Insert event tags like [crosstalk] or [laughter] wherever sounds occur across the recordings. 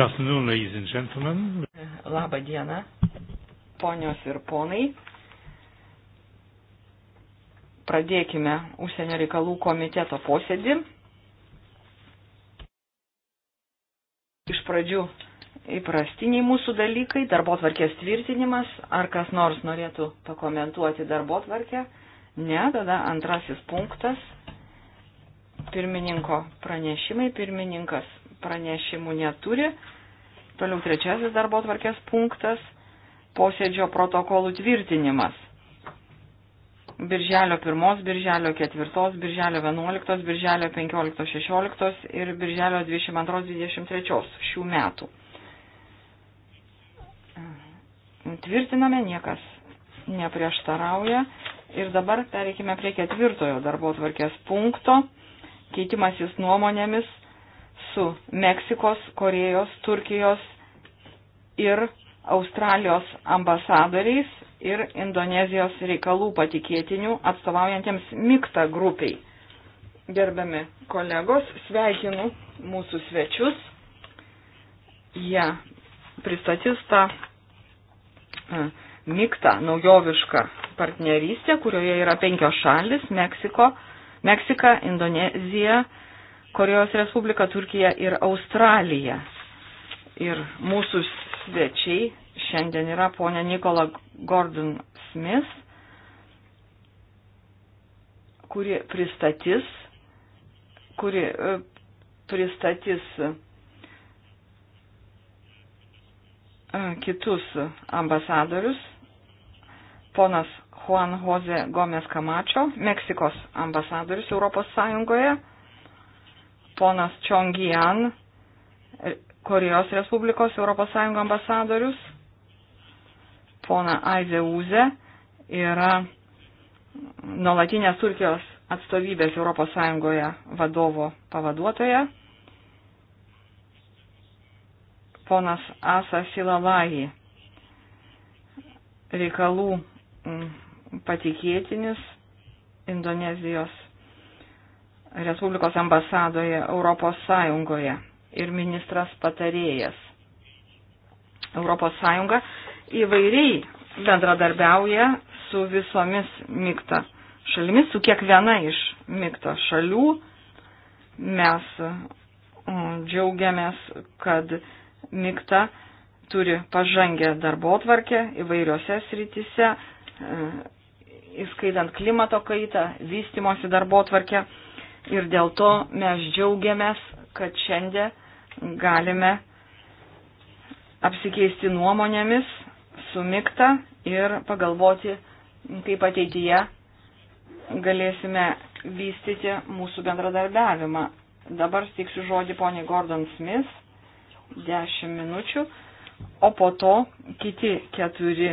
Good afternoon, ladies and gentlemen. Labą dieną, ponios ir ponai. Pradėkime užsienio reikalų komiteto posėdį. Iš pradžių įprastiniai mūsų dalykai, darbo tvarkės tvirtinimas, ar kas nors norėtų pakomentuoti darbo tvarkę. Ne, tada antrasis punktas. Pirmininko pranešimai, pirmininkas pranešimų neturi. Toliau trečiasis darbo tvarkės punktas - posėdžio protokolų tvirtinimas. Birželio 1, birželio 4, birželio 11, birželio 15, 16 ir birželio 22, 23 šių metų. Tvirtiname, niekas neprieštarauja. Ir dabar pereikime prie ketvirtojo darbo tvarkės punkto - keitimasis nuomonėmis su Meksikos, Korejos, Turkijos ir Australijos ambasadoriais ir Indonezijos reikalų patikėtinių atstovaujantiems miktą grupiai. Gerbiami kolegos, sveikinu mūsų svečius. Jie ja, pristatys tą e, miktą naujovišką partnerystę, kurioje yra penkios šalis - Meksiko, Meksika, Indonezija, Korejos Respublika, Turkija ir Australija. Ir mūsų svečiai šiandien yra ponia Nikola Gordon Smith, kuri pristatys, kuri e, pristatys e, kitus ambasadorius. Ponas Juan Jose Gomes Camacho, Meksikos ambasadorius Europos Sąjungoje ponas Čongijan, Korejos Respublikos ES ambasadorius, pona Aize Uze yra nuolatinės Turkijos atstovybės ES vadovo pavaduotoja, ponas Asa Silalaji reikalų patikėtinis Indonezijos Respublikos ambasadoje Europos Sąjungoje ir ministras patarėjas. Europos Sąjunga įvairiai bendradarbiauja su visomis mikta šalimis, su kiekviena iš mikta šalių. Mes mm, džiaugiamės, kad mikta turi pažangę darbo tvarkę įvairiose sritise, įskaitant klimato kaitą, vystimosi darbo tvarkę. Ir dėl to mes džiaugiamės, kad šiandien galime apsikeisti nuomonėmis, sumikta ir pagalvoti, kaip ateityje galėsime vystyti mūsų bendradarbiavimą. Dabar stiksiu žodį poniai Gordon Smith, 10 minučių, o po to kiti keturi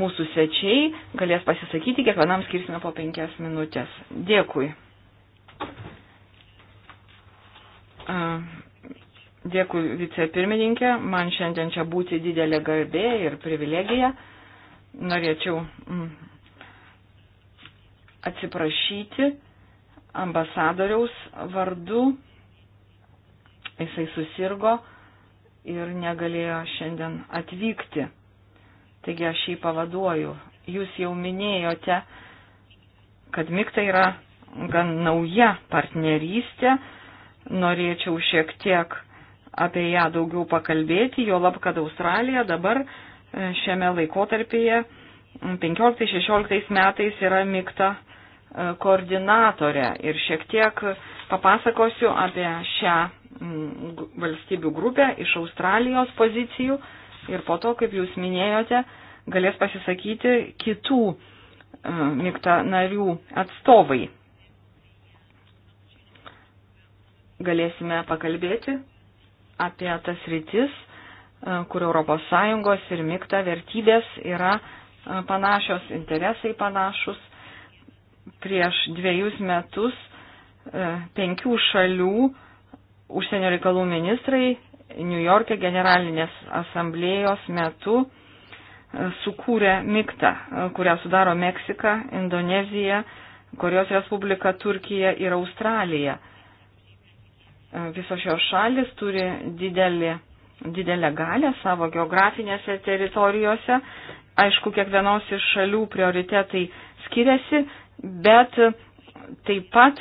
mūsų svečiai galės pasisakyti, kiekvienam skirsime po 5 minutės. Dėkui. Dėkui vicepirmininkė, man šiandien čia būti didelė garbė ir privilegija. Norėčiau mm, atsiprašyti ambasadoriaus vardu. Jisai susirgo ir negalėjo šiandien atvykti. Taigi aš jį pavaduoju. Jūs jau minėjote, kad Mikta yra gan nauja partnerystė. Norėčiau šiek tiek apie ją daugiau pakalbėti, jo lab, kad Australija dabar e, šiame laikotarpyje 15-16 metais yra mygta e, koordinatorė ir šiek tiek papasakosiu apie šią valstybių grupę iš Australijos pozicijų ir po to, kaip jūs minėjote, galės pasisakyti kitų e, mygta narių atstovai. galėsime pakalbėti apie tas rytis, e, kur ES ir mikta vertybės yra e, panašios, interesai panašus. Prieš dviejus metus e, penkių šalių užsienio reikalų ministrai New York'e generalinės asamblėjos metu sukūrė miktą, kurią sudaro Meksika, Indonezija, Korejos Respublika, Turkija ir Australija. E, visos šios šalis turi didelį, didelę galę savo geografinėse teritorijose. Aišku, kiekvienos iš šalių prioritetai skiriasi, bet taip pat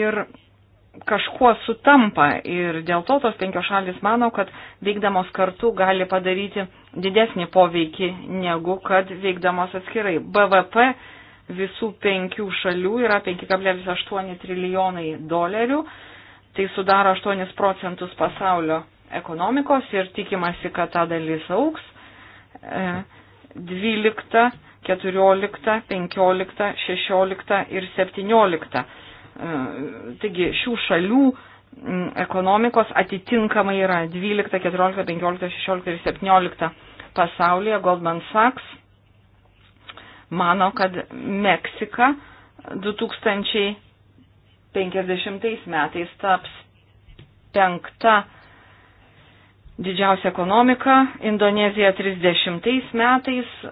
ir kažkuo sutampa ir dėl to tos penkios šalis mano, kad veikdamos kartu gali padaryti didesnį poveikį negu kad veikdamos atskirai. BVP visų penkių šalių yra 5,8 trilijonai dolerių Tai sudaro 8 procentus pasaulio ekonomikos ir tikimasi, kad ta dalis auks. 12, 14, 15, 16 ir 17. E, taigi šių šalių ekonomikos atitinkamai yra 12, 14, 15, 16 ir 17 pasaulyje. Goldman Sachs mano, kad Meksika 2000 50 metais taps penkta didžiausia ekonomika, Indonezija 30 metais e,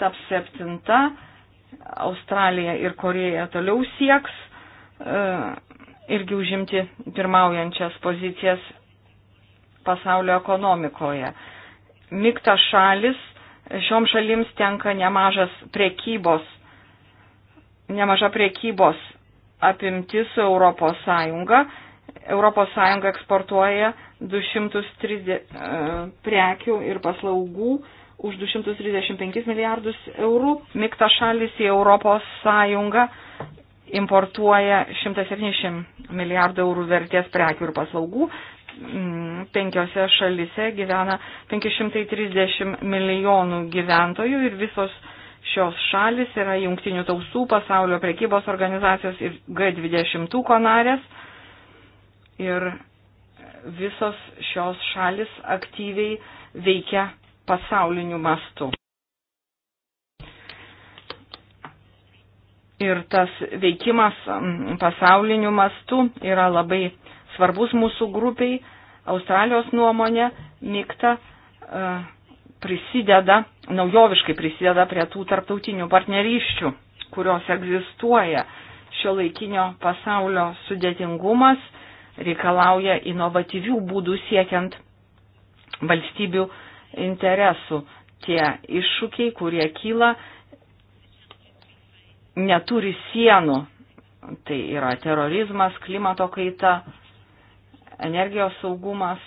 taps septinta, Australija ir Koreja toliau sieks e, irgi užimti pirmaujančias pozicijas pasaulio ekonomikoje. Mikta šalis, šiom šalims tenka nemažas priekybos, nemaža priekybos apimti su Europos Sąjunga. Europos Sąjunga eksportuoja 230 e, prekių ir paslaugų už 235 milijardus eurų. Mikta šalis į Europos Sąjungą importuoja 170 milijardų eurų vertės prekių ir paslaugų. Mm, penkiose šalise gyvena 530 milijonų gyventojų ir visos Šios šalis yra jungtinių tausų pasaulio prekybos organizacijos ir G20 konarės. Ir visos šios šalis aktyviai veikia pasauliniu mastu. Ir tas veikimas mm, pasauliniu mastu yra labai svarbus mūsų grupiai. Australijos nuomonė, Mikta. Uh, prisideda, naujoviškai prisideda prie tų tarptautinių partnerysčių, kurios egzistuoja. Šio laikinio pasaulio sudėtingumas reikalauja inovatyvių būdų siekiant valstybių interesų. Tie iššūkiai, kurie kyla, neturi sienų. Tai yra terorizmas, klimato kaita, energijos saugumas,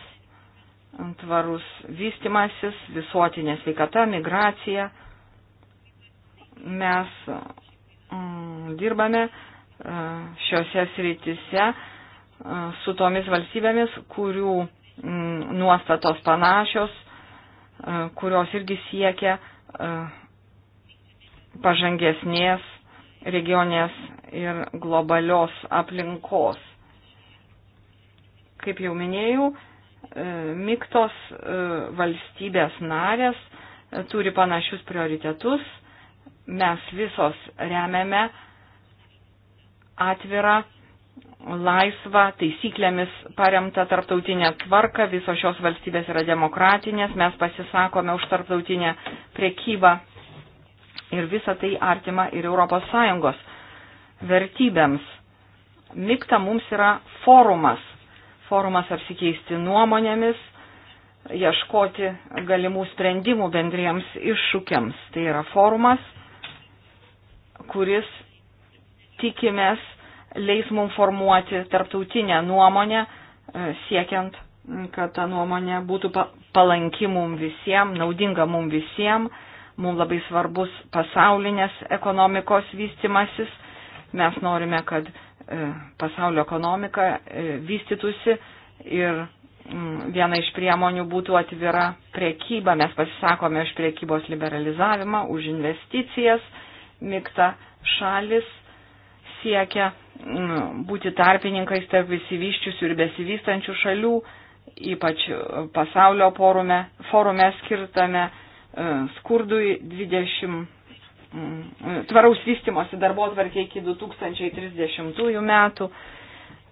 tvarus vystimasis, visuotinė sveikata, migracija. Mes mm, dirbame e, šiuose srityse e, su tomis valstybėmis, kurių mm, nuostatos panašios, e, kurios irgi siekia pažangesnės regionės ir globalios aplinkos. Kaip jau minėjau, E, miktos e, valstybės narės e, turi panašius prioritetus. Mes visos remiame atvirą, laisvą, taisyklėmis paremtą tarptautinę tvarką. Visos šios valstybės yra demokratinės. Mes pasisakome už tarptautinę prekybą. Ir visa tai artima ir ES vertybėms. Mikta mums yra forumas forumas apsikeisti nuomonėmis, ieškoti galimų sprendimų bendriems iššūkiams. Tai yra forumas, kuris tikimės leis mums formuoti tarptautinę nuomonę, e, siekiant, kad ta nuomonė būtų palanki mums visiems, naudinga mums visiems. Mums labai svarbus pasaulinės ekonomikos vystimasis. Mes norime, kad E, pasaulio ekonomika e, vystytųsi ir mm, viena iš priemonių būtų atvira priekyba. Mes pasisakome už priekybos liberalizavimą, už investicijas. Mikta šalis siekia mm, būti tarpininkais tarp įsivyščiusių ir besivystančių šalių, ypač pasaulio forume, forume skirtame e, skurdui 20 Mm, tvaraus vystimosi darbo atvarkė iki 2030 metų.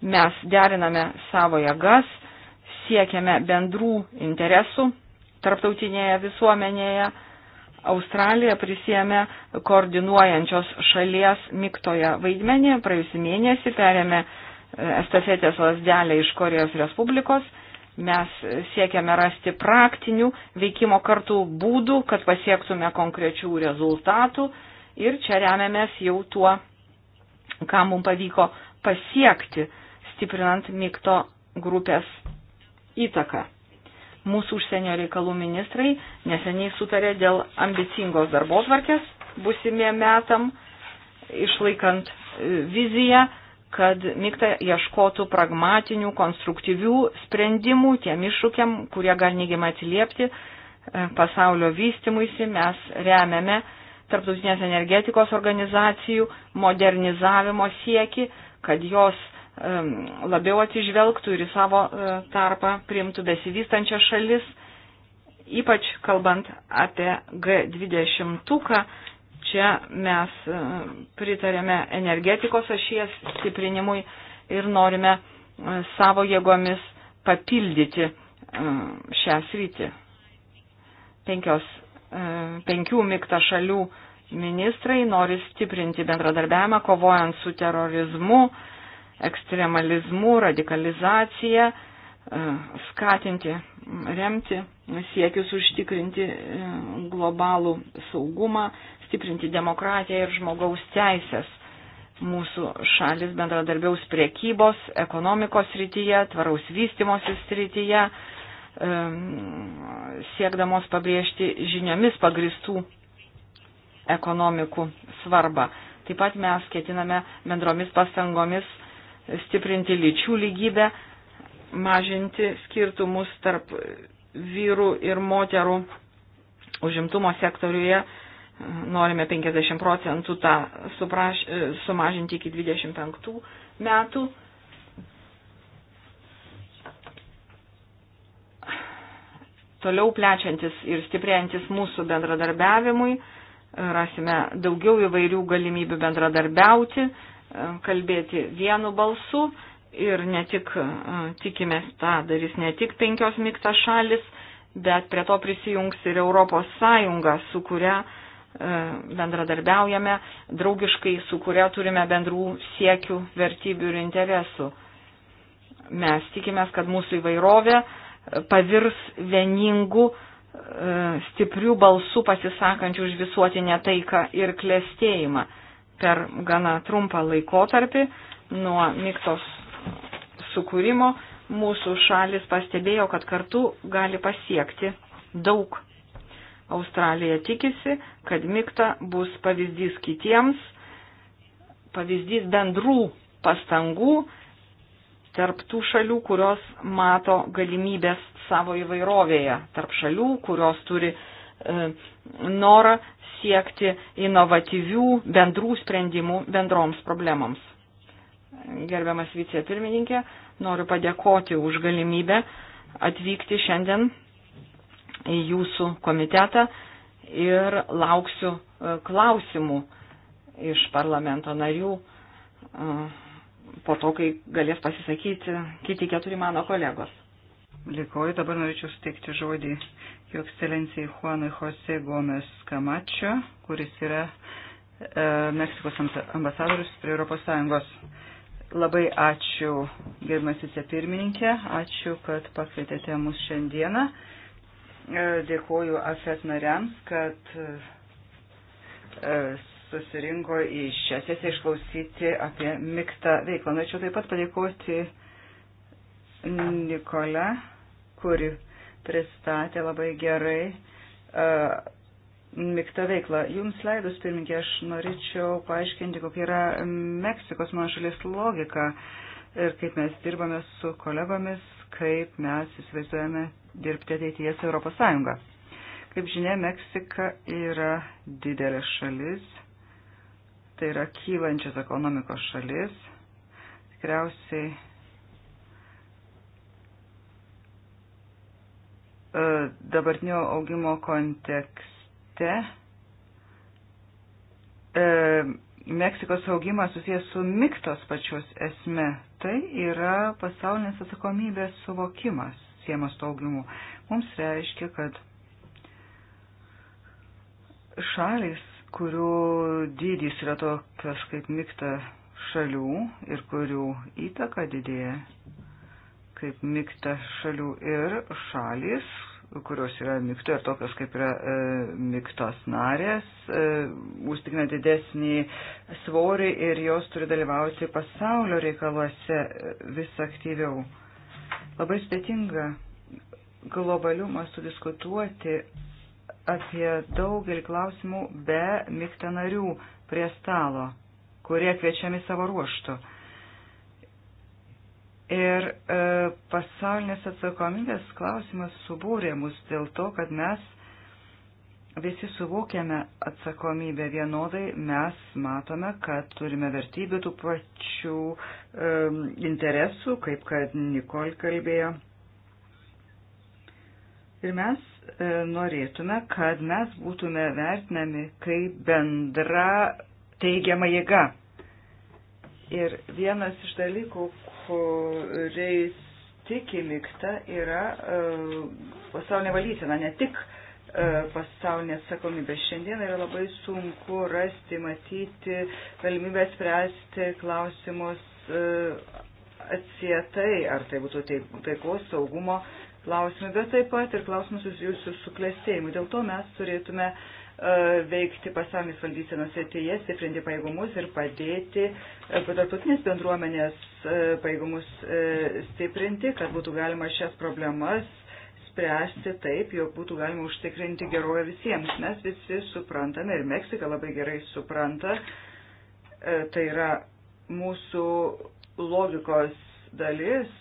Mes deriname savo jėgas, siekiame bendrų interesų tarptautinėje visuomenėje. Australija prisėmė koordinuojančios šalies miktoje vaidmenį. Praėjusį mėnesį perėmė e, estafetės lasdelę iš Korejos Respublikos Mes siekiame rasti praktinių veikimo kartų būdų, kad pasiektume konkrečių rezultatų ir čia remiamės jau tuo, ką mums pavyko pasiekti, stiprinant mygto grupės įtaką. Mūsų užsienio reikalų ministrai neseniai sutarė dėl ambicingos darbotvarkės busimiem metam, išlaikant viziją, kad Mikta ieškotų pragmatinių, konstruktyvių sprendimų tiem iššūkiam, kurie gali neigiamai atsiliepti e, pasaulio vystimuisi. Mes remiame Tarptautinės energetikos organizacijų modernizavimo sieki, kad jos e, labiau atsižvelgtų ir į savo e, tarpą priimtų besivystančias šalis, ypač kalbant apie G20 Čia mes e, pritarėme energetikos ašies stiprinimui ir norime e, savo jėgomis papildyti e, šią sritį. Penkios, penkių mikta šalių ministrai nori stiprinti bendradarbiavimą, kovojant su terorizmu, ekstremalizmu, radikalizacija, skatinti, remti siekius užtikrinti globalų saugumą, stiprinti demokratiją ir žmogaus teisės. Mūsų šalis bendradarbiaus priekybos, ekonomikos srityje, tvaraus vystimosi srityje, siekdamos pabrėžti žiniomis pagristų ekonomikų svarbą. Taip pat mes ketiname bendromis pastangomis stiprinti lyčių lygybę, mažinti skirtumus tarp vyrų ir moterų užimtumo sektoriuje norime 50 procentų tą supraš, e, sumažinti iki 25 metų. Toliau plečiantis ir stiprėjantis mūsų bendradarbiavimui, rasime daugiau įvairių galimybių bendradarbiauti, e, kalbėti vienu balsu ir ne tik e, tikimės tą darys ne tik penkios miktas šalis, bet prie to prisijungs ir Europos Sąjunga, su kuria uh, E, bendradarbiaujame draugiškai, su kuria turime bendrų siekių, vertybių ir interesų. Mes tikimės, kad mūsų įvairovė e, pavirs vieningų, e, stiprių balsų pasisakančių už visuotinę taiką ir klėstėjimą per gana trumpą laikotarpį nuo miktos sukūrimo mūsų šalis pastebėjo, kad kartu gali pasiekti daug Australija tikisi, kad Mikta bus pavyzdys kitiems, pavyzdys bendrų pastangų tarptų šalių, kurios mato galimybės savo įvairovėje, tarp šalių, kurios turi e, norą siekti inovatyvių bendrų sprendimų bendroms problemoms. Gerbiamas vicepirmininkė, noriu padėkoti už galimybę atvykti šiandien į jūsų komitetą ir lauksiu e, klausimų iš parlamento narių e, po to, kai galės pasisakyti kiti keturi mano kolegos. Likoju, dabar norėčiau suteikti žodį jo ekscelencijai Juanui Jose Gomes Kamačio, kuris yra e, Meksikos ambasadorius prie ES. Labai ačiū, gerbimas vicepirmininkė, ačiū, kad pakvietėte mus šiandieną. E, E, Dėkuoju AFET nariams, kad e, susirinko į šią sesiją išklausyti apie miktą veiklą. Norėčiau taip pat padėkoti Nikole, kuri pristatė labai gerai e, miktą veiklą. Jums leidus, pirmininkė, aš norėčiau paaiškinti, kokia yra Meksikos mano šalies logika ir kaip mes dirbame su kolegomis, kaip mes įsivaizduojame dirbti ateityje su Europos Sąjunga. Kaip žinia, Meksika yra didelė šalis, tai yra kylančios ekonomikos šalis. Tikriausiai e, dabartinio augimo kontekste e, Meksikos augimas susijęs su miktos pačios esme. Tai yra pasaulinės atsakomybės suvokimas siemas to augimu. Mums reiškia, kad šalis, kurių dydis yra tokios kaip mikta šalių ir kurių įtaka didėja kaip mikta šalių ir šalis, kurios yra mikto ir tokios kaip yra e, miktos narės, e, užtikrina didesnį svorį ir jos turi dalyvauti pasaulio reikaluose e, vis aktyviau. Labai sudėtinga globalių mastų diskutuoti apie daugelį klausimų be mikta narių prie stalo, kurie kviečiami savo ruoštų. Ir e, pasaulinės atsakomybės klausimas subūrė mus dėl to, kad mes visi suvokiame atsakomybę vienodai, mes matome, kad turime vertybių tų pačių e, interesų, kaip kad Nikol kalbėjo. Ir mes e, norėtume, kad mes būtume vertinami kaip bendra teigiama jėga. Ir vienas iš dalykų, kuriais tiki likta, yra e, pasaulinė valysena, ne tik e, E, pasaulinė atsakomybė. Šiandien yra labai sunku rasti, matyti galimybę spręsti klausimus e, atsietai, ar tai būtų tai, taikos, saugumo klausimai, bet taip pat ir klausimus susijusius su klėstėjimu. Dėl to mes turėtume e, veikti pasaulinės valdysenos srityje, stiprinti pajėgumus ir padėti tarptautinės bendruomenės pajėgumus stiprinti, kad būtų galima šias problemas spręsti taip, jog būtų galima užtikrinti gerovę visiems. Mes visi suprantame ir Meksika labai gerai supranta, e, tai yra mūsų logikos dalis,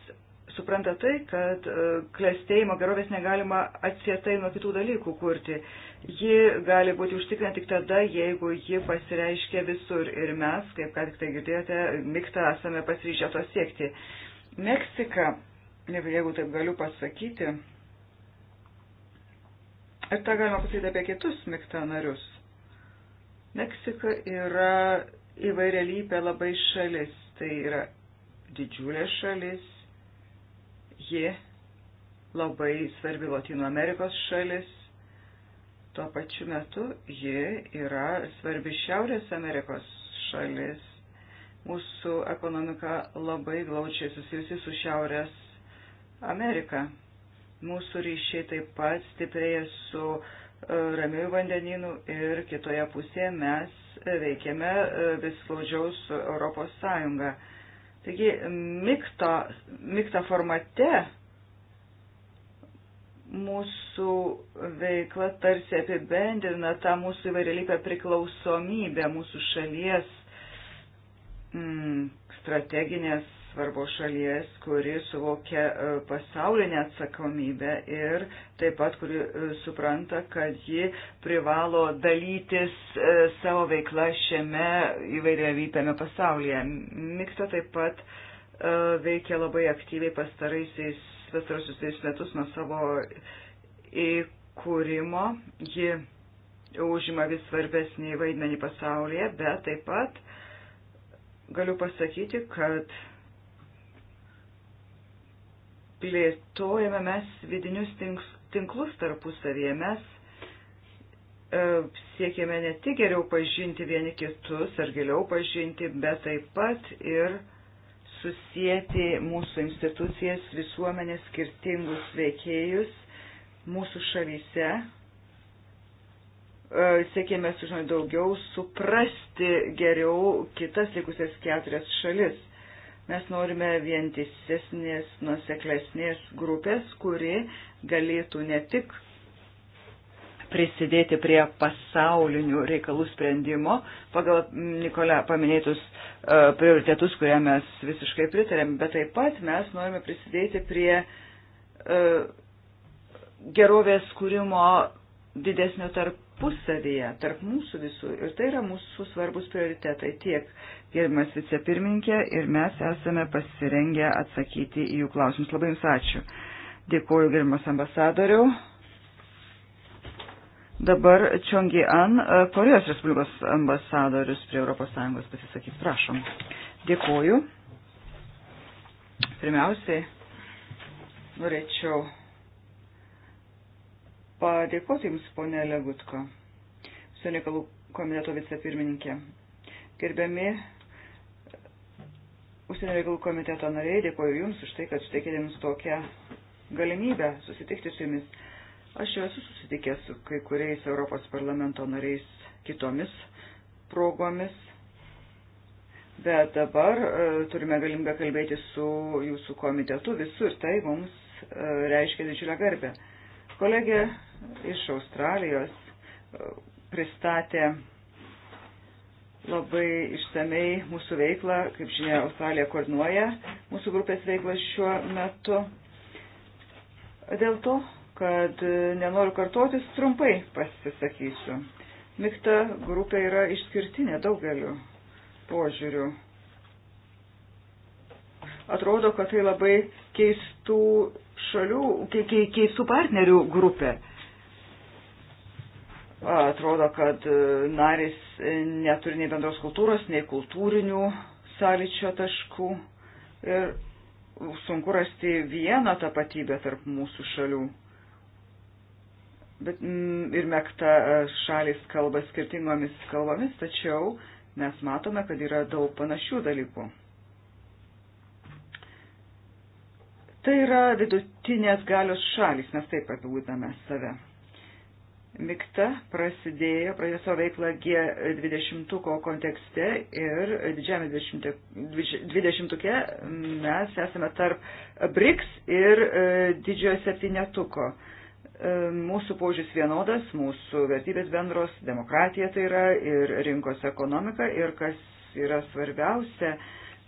supranta tai, kad e, klestėjimo gerovės negalima atsietai nuo kitų dalykų kurti. Ji gali būti užtikrinta tik tada, jeigu ji pasireiškia visur ir mes, kaip ką tik tai girdėjote, miktą esame pasiryžę to siekti. Meksika, jeigu taip galiu pasakyti, Ir tą galima pasakyti apie kitus mikta narius. Meksika yra įvairialypė labai šalis. Tai yra didžiulė šalis. Ji labai svarbi Latino Amerikos šalis. Tuo pačiu metu ji yra svarbi Šiaurės Amerikos šalis. Mūsų ekonomika labai glaučiai susijusi su Šiaurės Amerika. Mūsų ryšiai taip pat stiprėja su e, Ramiųjų vandeninų ir kitoje pusėje mes veikiame e, vis glaudžiau su Europos Sąjunga. Taigi, mikto, mikto formate mūsų veikla tarsi apibendrina tą mūsų įvairialypę priklausomybę mūsų šalies mm, strateginės svarbo šalies, kuri suvokia e, pasaulinę atsakomybę ir taip pat, kuri e, supranta, kad ji privalo dalytis e, savo veiklą šiame įvairiavytame pasaulyje. Miksa taip pat veikia labai aktyviai pastarosius tris metus nuo savo įkūrimo. Ji užima vis svarbesnį vaidmenį pasaulyje, bet taip pat galiu pasakyti, kad plėtojame mes vidinius tinklus tarpusavėje. Mes e, siekėme ne tik geriau pažinti vieni kitus ar giliau pažinti, bet taip pat ir susijęti mūsų institucijas, visuomenės skirtingus veikėjus mūsų šalyse. E, siekėme sužinoti daugiau, suprasti geriau kitas likusias keturias šalis. Mes norime vientisesnės, nuseklesnės grupės, kuri galėtų ne tik prisidėti prie pasaulinių reikalų sprendimo pagal Nikolę paminėtus e, prioritetus, kurie mes visiškai pritarėm, bet taip pat mes norime prisidėti prie e, gerovės kūrimo didesnio tarp tarpusavyje, tarp mūsų visų. Ir tai yra mūsų svarbus prioritetai tiek. Gerbimas vicepirminkė ir mes esame pasirengę atsakyti į jų klausimus. Labai Jums ačiū. Dėkuoju, gerbimas ambasadoriau. Dabar Čiongi An, e, Korejos Respublikos ambasadorius prie ES pasisakys. Prašom. Dėkuoju. Pirmiausiai norėčiau padėkoti Jums, ponė Legutko, su reikalų komiteto vicepirmininkė. Gerbiami užsienio reikalų komiteto nariai, dėkoju Jums už tai, kad suteikėte Jums tokią galimybę susitikti su Jumis. Aš jau esu susitikęs su kai kuriais Europos parlamento nariais kitomis progomis, bet dabar e, turime galimybę kalbėti su Jūsų komitetu visur, tai mums e, reiškia didžiulę garbę. E, Kolegė iš Australijos e, pristatė labai išsamei mūsų veiklą, kaip žinia, Australija koordinuoja mūsų grupės veiklą šiuo metu. Dėl to, kad nenoriu kartotis, trumpai pasisakysiu. Mikta grupė yra išskirtinė daugeliu požiūrių. Atrodo, kad tai labai keistų šalių, keistų partnerių grupė. Atrodo, kad e, narys e, neturi nei bendros kultūros, nei kultūrinių sąlyčio taškų ir sunku rasti vieną tapatybę tarp mūsų šalių. Bet mm, ir mekta e, šalis kalba skirtingomis kalbomis, tačiau mes matome, kad yra daug panašių dalykų. Tai yra vidutinės galios šalis, mes taip apibūdame save. Mikta prasidėjo, pradėjo savo veiklą G20 kontekste ir didžiame 20-uke mes esame tarp BRICS ir e, didžiojo septynetuko. E, mūsų požiūris vienodas, mūsų vertybės bendros, demokratija tai yra ir rinkos ekonomika ir kas yra svarbiausia,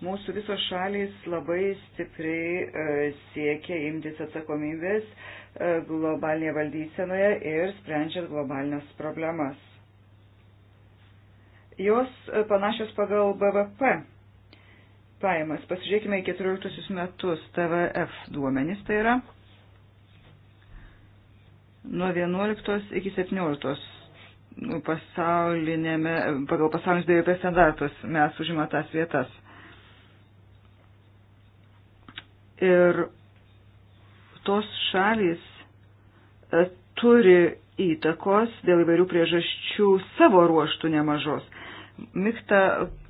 Mūsų visos šalys labai stipriai e, siekia imtis atsakomybės e, globalinėje valdysenoje ir sprendžiant globalinės problemas. Jos e, panašios pagal BVP pajamas. Pasižiūrėkime į 14 metus TVF duomenys tai yra nuo 11 iki 17 nu, pasaulinėme, pagal pasaulinius BVP standartus mes užima tas vietas. Ir tos šalys e, turi įtakos dėl įvairių priežasčių savo ruoštų nemažos. Mikta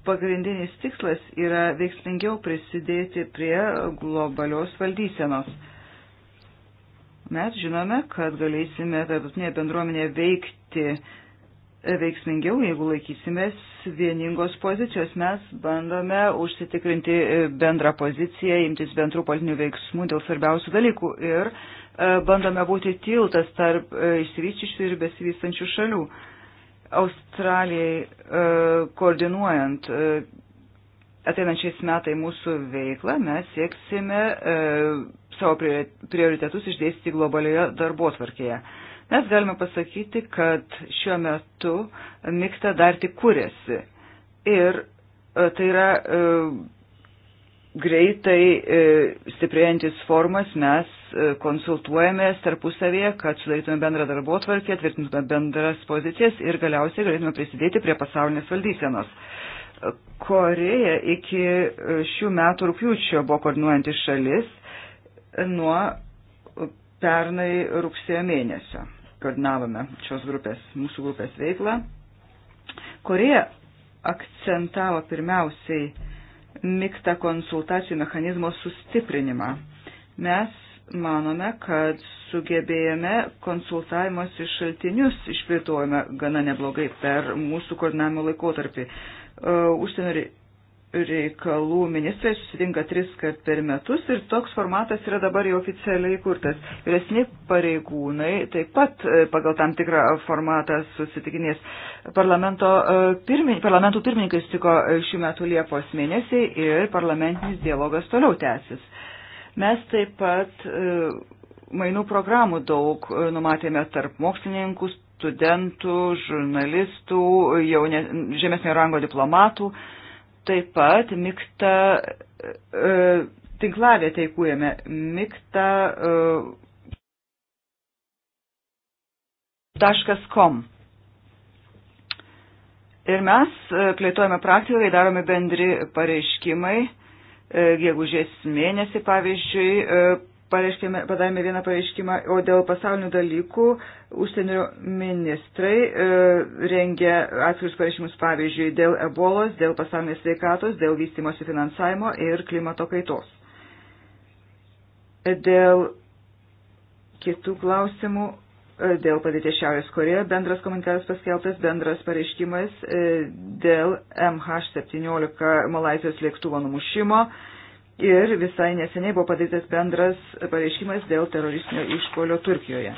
pagrindinis tikslas yra veiksmingiau prisidėti prie globalios valdysenos. Mes žinome, kad galėsime tarptautinėje bendruomenėje veikti veiksmingiau, jeigu laikysimės vieningos pozicijos. Mes bandome užsitikrinti bendrą poziciją, imtis bendrų politinių veiksmų dėl svarbiausių dalykų ir e, bandome būti tiltas tarp e, išsivyščiusių ir besivystančių šalių. Australijai e, koordinuojant ateinančiais metai mūsų veiklą, mes sieksime savo prioritetus išdėstyti globalioje darbo tvarkėje. Mes galime pasakyti, kad šiuo metu mikta dar tik kūrėsi. Ir e, tai yra e, greitai e, stiprėjantis formas, mes e, konsultuojamės tarpusavėje, kad sudarytume bendrą darbo tvarkę, tvirtintume bendras pozicijas ir galiausiai galėtume prisidėti prie pasaulinės valdysenos. Koreja iki e, šių metų rūpiučio buvo koordinuojanti šalis nuo pernai rugsėjo mėnesio koordinavome šios grupės, mūsų grupės veiklą. Korėja akcentavo pirmiausiai miktą konsultacijų mechanizmo sustiprinimą. Mes manome, kad sugebėjome konsultavimus iš šaltinius išplėtojame gana neblogai per mūsų koordinavimo laikotarpį. Uh, užsienio reikalų ministrai susitinka tris kart per metus ir toks formatas yra dabar jau oficialiai kurtas. Vyresni pareigūnai taip pat e, pagal tam tikrą formatą susitikinės. Parlamento, e, pirmin, parlamentų pirmininkai sutiko e, šių metų Liepos mėnesį ir parlamentinis dialogas toliau tęsis. Mes taip pat mainų programų daug numatėme tarp mokslininkų, studentų, žurnalistų, jau ne, žemesnio rango diplomatų. Uh, Taip pat Mikta e, e tinklavietę įkūrėme. Mikta e, taškas kom. Ir mes e, plėtojame praktikoje, darome bendri pareiškimai, e, gegužės mėnesį, pavyzdžiui, padarėme vieną pareiškimą, o dėl pasaulinių dalykų užsienio ministrai e, rengia atskirius pareiškimus, pavyzdžiui, dėl ebolos, dėl pasaulinės sveikatos, dėl vystimosi finansavimo ir klimato kaitos. Dėl kitų klausimų, e, dėl padėties Šiaurės Koreja, bendras komentaras paskelbtas, bendras pareiškimas e, dėl MH17 Malazijos lėktuvo numušimo. E, ir visai neseniai buvo padarytas bendras pareiškimas dėl teroristinio išpolio Turkijoje.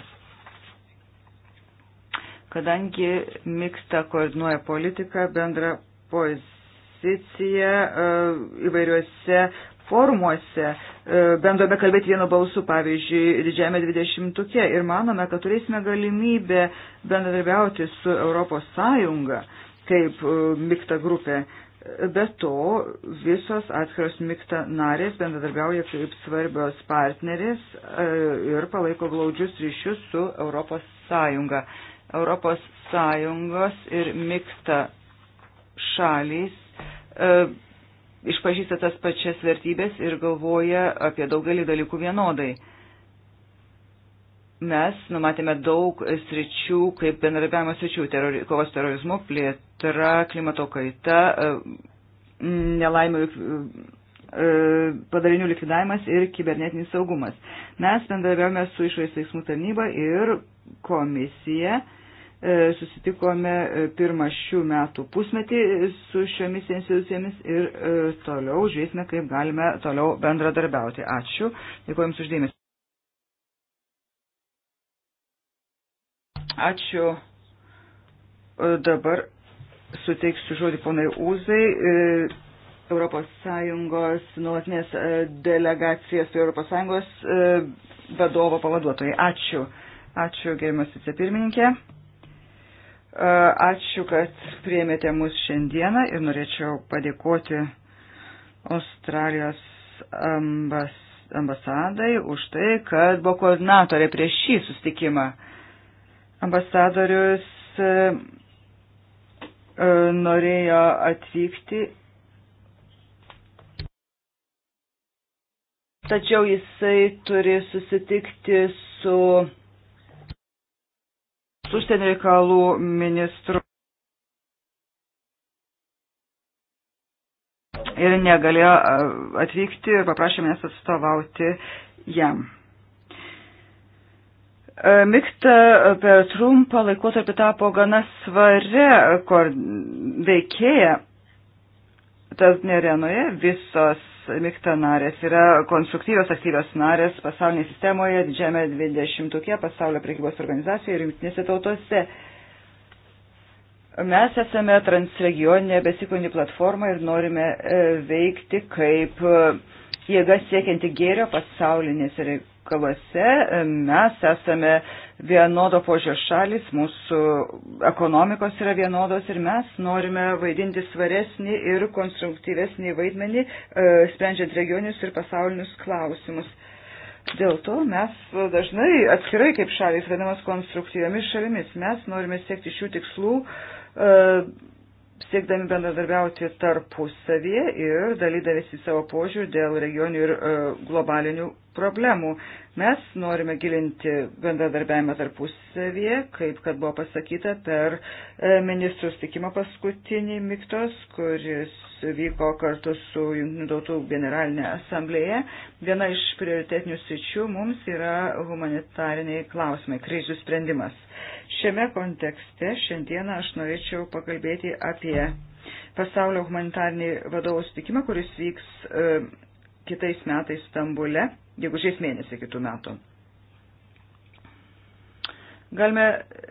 Kadangi Miksta koordinuoja politiką, bendrą poziciją e, įvairiuose formuose, e, bendrome kalbėti vienu balsu, pavyzdžiui, didžiame dvidešimtuke ir manome, kad turėsime galimybę bendradarbiauti su Europos Sąjunga kaip e, mikta grupė. Be to, visos atskiros mikta narės bendradarbiauja kaip svarbios partnerės e, ir palaiko glaudžius ryšius su Europos Sąjunga. Europos Sąjungos ir mikta šalys e, išpažįsta tas pačias vertybės ir galvoja apie daugelį dalykų vienodai mes numatėme daug sričių, kaip bendradarbiavimo sričių, terori, kovos terorizmu, plėtra, klimato kaita, e, nelaimių e, padarinių likvidavimas ir kibernetinis saugumas. Mes bendradarbiavome su išorės veiksmų tarnyba ir komisija. E, susitikome pirmą šių metų pusmetį su šiomis institucijomis ir toliau žiūrėsime, kaip galime toliau bendradarbiauti. Ačiū. Dėkuoju Jums uždėmesi. Ačiū. E, dabar suteiksiu žodį ponai Uzai. E, Europos Sąjungos nuolatinės e, delegacijos prie Europos Sąjungos vadovo pavaduotojai. Ačiū. Ačiū, gerimas vicepirmininkė. Ačiū, kad priemėte mus šiandieną ir norėčiau padėkoti Australijos ambas, ambasadai už tai, kad buvo koordinatorė prieš šį sustikimą. Ambasadorius e, e, norėjo atvykti, tačiau jisai turi susitikti su užsienio reikalų ministru ir negalėjo e, atvykti ir paprašė manęs atstovauti jam. E, Mikta per trumpą laikotarpį tapo gana svaria veikėja Tasnerenoje. Visos Mikta narės yra konstruktyvios, aktyvios narės pasaulinėje sistemoje, didžiame 20-ukė, pasaulio prekybos organizacijoje ir jungtinėse tautose. Mes esame transregioninė besikūnį platforma ir norime e, veikti kaip e, jėga siekianti gėrio pasaulinėse reikalose e, mes esame vienodo požiūrio šalis, mūsų ekonomikos yra vienodos ir mes norime vaidinti svaresnį ir konstruktyvesnį vaidmenį, e, sprendžiant regionius ir pasaulinius klausimus. Dėl to mes dažnai atskirai kaip šalis vadinamas konstruktyviamis šalimis. Mes norime siekti šių tikslų, e, siekdami bendradarbiauti tarpusavie ir dalydavėsi savo požiūrį dėl regionių ir globalinių problemų. Mes norime gilinti bendradarbiavimą tarpusavyje, kaip kad buvo pasakyta per e, ministrų stikimą paskutinį Miktos, kuris vyko kartu su Junktinių tautų generalinė asamblėje. Viena iš prioritetinių sričių mums yra humanitariniai klausimai, krizių sprendimas. Šiame kontekste šiandieną aš norėčiau pakalbėti apie pasaulio humanitarnį vadovų sutikimą, kuris vyks e, kitais metais Stambule gegužės mėnesį kitų metų. Galime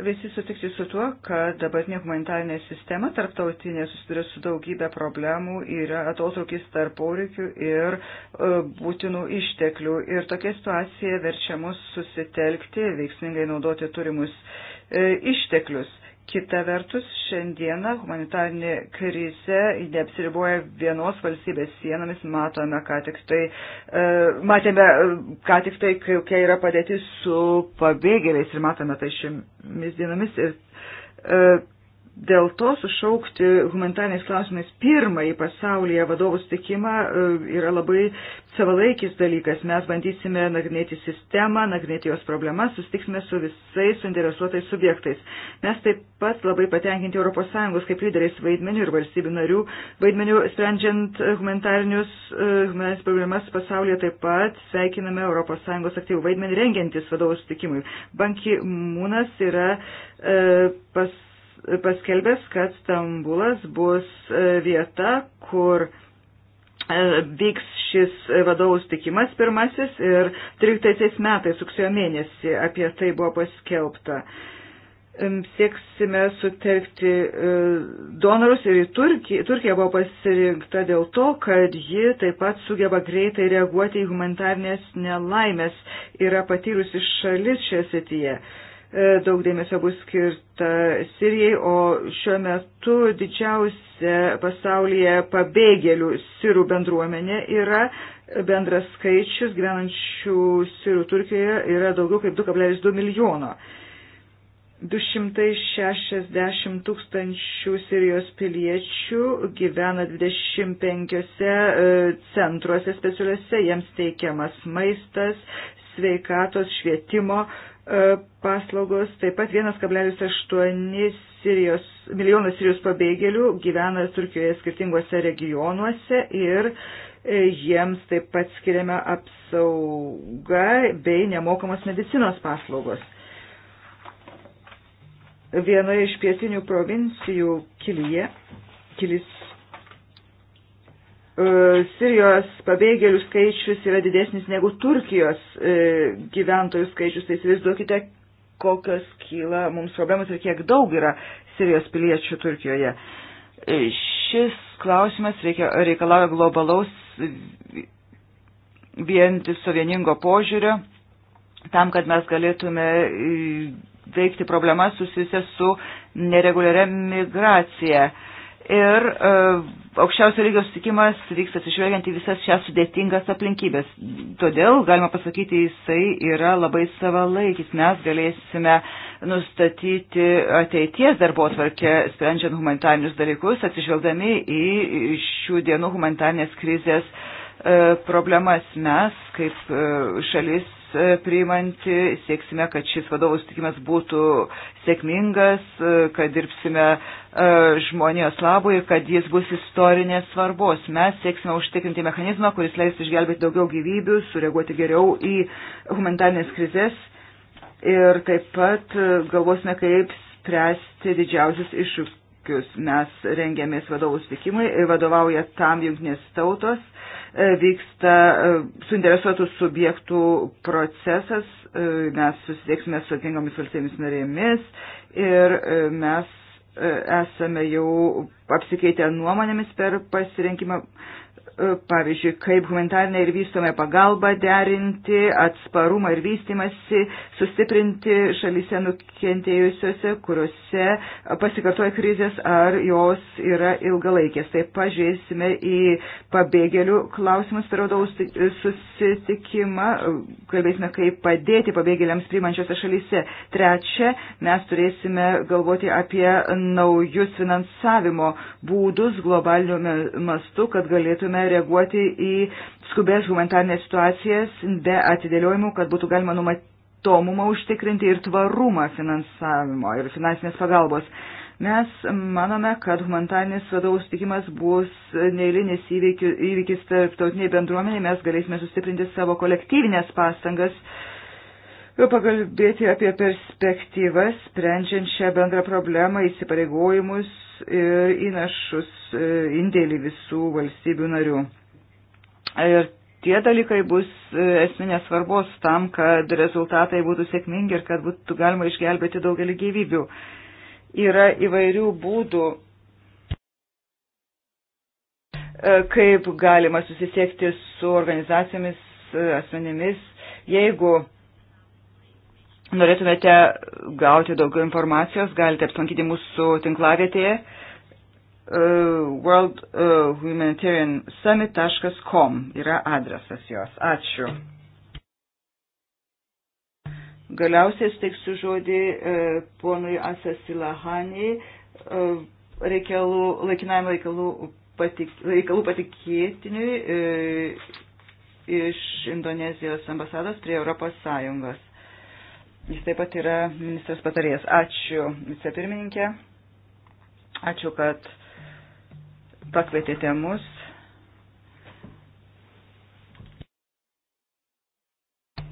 visi sutikti su tuo, kad dabartinė humanitarinė sistema tarptautinė susiduria su daugybė problemų, yra atotrukis tarp poreikių ir e, būtinų išteklių. Ir tokia situacija verčia mus susitelkti, veiksmingai naudoti turimus e, išteklius. Kita vertus, šiandieną humanitarinė krizė neapsiriboja vienos valstybės sienomis, matome, ką tik tai, e, matėme, e, ką tik tai, kokia yra padėtis su pabėgėliais ir matome tai šiomis dienomis. Ir, e, dėl to sušaukti humanitariniais klausimais pirmąjį pasaulyje vadovų sutikimą e, yra labai savalaikis dalykas. Mes bandysime nagrinėti sistemą, nagrinėti jos problemas, sustiksime su visais suinteresuotais subjektais. Mes taip pat labai patenkinti ES kaip lyderiais vaidmenių ir valstybių narių vaidmenių sprendžiant humanitarinius, e, humanitarinius problemas pasaulyje taip pat sveikiname ES aktyvų vaidmenį rengiantis vadovų sutikimui. Banki Mūnas yra e, pas paskelbęs, kad Stambulas bus e, vieta, kur e, vyks šis vadovų stikimas pirmasis ir 13 metais, rugsėjo mėnesį, apie tai buvo paskelbta. Sieksime sutelkti e, donorus ir Turkija. Turkija buvo pasirinkta dėl to, kad ji taip pat sugeba greitai reaguoti į humanitarnės nelaimės, yra patyrusi šalis šioje srityje. E, daug dėmesio bus skirta Sirijai, o šiuo metu didžiausia pasaulyje pabėgėlių sirų bendruomenė yra bendras skaičius gyvenančių sirų Turkijoje yra daugiau kaip 2,2 milijono. 260 tūkstančių Sirijos piliečių gyvena 25 e, centruose specialiuose, jiems teikiamas maistas, sveikatos, švietimo E, paslaugos, taip pat 1,8 Sirijos, milijonas Sirijos pabėgėlių gyvena Turkijoje skirtinguose regionuose ir e, jiems taip pat skiriama apsauga bei nemokamos medicinos paslaugos. Vienoje iš pietinių provincijų Kilyje, Kilis E, Sirijos pabėgėlių skaičius yra didesnis negu Turkijos e, gyventojų skaičius, tai įsivaizduokite, kokios kyla mums problemas ir kiek daug yra Sirijos piliečių Turkijoje. E, šis klausimas reikia, reikalauja globalaus vientiso vieningo požiūrio, tam, kad mes galėtume veikti problemas susijusias su nereguliaria migracija ir e, aukščiausio lygio susitikimas vyks atsižvelgiant į visas šias sudėtingas aplinkybės. Todėl, galima pasakyti, jisai yra labai savalaikis. Mes galėsime nustatyti ateities darbo atvarkę, sprendžiant humanitarinius dalykus, atsižvelgdami į šių dienų humanitarnės krizės e, problemas. Mes, kaip e, šalis, E, priimanti, sieksime, kad šis vadovų sutikimas būtų sėkmingas, e, kad dirbsime e, žmonijos labui ir kad jis bus istorinės svarbos. Mes sieksime užtikrinti mechanizmą, kuris leis išgelbėti daugiau gyvybių, sureaguoti geriau į humanitarnės krizės ir taip pat galvosime, kaip spręsti didžiausius iššūkius iššūkius. Mes rengiamės vadovų stikimui, vadovauja tam jungtinės tautos, e, vyksta e, suinteresuotų subjektų procesas, e, mes susitieksime su atingomis valstybėmis narėmis ir mes esame jau apsikeitę nuomonėmis per pasirinkimą E, pavyzdžiui, kaip humanitarinę ir vystomę pagalbą derinti, atsparumą ir vystimasi, sustiprinti šalyse nukentėjusiuose, kuriuose pasikartoja krizės ar jos yra ilgalaikės. Taip pažiūrėsime į pabėgėlių klausimus per odaus susitikimą, kalbėsime, kaip padėti pabėgėliams priimančiose šalyse. Trečia, mes turėsime galvoti apie naujus finansavimo būdus globaliniu mastu, kad galėtume reaguoti į skubės humanitarnės situacijas be atidėliojimų, kad būtų galima numatomumą užtikrinti ir tvarumą finansavimo ir finansinės pagalbos. Mes manome, kad humanitarnis vadovų sutikimas bus neįlinis įvykis tarptautiniai bendruomeniai, mes galėsime sustiprinti savo kolektyvinės pastangas jau pakalbėti apie perspektyvas, sprendžiant šią bendrą problemą, įsipareigojimus ir įnašus e, indėlį visų valstybių narių. Ir tie dalykai bus e, esminės svarbos tam, kad rezultatai būtų sėkmingi ir kad būtų galima išgelbėti daugelį gyvybių. Yra įvairių būdų e, kaip galima susisiekti su organizacijomis, asmenimis, jeigu norėtumėte gauti daugiau informacijos, galite apsilankyti mūsų tinklavietėje e, worldhumanitariansummit.com e, yra adresas jos. Ačiū. Galiausiai steiksiu žodį e, ponui Asasilahani, reikalų, laikinajam reikalų, patik, reikalų patikėtiniui iš Indonezijos ambasados prie Europos Sąjungos. Jis taip pat yra ministras patarėjas. Ačiū vicepirmininkė. Ačiū, kad pakvietėte mus.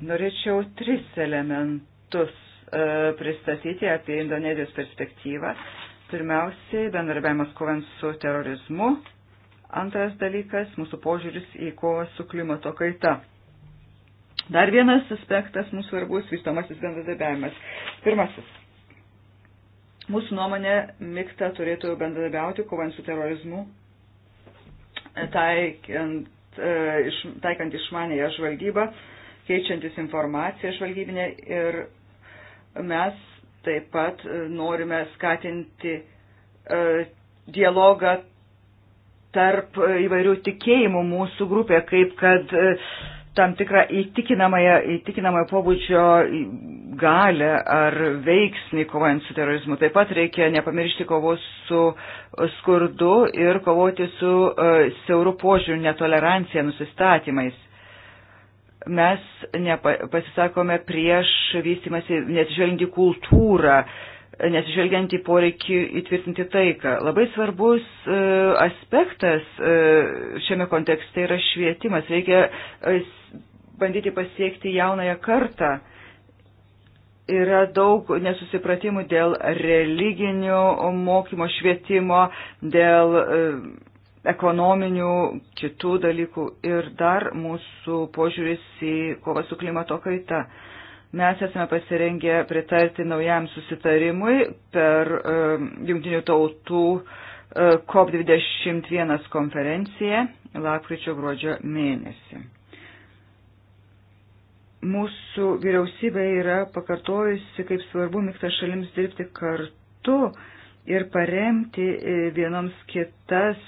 Norėčiau tris elementus e, pristatyti apie Indonezijos perspektyvą. Pirmiausiai, bendarbiavimas kovant su terorizmu. Antras dalykas - mūsų požiūris į kovą su klimato kaita. Dar vienas aspektas mūsų svarbus - vystomasis bendradarbiavimas. Pirmasis. Mūsų nuomonė, Mikta turėtų bendradarbiauti, kovant su terorizmu, taikiant, e, iš, taikant išmanėją žvalgybą, keičiantis informaciją žvalgybinę ir mes taip pat e, norime skatinti e, dialogą tarp įvairių tikėjimų mūsų grupė, kaip kad e, tam tikrą įtikinamąją, įtikinamąją pobūdžio galę ar veiksnį kovojant su terorizmu. Taip pat reikia nepamiršti kovos su skurdu ir kovoti su uh, siauru požiūriu netolerancija nusistatymais. Mes nepa, pasisakome prieš vystimasi, nesižvelgiant į kultūrą, uh, nesižvelgiant į poreikį įtvirtinti taiką. Labai svarbus e, aspektas e, šiame kontekste yra švietimas. Reikia e, bandyti pasiekti jaunąją kartą. Yra daug nesusipratimų dėl religinio mokymo, švietimo, dėl ekonominių kitų dalykų ir dar mūsų požiūris į kovą su klimato kaita. Mes esame pasirengę pritarti naujam susitarimui per uh, e, Junktinių tautų uh, e, COP21 konferenciją lapkričio gruodžio mėnesį. Mūsų vyriausybė yra pakartojusi, kaip svarbu mikta šalims dirbti kartu ir paremti e, vienoms kitas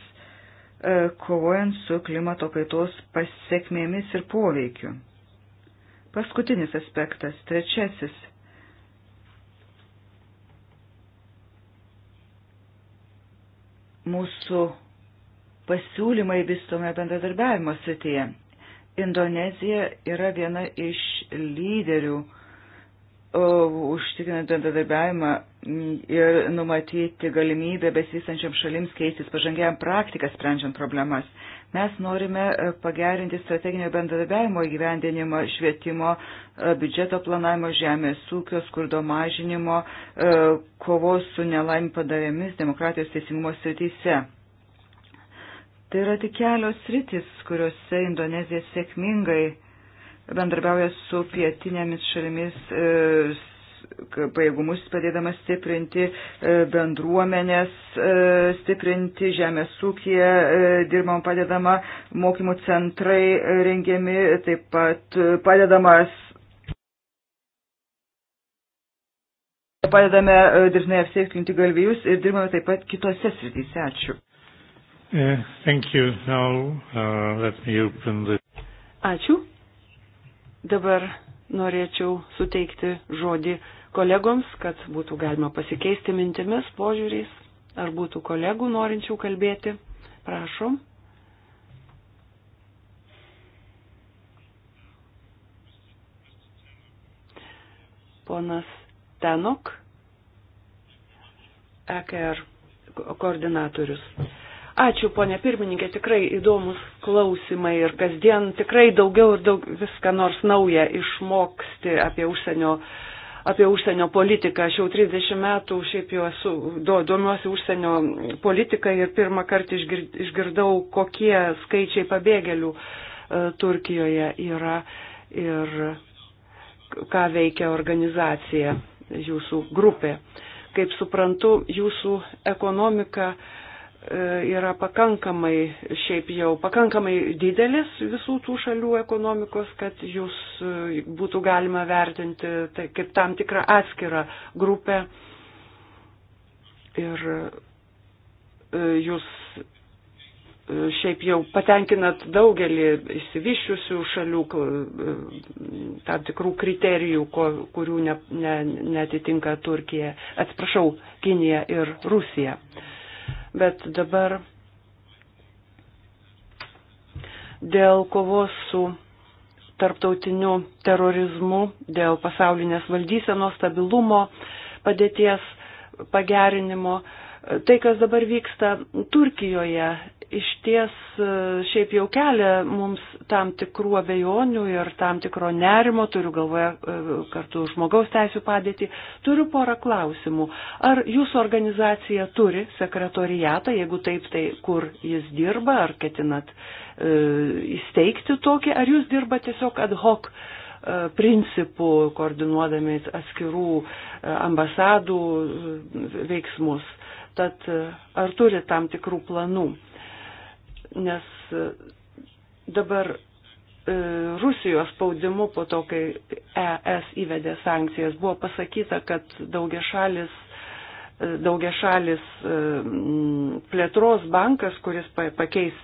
kovojant su klimato kaitos pasiekmėmis ir poveikiu. Paskutinis aspektas, trečiasis. Mūsų pasiūlymai visuome bendradarbiavimo srityje. Indonezija yra viena iš lyderių užtikrinant bendradarbiavimą ir numatyti galimybę besistančiam šalims keistis pažangiam praktiką sprendžiant problemas. Mes norime e, pagerinti strateginio bendradarbiavimo įgyvendinimą švietimo, e, biudžeto planavimo, žemės ūkio, skurdo mažinimo, e, kovos su nelaim padarėmis demokratijos teisingumo srityse. Tai yra tik kelios sritis, kuriuose Indonezija sėkmingai bendrabiauja su pietinėmis šalimis pajėgumus padėdamas stiprinti e, bendruomenės, e, stiprinti žemės ūkiją, e, dirbam padedama, mokymų centrai rengiami, taip pat padedamas. Padedame dirbtinai apsėklinti galvijus ir dirbame taip pat kitose srityse. Ačiū. Uh, thank you. Now, uh, let me open the... Ačiū. Dabar norėčiau suteikti žodį kolegoms, kad būtų galima pasikeisti mintimis, požiūriais, ar būtų kolegų norinčių kalbėti. Prašom. Ponas Tenok, EKR koordinatorius. Ačiū, ponė pirmininkė, tikrai įdomus klausimai ir kasdien tikrai daugiau ir daug viską nors naują išmoksti apie užsienio, apie užsienio politiką. Aš jau 30 metų šiaip jau esu, do, domiuosi užsienio politiką ir pirmą kartą išgirdau, kokie skaičiai pabėgėlių e, Turkijoje yra ir ką veikia organizacija, jūsų grupė. Kaip suprantu, jūsų ekonomika E, yra pakankamai, šiaip jau pakankamai didelis visų tų šalių ekonomikos, kad jūs e, būtų galima vertinti tai kaip tam tikrą atskirą grupę. Ir e, jūs šiaip jau patenkinat daugelį išsivyščiusių šalių tam tikrų kriterijų, ko, kurių ne, ne, netitinka Turkija, atsiprašau, Kinija ir Rusija. Uh, Bet dabar dėl kovos su tarptautiniu terorizmu, dėl pasaulinės valdysenos stabilumo padėties pagerinimo. Tai, kas dabar vyksta Turkijoje, iš ties e, šiaip jau kelia mums tam tikrų abejonių ir tam tikro nerimo, turiu galvoje e, kartu žmogaus teisų padėtį, turiu porą klausimų. Ar jūsų organizacija turi sekretorijatą, jeigu taip, tai kur jis dirba, ar ketinat e, įsteigti tokį, ar jūs dirba tiesiog ad hoc? E, principų, koordinuodami atskirų ambasadų veiksmus. Tad ar turi tam tikrų planų? nes e, dabar e, Rusijos spaudimu po to, kai ES įvedė sankcijas, buvo pasakyta, kad daugia šalis, e, daugia šalis plėtros bankas, kuris pakeis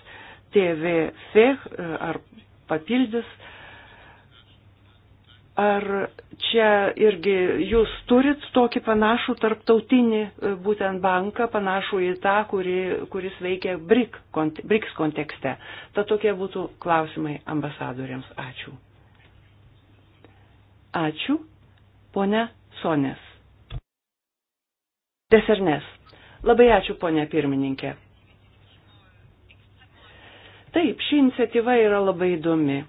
TVF ar papildys Ar čia irgi jūs turit tokį panašų tarptautinį e, būtent banką, panašų į tą, kuri, kuris veikia BRIC, BRICS kontekste? Ta tokie būtų klausimai ambasadoriams. Ačiū. Ačiū, ponė Sonės. Desernės. Labai ačiū, ponė pirmininkė. Taip, ši iniciatyva yra labai įdomi.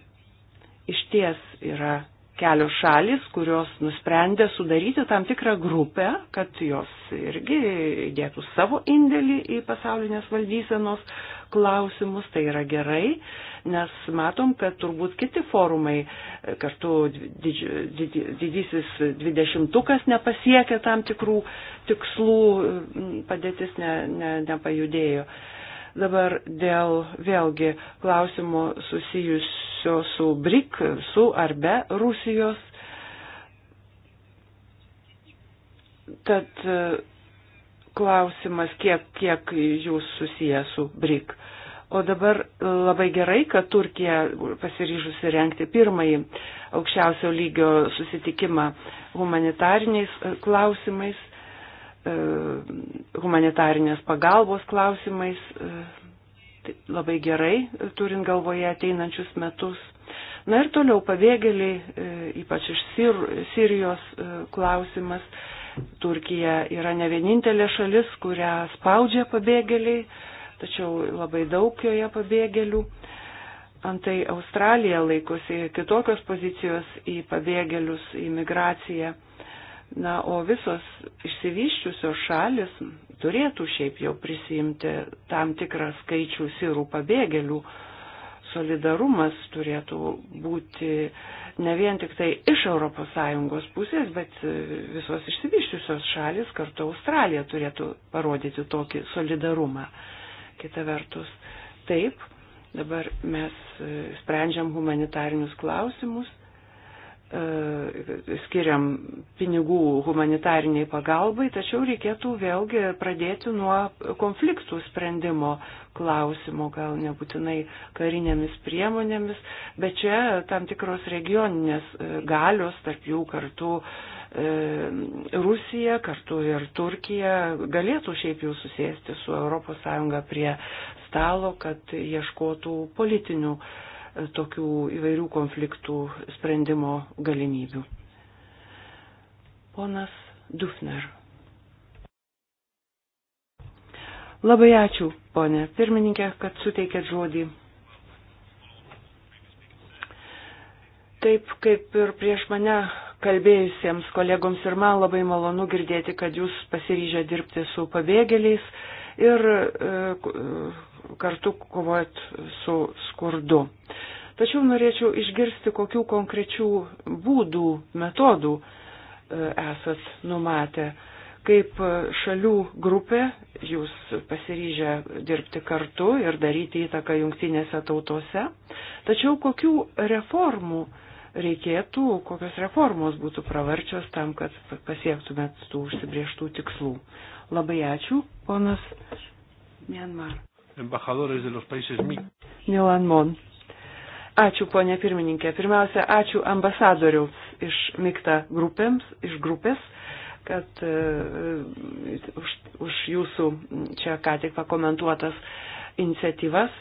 Iš ties yra kelios šalis, kurios nusprendė sudaryti tam tikrą grupę, kad jos irgi dėtų savo indėlį į pasaulinės valdysenos klausimus. Tai yra gerai, nes matom, kad turbūt kiti forumai, e, kartu didž, did, didysis dvidešimtukas nepasiekė tam tikrų tikslų, padėtis ne, ne, nepajudėjo. Ne Dabar dėl vėlgi klausimo susijusio su BRIC, su ar be Rusijos. Tad e, klausimas, kiek, kiek jūs susiję su BRIC. O dabar labai gerai, kad Turkija pasiryžusi renkti pirmąjį aukščiausio lygio susitikimą humanitariniais e, klausimais E, humanitarinės pagalbos klausimais e, tai labai gerai, e, turint galvoje ateinančius metus. Na ir toliau pabėgėliai, ypač iš Sir, Sirijos klausimas. Turkija yra ne vienintelė šalis, kurią spaudžia pabėgėliai, tačiau labai daug joje pabėgėlių. Antai Australija laikosi kitokios pozicijos į pabėgėlius, į migraciją. Na, o visos išsivyščiusios šalis turėtų šiaip jau prisimti tam tikrą skaičių sirų pabėgėlių. Solidarumas turėtų būti ne vien tik tai iš ES pusės, bet visos išsivyščiusios šalis, kartu Australija turėtų parodyti tokį solidarumą. Kita vertus, taip, dabar mes sprendžiam humanitarinius klausimus, E, skiriam pinigų humanitariniai pagalbai, tačiau reikėtų vėlgi pradėti nuo konfliktų sprendimo klausimo, gal nebūtinai karinėmis priemonėmis, bet čia tam tikros regioninės e, galios, tarp jų kartu e, Rusija, kartu ir Turkija galėtų šiaip jau susėsti su ES prie stalo, kad ieškotų politinių uh, tokių įvairių konfliktų sprendimo galimybių. Ponas Dufner. Labai ačiū, ponė pirmininkė, kad suteikėt žodį. Taip kaip ir prieš mane kalbėjusiems kolegoms ir man labai malonu girdėti, kad jūs pasiryžę dirbti su pabėgėliais ir e, kartu kovojat su skurdu. Tačiau norėčiau išgirsti, kokių konkrečių būdų, metodų e, esat numatę, kaip šalių grupė jūs pasiryžę dirbti kartu ir daryti įtaką jungtinėse tautose. Tačiau kokių reformų reikėtų, kokios reformos būtų pravarčios tam, kad pasiektumėt tų užsibrieštų tikslų. Labai ačiū, ponas Mianmar embajadores de los países MIC. Milan Mon. Ačiū, ponė pirmininkė. Pirmiausia, ačiū ambasadorių iš MIKTA grupėms, iš grupės, kad uh, už, už jūsų čia ką tik pakomentuotas iniciatyvas.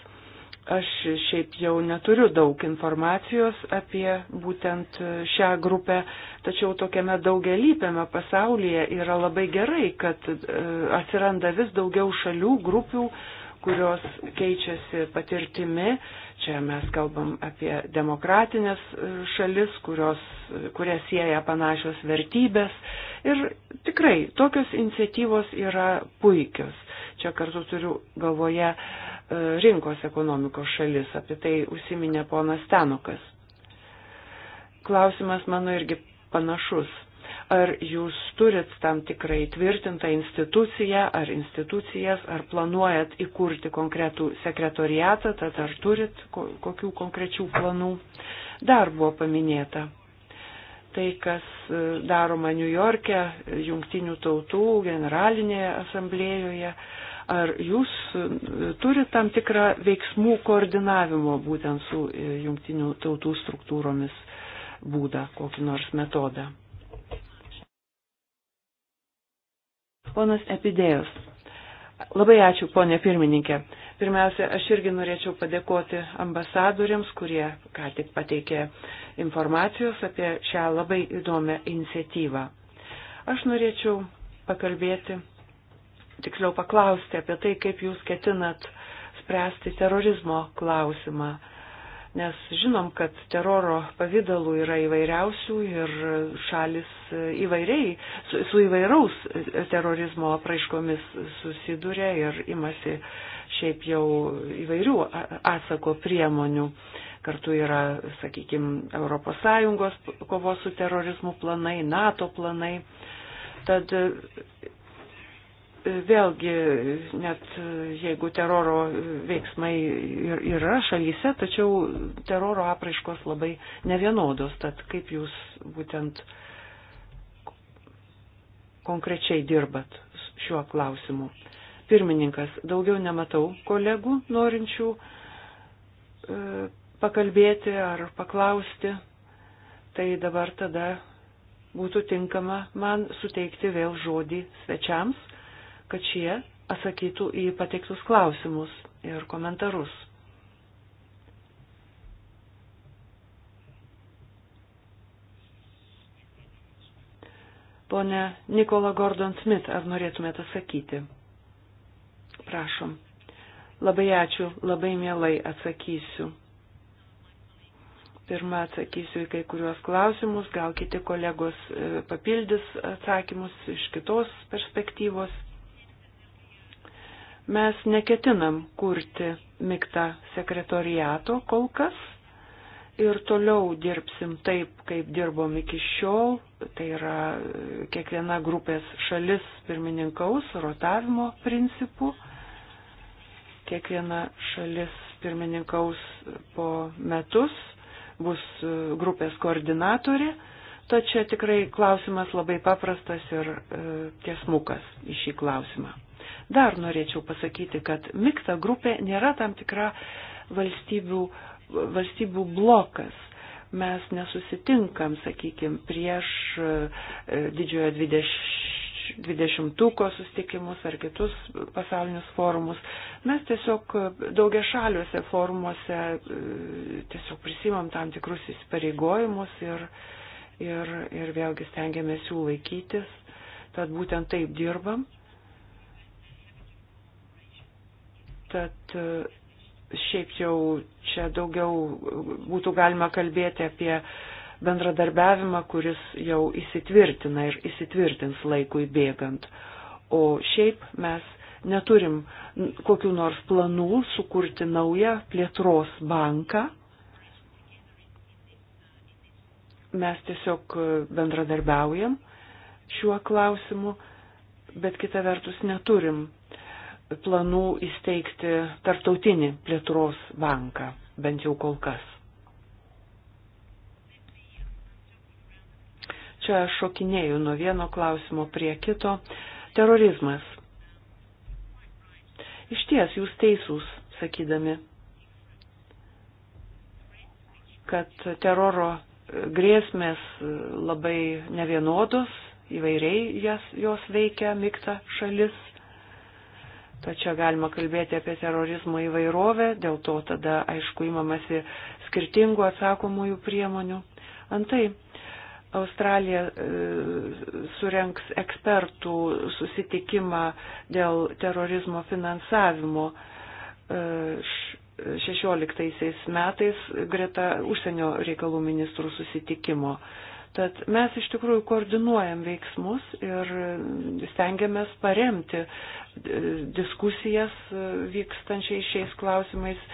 Aš šiaip jau neturiu daug informacijos apie būtent šią grupę, tačiau tokiame daugelypiame pasaulyje yra labai gerai, kad e, atsiranda vis daugiau šalių, grupių, uh, kurios keičiasi patirtimi. Čia mes kalbam apie demokratinės e, šalis, kurios, kurie sieja panašios vertybės. Ir tikrai tokios iniciatyvos yra puikios. Čia kartu turiu galvoje e, rinkos ekonomikos šalis, apie tai užsiminė ponas Tenukas. Klausimas mano irgi panašus ar jūs turit tam tikrai tvirtintą instituciją ar institucijas, ar planuojat įkurti konkretų sekretoriatą, tad ar turit kokių konkrečių planų. Dar buvo paminėta tai, kas e, daroma New York'e, jungtinių tautų generalinėje asamblėjoje. Ar jūs e, turit tam tikrą veiksmų koordinavimo būtent su e, jungtinių tautų struktūromis būdą, kokį nors metodą? Ponas Epidėjus. Labai ačiū, ponė pirmininkė. Pirmiausia, aš irgi norėčiau padėkoti ambasadoriams, kurie ką tik pateikė informacijos apie šią labai įdomią iniciatyvą. Aš norėčiau pakalbėti, tiksliau paklausti apie tai, kaip jūs ketinat spręsti terorizmo klausimą nes žinom, kad teroro pavydalų yra įvairiausių ir šalis įvairiai, su, su įvairaus terorizmo apraiškomis susiduria ir imasi šiaip jau įvairių atsako priemonių. Kartu yra, sakykime, ES kovos su terorizmu planai, NATO planai. Tad vėlgi, net jeigu teroro veiksmai yra šalyse, tačiau teroro apraiškos labai nevienodos. Tad kaip jūs būtent konkrečiai dirbat šiuo klausimu? Pirmininkas, daugiau nematau kolegų norinčių e, pakalbėti ar paklausti. Tai dabar tada būtų tinkama man suteikti vėl žodį svečiams kad šie atsakytų į pateiktus klausimus ir komentarus. Pone Nikola Gordon Smith, ar norėtumėte atsakyti? Prašom. Labai ačiū, labai mielai atsakysiu. Pirmą atsakysiu į kai kuriuos klausimus, gal kiti kolegos e, papildys atsakymus iš kitos perspektyvos. Mes neketinam kurti miktą sekretoriato kol kas ir toliau dirbsim taip, kaip dirbom iki šiol. Tai yra e, kiekviena grupės šalis pirmininkaus rotavimo principu. Kiekviena šalis pirmininkaus po metus bus e, grupės koordinatorė. Tačiau tikrai klausimas labai paprastas ir e, tiesmukas į šį klausimą. Dar norėčiau pasakyti, kad mikta grupė nėra tam tikra valstybių, valstybių blokas mes nesusitinkam, sakykime, prieš e, didžiojo dvidešimtuko susitikimus ar kitus pasaulinius forumus. Mes tiesiog e, daugia šaliuose forumuose e, tiesiog prisimam tam tikrus įsipareigojimus ir, ir, ir vėlgi stengiamės jų laikytis. Tad būtent taip dirbam. Tad e, šiaip jau čia daugiau būtų galima kalbėti apie bendradarbiavimą, kuris jau įsitvirtina ir įsitvirtins laikui bėgant. O šiaip mes neturim kokiu nors planų sukurti naują plėtros banką. Mes tiesiog bendradarbiaujam šiuo klausimu, bet kita vertus neturim planų įsteigti tarptautinį plėtros banką, bent jau kol kas. Čia aš šokinėjau nuo vieno klausimo prie kito. Terorizmas. Iš ties jūs teisūs, sakydami, kad teroro grėsmės labai nevienodos, įvairiai jas, jos veikia mygta šalis kad čia galima kalbėti apie terorizmo įvairovę, dėl to tada, aišku, įmamasi skirtingų atsakomųjų priemonių. Antai, Australija e, surenks ekspertų susitikimą dėl terorizmo finansavimo 16 e, metais greta užsienio reikalų ministrų susitikimo. Tad mes iš tikrųjų koordinuojam veiksmus ir stengiamės paremti e, diskusijas e, vykstančiai šiais klausimais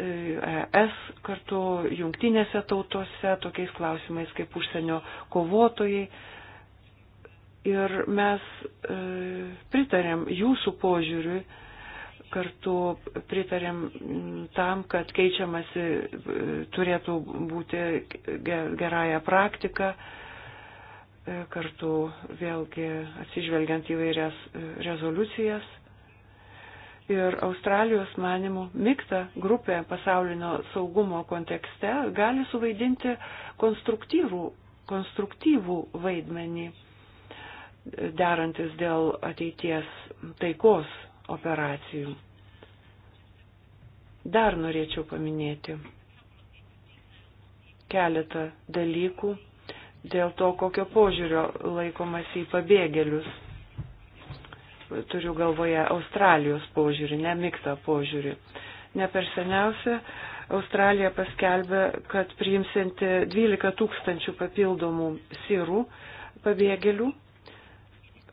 ES e kartu jungtinėse tautose, tokiais klausimais kaip užsienio kovotojai. Ir mes pritarėm jūsų požiūriui kartu pritarėm mm, tam, kad keičiamasi e, turėtų būti gerąją praktiką, e, kartu vėlgi atsižvelgiant įvairias e, rezoliucijas. Ir Australijos manimų mikta grupė pasaulinio saugumo kontekste gali suvaidinti konstruktyvų, konstruktyvų vaidmenį derantis dėl ateities taikos operacijų. Dar norėčiau paminėti keletą dalykų dėl to, kokio požiūrio laikomasi į pabėgėlius. Turiu galvoje Australijos požiūrį, ne miktą požiūrį. Ne per seniausia Australija paskelbė, kad priimsinti 12 tūkstančių papildomų sirų pabėgėlių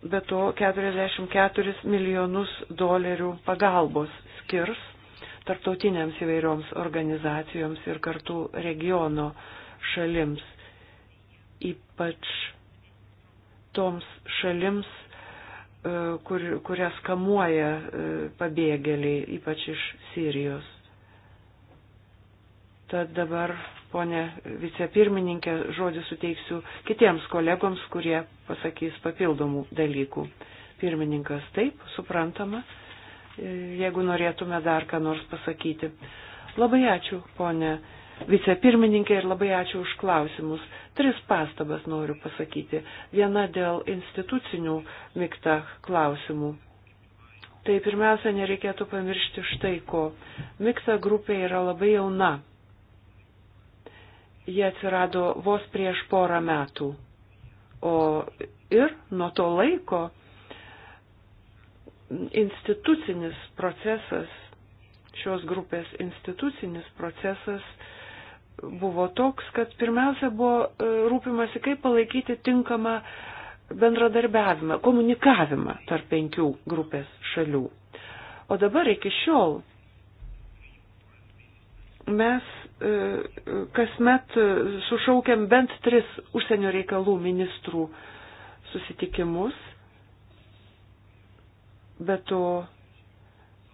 be to 44 milijonus dolerių pagalbos skirs tarptautiniams įvairioms organizacijoms ir kartu regiono šalims, ypač toms šalims, e, kur, kurias kamuoja e, pabėgėliai, ypač iš Sirijos. Tad dabar ponė vicepirmininkė, žodį suteiksiu kitiems kolegoms, kurie pasakys papildomų dalykų. Pirmininkas, taip, suprantama, e, jeigu norėtume dar ką nors pasakyti. Labai ačiū, ponė vicepirmininkė, ir labai ačiū už klausimus. Tris pastabas noriu pasakyti. Viena dėl institucinių mikta klausimų. Tai pirmiausia, nereikėtų pamiršti štai ko. Mikta grupė yra labai jauna Jie atsirado vos prieš porą metų. O ir nuo to laiko institucinis procesas, šios grupės institucinis procesas buvo toks, kad pirmiausia buvo e, rūpimasi, kaip palaikyti tinkamą bendradarbiavimą, komunikavimą tarp penkių grupės šalių. O dabar iki šiol mes e, kasmet sušaukiam bent tris užsienio reikalų ministrų susitikimus, bet to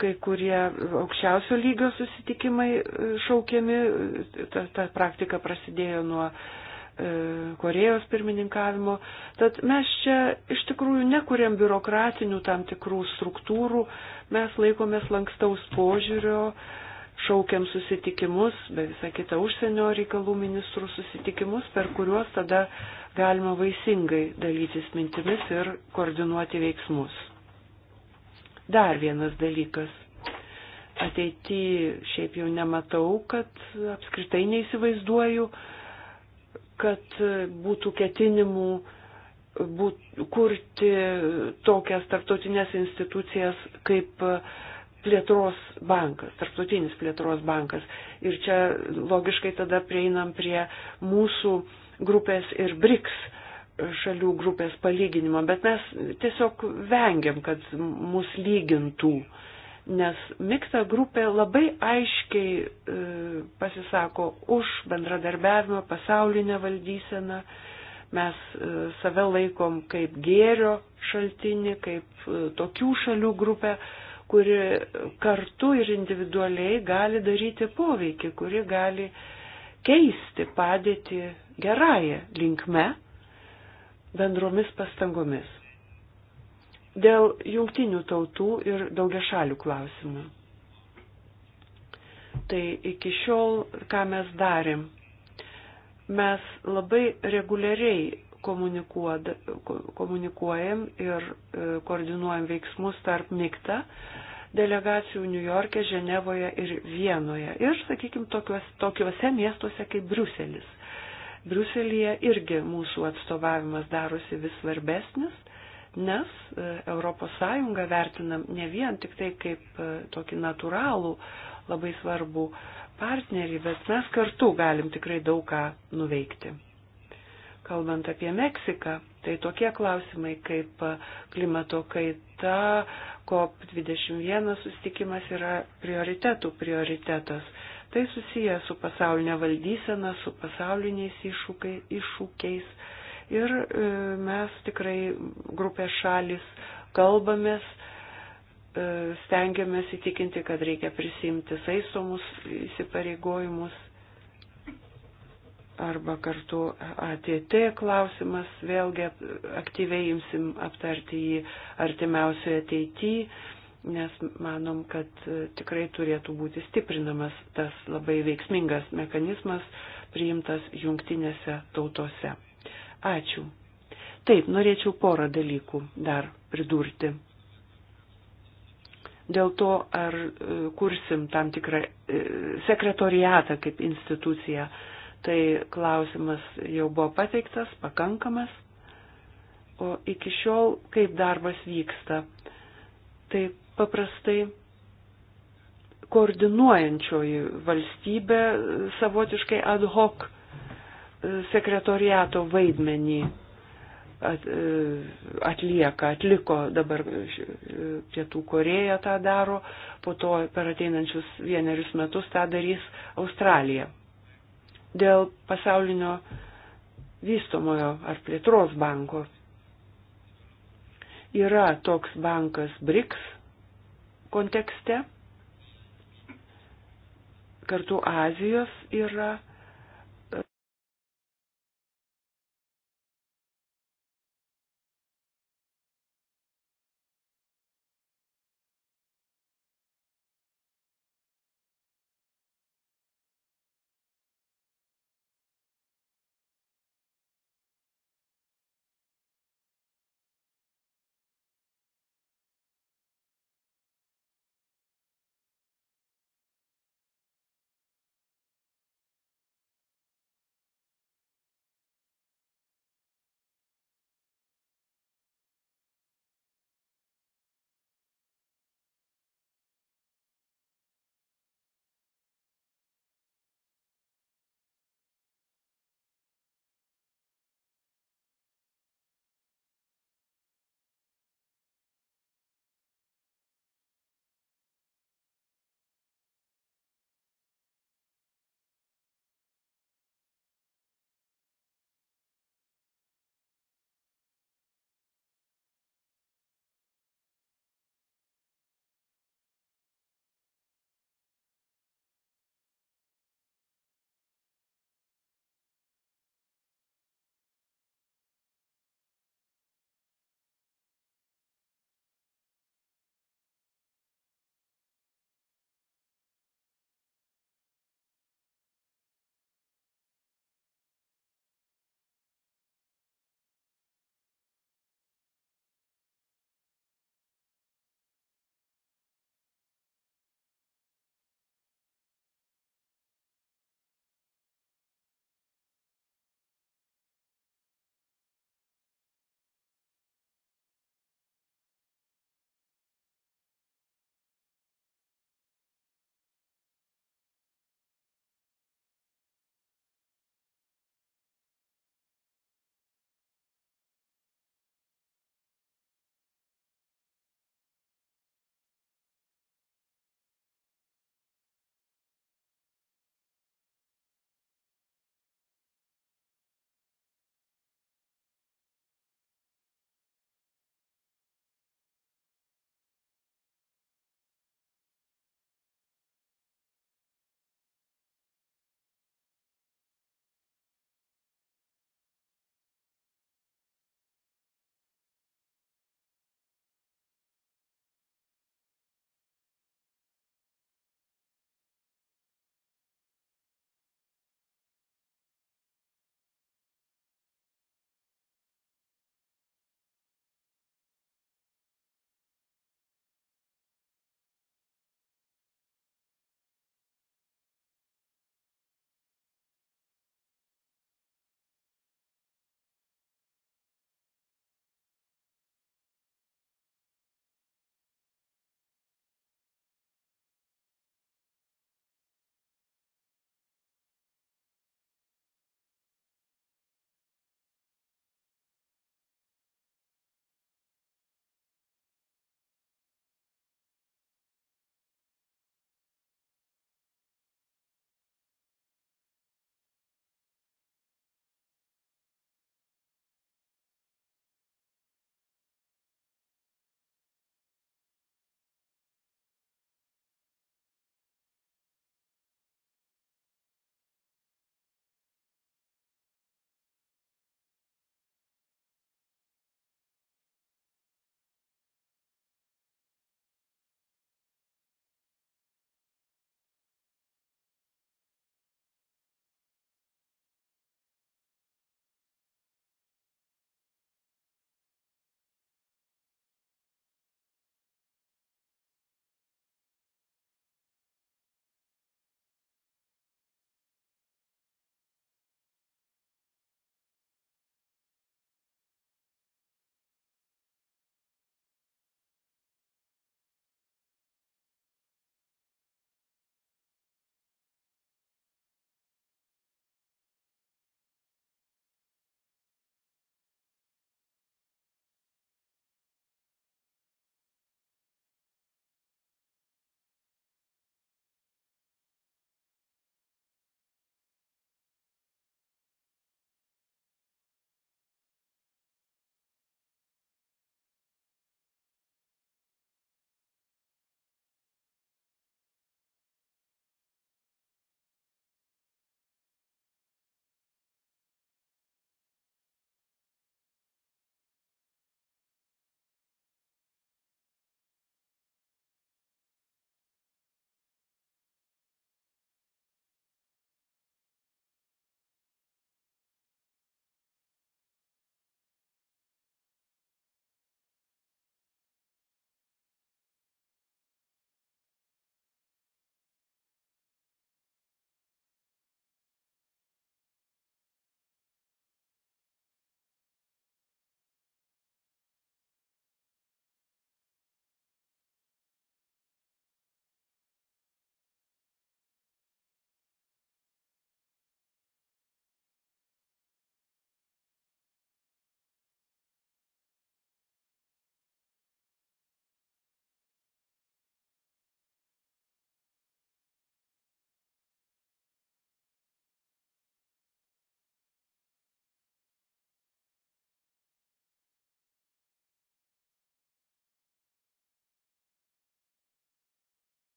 kai kurie aukščiausio lygio susitikimai e, šaukiami, ta, ta praktika prasidėjo nuo e, Korejos pirmininkavimo. Tad mes čia iš tikrųjų nekuriam biurokratinių tam tikrų struktūrų, mes laikomės lankstaus požiūrio, šaukiam susitikimus, be visą kitą užsienio reikalų ministrų susitikimus, per kuriuos tada galima vaisingai dalytis mintimis ir koordinuoti veiksmus. Dar vienas dalykas. Ateity šiaip jau nematau, kad apskritai neįsivaizduoju, kad būtų ketinimų būt, kurti tokias tarptautinės institucijas kaip uh, plėtros bankas, tarptautinis plėtros bankas. Ir čia logiškai tada prieinam prie mūsų grupės ir BRICS šalių grupės palyginimo, bet mes tiesiog vengiam, kad mus lygintų, nes mikta grupė labai aiškiai e, pasisako už bendradarbiavimą, pasaulinę valdyseną, mes e, save laikom kaip gėrio šaltinį, kaip e, tokių šalių grupę, e, kuri kartu ir individualiai gali daryti poveikį, kuri gali keisti padėtį gerąją linkme bendromis pastangomis. Dėl jungtinių tautų ir daugiašalių klausimų. Tai iki šiol, ką mes darėm, mes labai reguliariai komunikuojam ir e, koordinuojam veiksmus tarp MIKTA delegacijų New York'e, Ženevoje ir Vienoje. Ir, sakykime, tokiuose, tokiuose miestuose kaip Briuselis. Briuselėje irgi mūsų atstovavimas darosi vis svarbesnis, nes ES vertinam ne vien tik tai kaip e, tokį natūralų, labai svarbų partnerį, bet mes kartu galim tikrai daug ką nuveikti kalbant apie Meksiką, tai tokie klausimai kaip klimato kaita, COP21 sustikimas yra prioritetų prioritetas. Tai susiję su pasaulinė valdysena, su pasauliniais iššūkai, iššūkiais. Ir e, mes tikrai grupės šalis kalbamės, e, stengiamės įtikinti, kad reikia prisimti saistomus įsipareigojimus arba kartu ATT klausimas, vėlgi aktyviai imsim aptarti jį artimiausioje ateityje, nes manom, kad e, tikrai turėtų būti stiprinamas tas labai veiksmingas mechanizmas priimtas jungtinėse tautose. Ačiū. Taip, norėčiau porą dalykų dar pridurti. Dėl to, ar e, kursim tam tikrą e, sekretoriatą kaip instituciją, tai klausimas jau buvo pateiktas, pakankamas. O iki šiol, kaip darbas vyksta, tai paprastai koordinuojančioji valstybė savotiškai ad hoc e, sekretoriato vaidmenį e, atlieka, atliko dabar e, Pietų Koreja tą daro, po to per ateinančius vienerius metus tą darys Australija dėl pasaulinio vystomojo ar plėtros banko. Yra toks bankas BRICS kontekste, kartu Azijos yra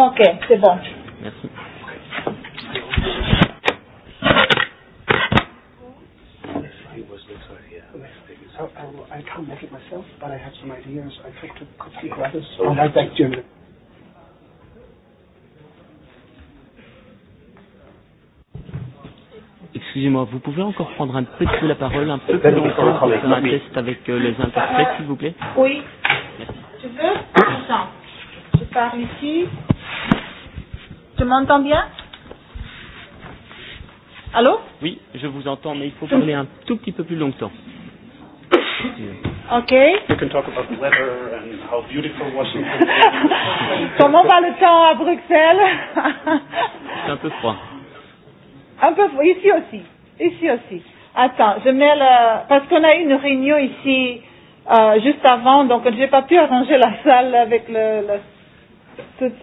Ok, c'est bon. Merci. So I, will, I can't make it myself, but I have some ideas. I think to could speak with others. So oh, I'd like to. Excusez-moi, vous pouvez encore prendre un petit peu la parole, un peu plus longtemps pour faire un test avec euh, les interprètes, s'il vous plaît Oui. Merci. Tu veux Attends. Je pars ici m'entend bien Allô Oui, je vous entends, mais il faut parler un tout petit peu plus longtemps. Ok. You can talk about the weather and how beautiful Washington. [laughs] Comment va le temps à Bruxelles [laughs] C'est un peu froid. Un peu froid, ici aussi. Ici aussi. Attends, je mets le... Parce qu'on a eu une réunion ici euh, juste avant, donc je n'ai pas pu arranger la salle avec le, le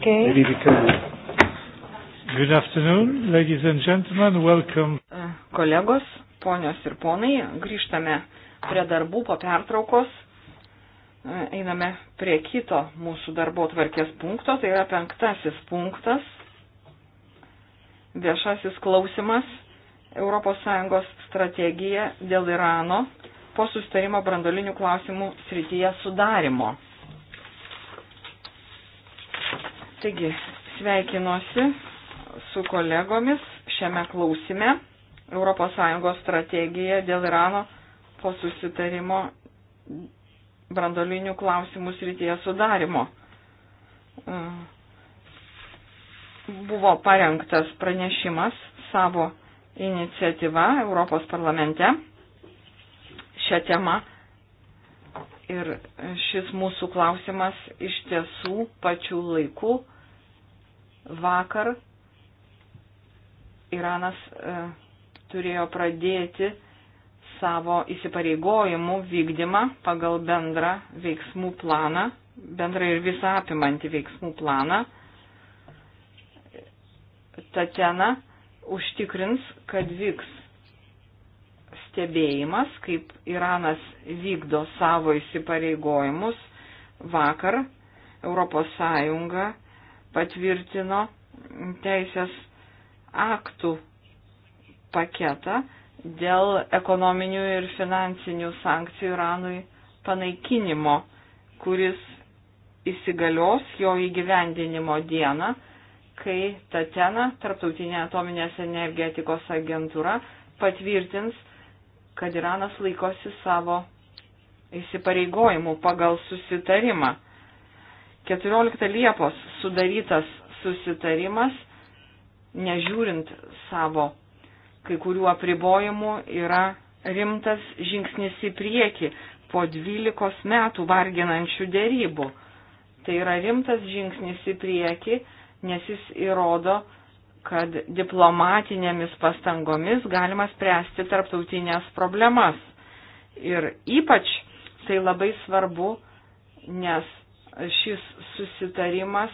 Okay. Maybe we can... Good afternoon, ladies and gentlemen, welcome. E, kolegos, ponios ir ponai, grįžtame prie darbų po pertraukos. E, einame prie kito mūsų darbo tvarkės punkto, tai yra penktasis punktas. Viešasis klausimas ES strategija dėl Irano po sustarimo brandolinių klausimų srityje sudarimo. Taigi, sveikinuosi su kolegomis šiame klausime ES strategija dėl Irano po susitarimo brandolinių klausimų srityje sudarimo. E, buvo parengtas pranešimas savo iniciatyva Europos parlamente šią temą Ir šis mūsų klausimas iš tiesų pačių laikų vakar Iranas e, turėjo pradėti savo įsipareigojimų vykdymą pagal bendrą veiksmų planą, bendrą ir visą apimantį veiksmų planą. Tatena užtikrins, kad vyks stebėjimas, kaip Iranas vykdo savo įsipareigojimus. Vakar ES patvirtino teisės aktų paketą dėl ekonominių ir finansinių sankcijų Iranui panaikinimo, kuris įsigalios jo įgyvendinimo dieną, kai Tatena, Tarptautinė atominės energetikos agentūra, patvirtins kad Iranas laikosi savo įsipareigojimų pagal susitarimą. 14 Liepos sudarytas susitarimas, nežiūrint savo kai kurių apribojimų, yra rimtas žingsnis į priekį po 12 metų varginančių dėrybų. Tai yra rimtas žingsnis į priekį, nes jis įrodo, kad diplomatinėmis pastangomis galima spręsti tarptautinės problemas. Ir ypač tai labai svarbu, nes šis susitarimas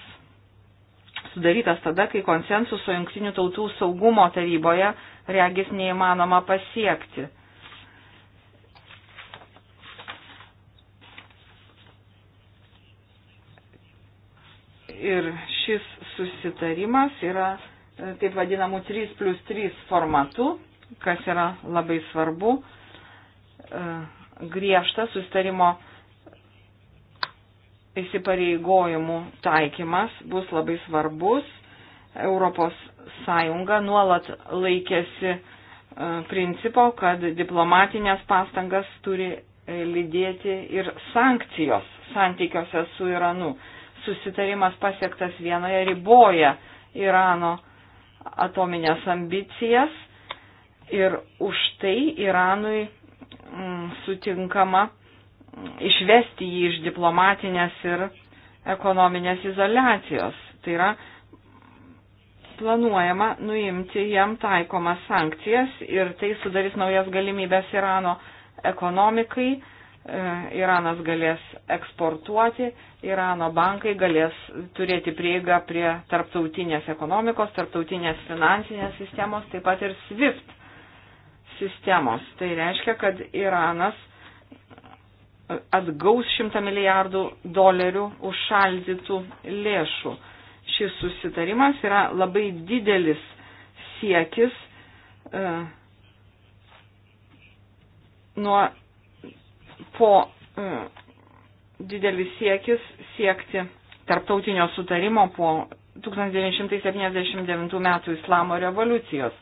sudarytas tada, kai konsensuso jungtinių tautų saugumo taryboje regis neįmanoma pasiekti. Ir šis susitarimas yra taip vadinamų 3 plus 3 formatu, kas yra labai svarbu, e, griežtas sustarimo įsipareigojimų taikymas bus labai svarbus. Europos Sąjunga nuolat laikėsi e, principo, kad diplomatinės pastangas turi e, lydėti ir sankcijos santykiuose su Iranu. Susitarimas pasiektas vienoje riboja Irano atominės ambicijas ir už tai Iranui mm, sutinkama išvesti jį iš diplomatinės ir ekonominės izolacijos. Tai yra planuojama nuimti jam taikomas sankcijas ir tai sudarys naujas galimybės Irano ekonomikai E, Iranas galės eksportuoti, Irano bankai galės turėti prieigą prie tarptautinės ekonomikos, tarptautinės finansinės sistemos, taip pat ir SWIFT sistemos. Tai reiškia, kad Iranas atgaus 100 milijardų dolerių užšaldytų lėšų. Šis susitarimas yra labai didelis siekis e, nuo po mm, didelis siekis siekti tarptautinio sutarimo po 1979 metų islamo revoliucijos.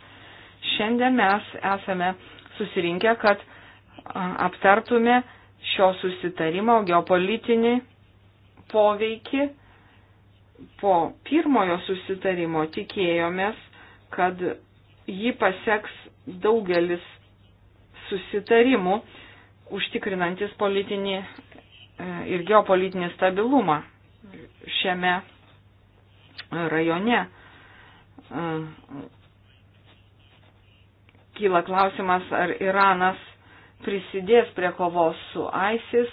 Šiandien mes esame susirinkę, kad aptartume šio susitarimo geopolitinį poveikį. Po pirmojo susitarimo tikėjomės, kad jį paseks daugelis susitarimų užtikrinantis politinį e, ir geopolitinį stabilumą šiame rajone. E, kyla klausimas, ar Iranas prisidės prie kovos su ISIS,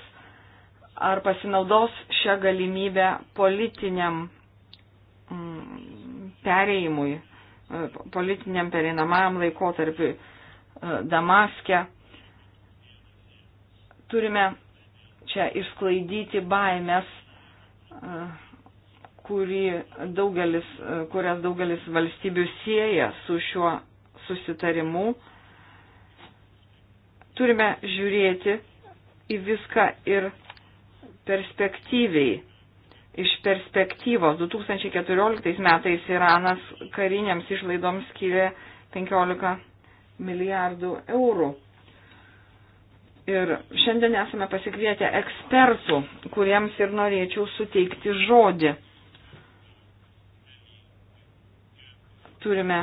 ar pasinaudos šią galimybę politiniam mm, perėjimui, e, politiniam pereinamajam laikotarpiui Damaske. Turime čia išsklaidyti baimės, daugelis, kurias daugelis valstybių sieja su šiuo susitarimu. Turime žiūrėti į viską ir perspektyviai. Iš perspektyvos 2014 metais Iranas kariniams išlaidoms skyrė 15 milijardų eurų. Ir šiandien esame pasikvietę ekspertų, kuriems ir norėčiau suteikti žodį. Turime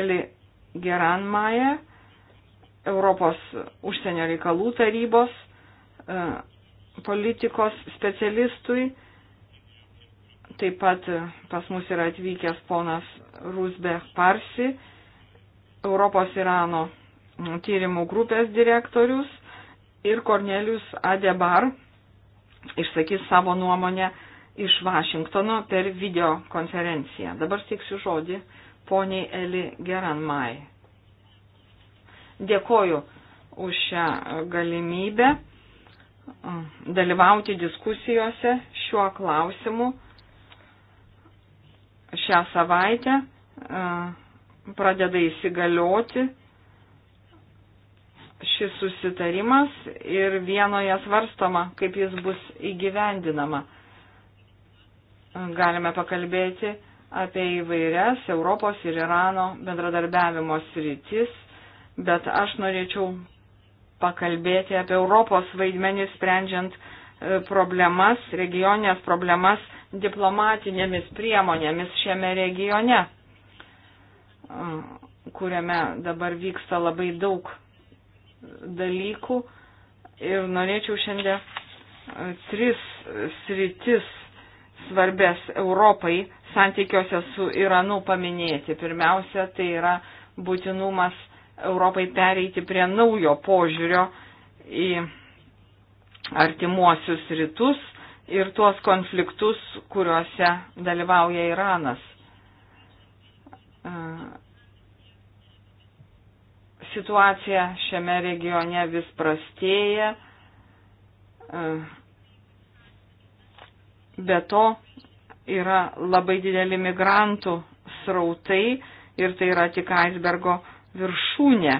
Eli Geranmaje, Europos užsienio reikalų tarybos e, politikos specialistui. Taip pat pas mus yra atvykęs ponas Rusbeh Parsi, Europos Irano tyrimų grupės direktorius ir Kornelius Adebar išsakys savo nuomonę iš Vašingtono per video konferenciją. Dabar steiksiu žodį poniai Eli Geranmai. Dėkoju už šią galimybę um, dalyvauti diskusijose šiuo klausimu šią savaitę uh, pradeda įsigalioti šis susitarimas ir vienoje svarstoma, kaip jis bus įgyvendinama. Galime pakalbėti apie įvairias Europos ir Irano bendradarbiavimo sritis, bet aš norėčiau pakalbėti apie Europos vaidmenį sprendžiant e, problemas, regioninės problemas diplomatinėmis priemonėmis šiame regione, e, kuriame dabar vyksta labai daug dalykų ir norėčiau šiandien e, tris sritis svarbės Europai santykiuose su Iranu paminėti. Pirmiausia, tai yra būtinumas Europai pereiti prie naujo požiūrio į artimuosius rytus ir tuos konfliktus, kuriuose dalyvauja Iranas. situacija šiame regione vis prastėja. E, be to yra labai dideli migrantų srautai ir tai yra tik aisbergo viršūnė.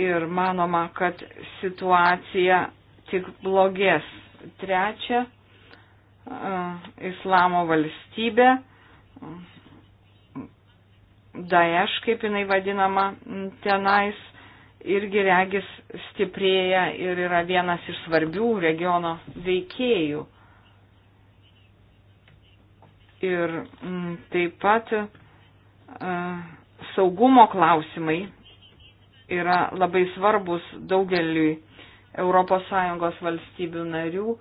Ir manoma, kad situacija tik blogės. Trečia, e, islamo valstybė Daesh, kaip jinai vadinama tenais, irgi regis stiprėja ir yra vienas iš svarbių regiono veikėjų. Ir m, taip pat a, e, saugumo klausimai yra labai svarbus daugeliui ES valstybių narių.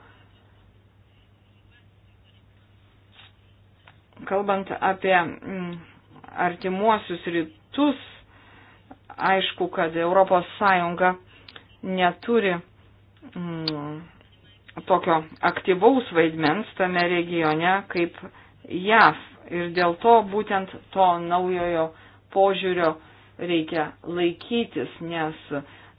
Kalbant apie m, artimuosius rytus, aišku, kad ES neturi mm, tokio aktyvaus vaidmens tame regione kaip JAV. Ir dėl to būtent to naujojo požiūrio reikia laikytis, nes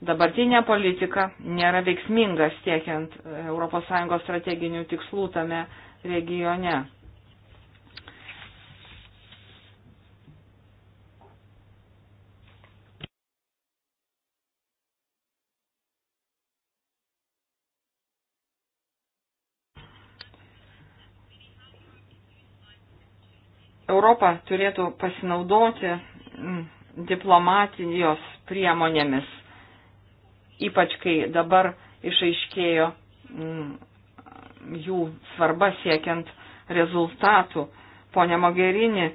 dabartinė politika nėra veiksminga siekiant ES strateginių tikslų tame regione. Europa turėtų pasinaudoti mm, diplomatijos priemonėmis, ypač kai dabar išaiškėjo mm, jų svarba siekiant rezultatų. Pone Mogherini e,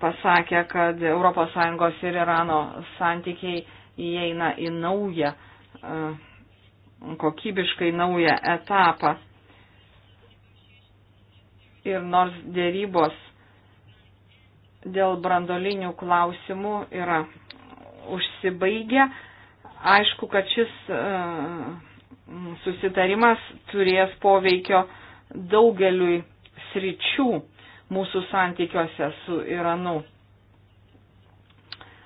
pasakė, kad ES ir Irano santykiai įeina į naują, e, kokybiškai naują etapą. Ir nors dėrybos dėl brandolinių klausimų yra užsibaigę. Aišku, kad šis e, susitarimas turės poveikio daugeliui sričių mūsų santykiuose su Iranu.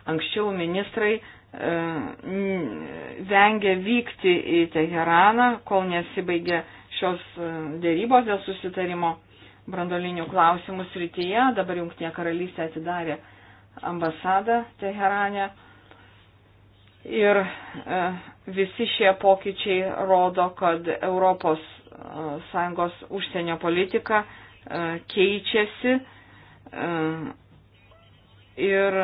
Anksčiau ministrai e, vengia vykti į Teheraną, kol nesibaigė šios e, dėrybos dėl susitarimo brandolinių klausimų srityje. Dabar Junktinė karalystė atidarė ambasadą Teherane. Ir e, visi šie pokyčiai rodo, kad Europos e, Sąjungos užsienio politika e, keičiasi e, ir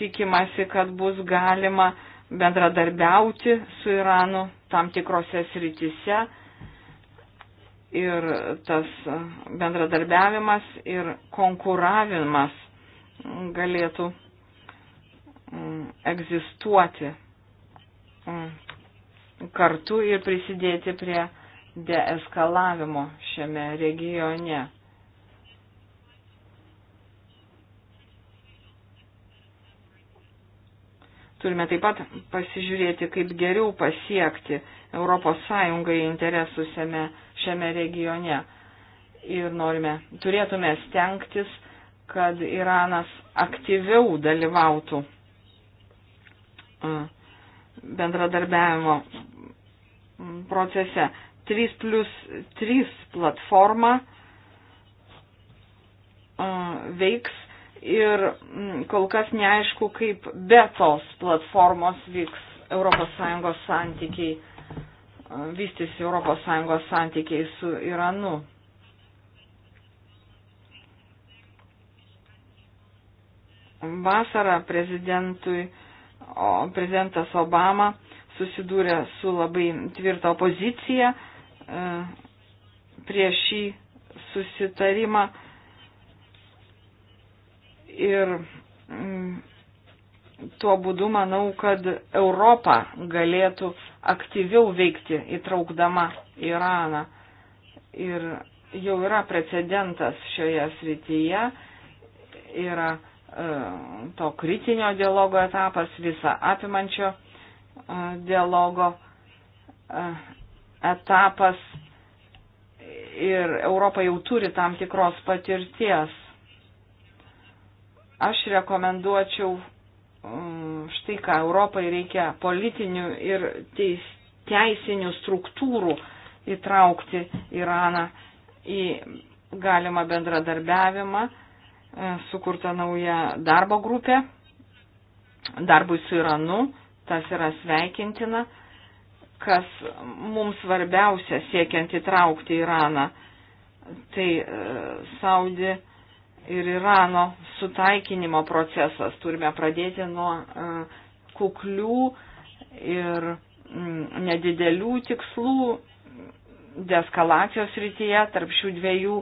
tikimasi, kad bus galima bendradarbiauti su Iranu tam tikrose srityse ir tas bendradarbiavimas ir konkuravimas galėtų mm, egzistuoti mm, kartu ir prisidėti prie deeskalavimo šiame regione. Turime taip pat pasižiūrėti, kaip geriau pasiekti ES interesų šiame regione šiame regione. Ir norime, turėtume stengtis, kad Iranas aktyviau dalyvautų bendradarbiavimo procese. 3 plus 3 platforma veiks ir kol kas neaišku, kaip be tos platformos vyks ES santykiai vystysi ES santykiai su Iranu. Vasarą prezidentui, o, prezidentas Obama susidūrė su labai tvirta opozicija e, prieš šį susitarimą ir mm, tuo būdu manau, kad Europa galėtų aktyviau veikti įtraukdama Iraną. Ir jau yra precedentas šioje srityje, yra e, to kritinio dialogo etapas, visa apimančio e, dialogo e, etapas ir Europa jau turi tam tikros patirties. Aš rekomenduočiau Mm, štai ką Europai reikia politinių ir teis, teisinių struktūrų įtraukti Iraną į galimą bendradarbiavimą, e, sukurta nauja darbo grupė darbui su Iranu, tas yra sveikintina, kas mums svarbiausia siekiant įtraukti Iraną, tai e, Saudi Arabija ir Irano sutaikinimo procesas. Turime pradėti nuo e, kuklių ir mm, nedidelių tikslų deskalacijos rytyje tarp šių dviejų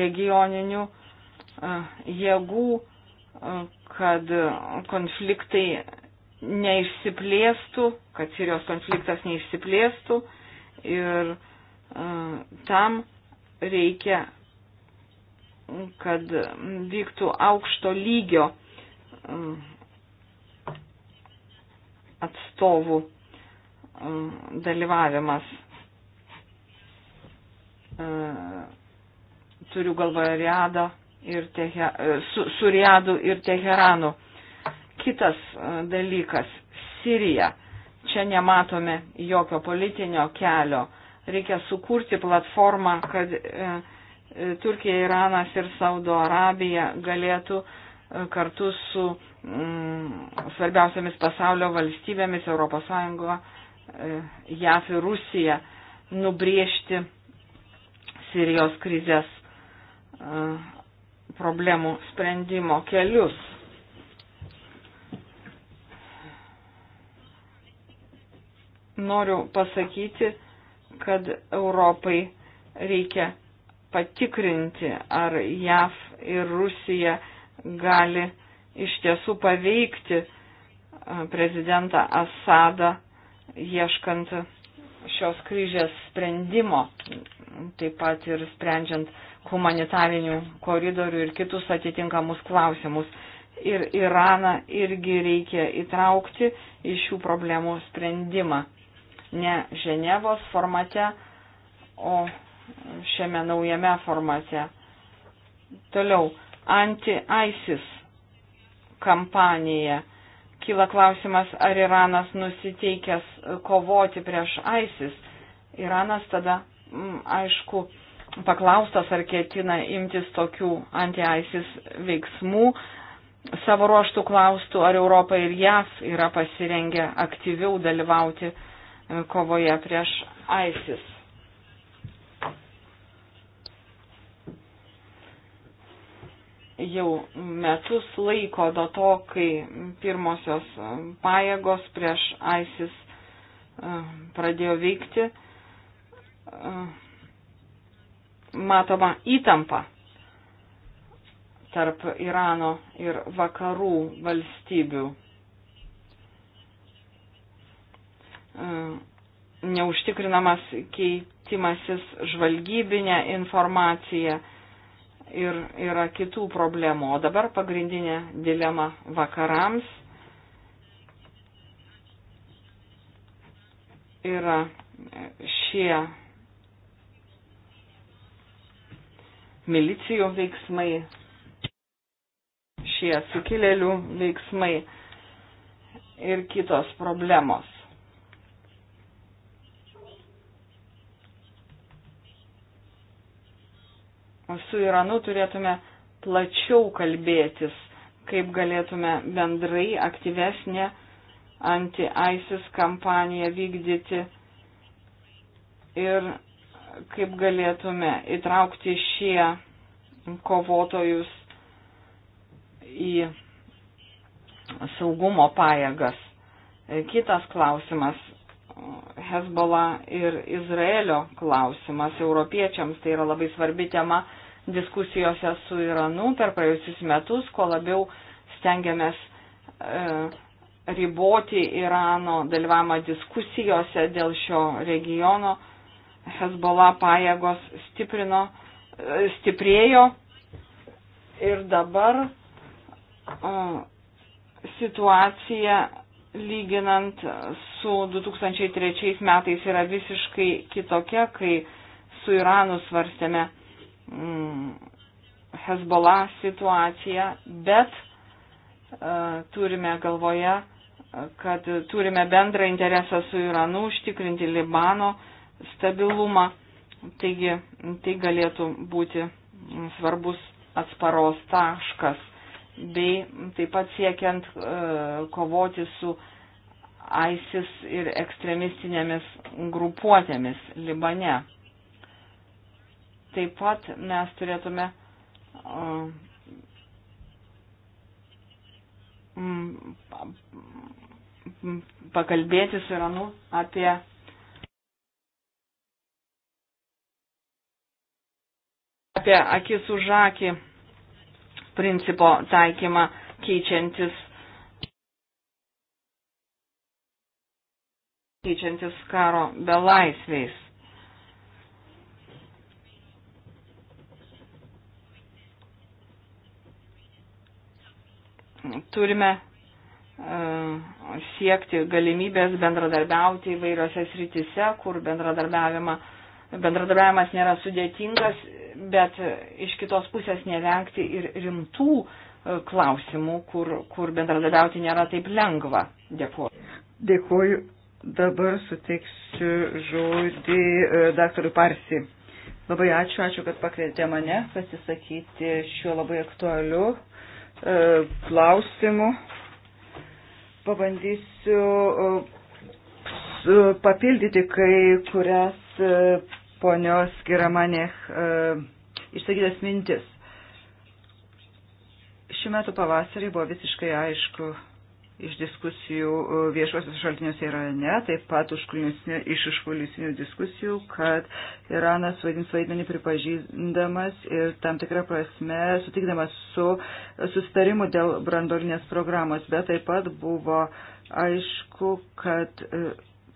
regioninių e, jėgų, e, kad konfliktai neišsiplėstų, kad Sirijos konfliktas neišsiplėstų ir tam reikia kad vyktų aukšto lygio um, atstovų um, dalyvavimas. Uh, turiu galvoje Riadą ir tehe, uh, su, su Riadu ir Teheranu. Kitas uh, dalykas - Sirija. Čia nematome jokio politinio kelio. Reikia sukurti platformą, kad e, Turkija, Iranas ir Saudo Arabija galėtų e, kartu su mm, svarbiausiamis pasaulio valstybėmis ES, e, JAF ir Rusija nubriežti Sirijos krizės e, problemų sprendimo kelius. Noriu pasakyti, kad Europai reikia patikrinti, ar JAV ir Rusija gali iš tiesų paveikti prezidentą Asadą ieškant šios kryžės sprendimo, taip pat ir sprendžiant humanitarinių koridorių ir kitus atitinkamus klausimus. Ir Iraną irgi reikia įtraukti į šių problemų sprendimą. Ne Ženevos formate, o šiame naujame formate. Toliau, anti-ISIS kampanija. Kyla klausimas, ar Iranas nusiteikęs kovoti prieš ISIS. Iranas tada, m, mm, aišku, paklaustas, ar ketina imtis tokių anti-ISIS veiksmų, savo ruoštų klaustų, ar Europa ir JAV yra pasirengę aktyviau dalyvauti kovoje prieš ISIS. jau metus laiko do to, kai pirmosios e, pajėgos prieš ISIS e, pradėjo veikti, e, matoma įtampa tarp Irano ir vakarų valstybių. Neužtikrinamas keitimasis žvalgybinė informacija ir yra kitų problemų. O dabar pagrindinė dilema vakarams yra šie milicijų veiksmai, šie sukilėlių veiksmai ir kitos problemos. su Iranu turėtume plačiau kalbėtis, kaip galėtume bendrai aktyvesnė anti-ISIS kampaniją vykdyti ir kaip galėtume įtraukti šie kovotojus į saugumo pajėgas. Kitas klausimas Hezbollah ir Izraelio klausimas europiečiams. Tai yra labai svarbi tema diskusijose su Iranu per praėjusius metus, kuo labiau stengiamės e, riboti Irano dalyvavimą diskusijose dėl šio regiono. Hezbollah pajėgos stiprino, e, stiprėjo ir dabar o, e, situacija lyginant su 2003 metais yra visiškai kitokia, kai su Iranu svarstėme mm, Hezbollah situaciją, bet e, turime galvoje, kad turime bendrą interesą su Iranu užtikrinti Libano stabilumą, taigi tai galėtų būti svarbus atsparos taškas bei taip pat siekiant e, kovoti su ISIS ir ekstremistinėmis grupuotėmis Libane. Taip pat mes turėtume e, pakalbėti su Iranu apie apie akis už akį principo taikymą keičiantis, keičiantis karo belaisviais. Turime e, siekti galimybės bendradarbiauti įvairiose srityse, kur bendradarbiavimą uh, bendradarbiavimas nėra sudėtingas, bet iš kitos pusės nevengti ir rimtų e, klausimų, kur, kur bendradarbiauti nėra taip lengva. Dėkuoju. Dėkuoju. Dabar suteiksiu žodį e, daktarui Parsi. Labai ačiū, ačiū, kad pakvietė mane pasisakyti šiuo labai aktualiu e, klausimu. Pabandysiu E, papildyti kai kurias e, ponios Giramanė e, išsakytas mintis. Šiuo metu pavasarį buvo visiškai aišku iš diskusijų viešuosius šaltiniuose Irane, taip pat iš užkulisinių diskusijų, kad Iranas vaidins vaidmenį pripažindamas ir tam tikrą prasme sutikdamas su sustarimu dėl brandolinės programos, bet taip pat buvo aišku, kad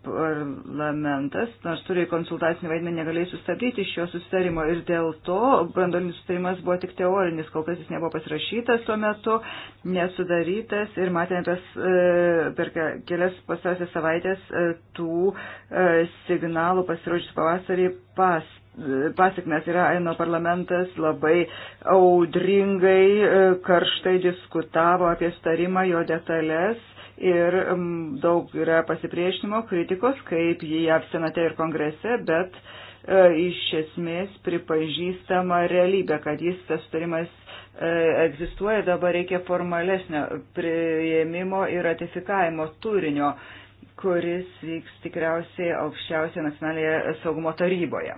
parlamentas, nors turi konsultacinį vaidmenį, negalėjo sustabdyti šio susitarimo ir dėl to brandolinis susitarimas buvo tik teorinis, kol kas jis nebuvo pasirašytas tuo metu, nesudarytas ir matėme tas e, per kelias pastarąsias savaitės e, tų e, signalų pasirodžius pavasarį pas pasiekmes yra Aino parlamentas labai audringai, karštai diskutavo apie starimą, jo detalės ir daug yra pasipriešinimo kritikos, kaip jį jav senate ir kongrese, bet e, iš esmės pripažįstama realybė, kad jis tas sutarimas e, egzistuoja, dabar reikia formalesnio prieimimo ir ratifikavimo turinio, kuris vyks tikriausiai aukščiausioje nacionalinėje saugumo taryboje.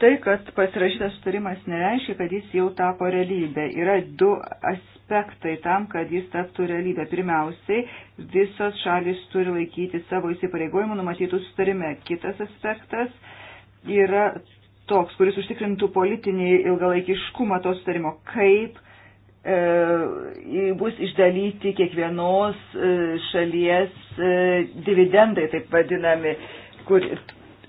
Tai, kad pasirašytas sutarimas nereiškia, kad jis jau tapo realybė. Yra du as aspektai tam, kad jis taptų realybę. Pirmiausiai, visos šalis turi laikyti savo įsipareigojimų numatytų sustarime. Kitas aspektas yra toks, kuris užtikrintų politinį ilgalaikiškumą to sustarimo. Kaip e, bus išdalyti kiekvienos e, šalies e, dividendai, taip vadinami, kur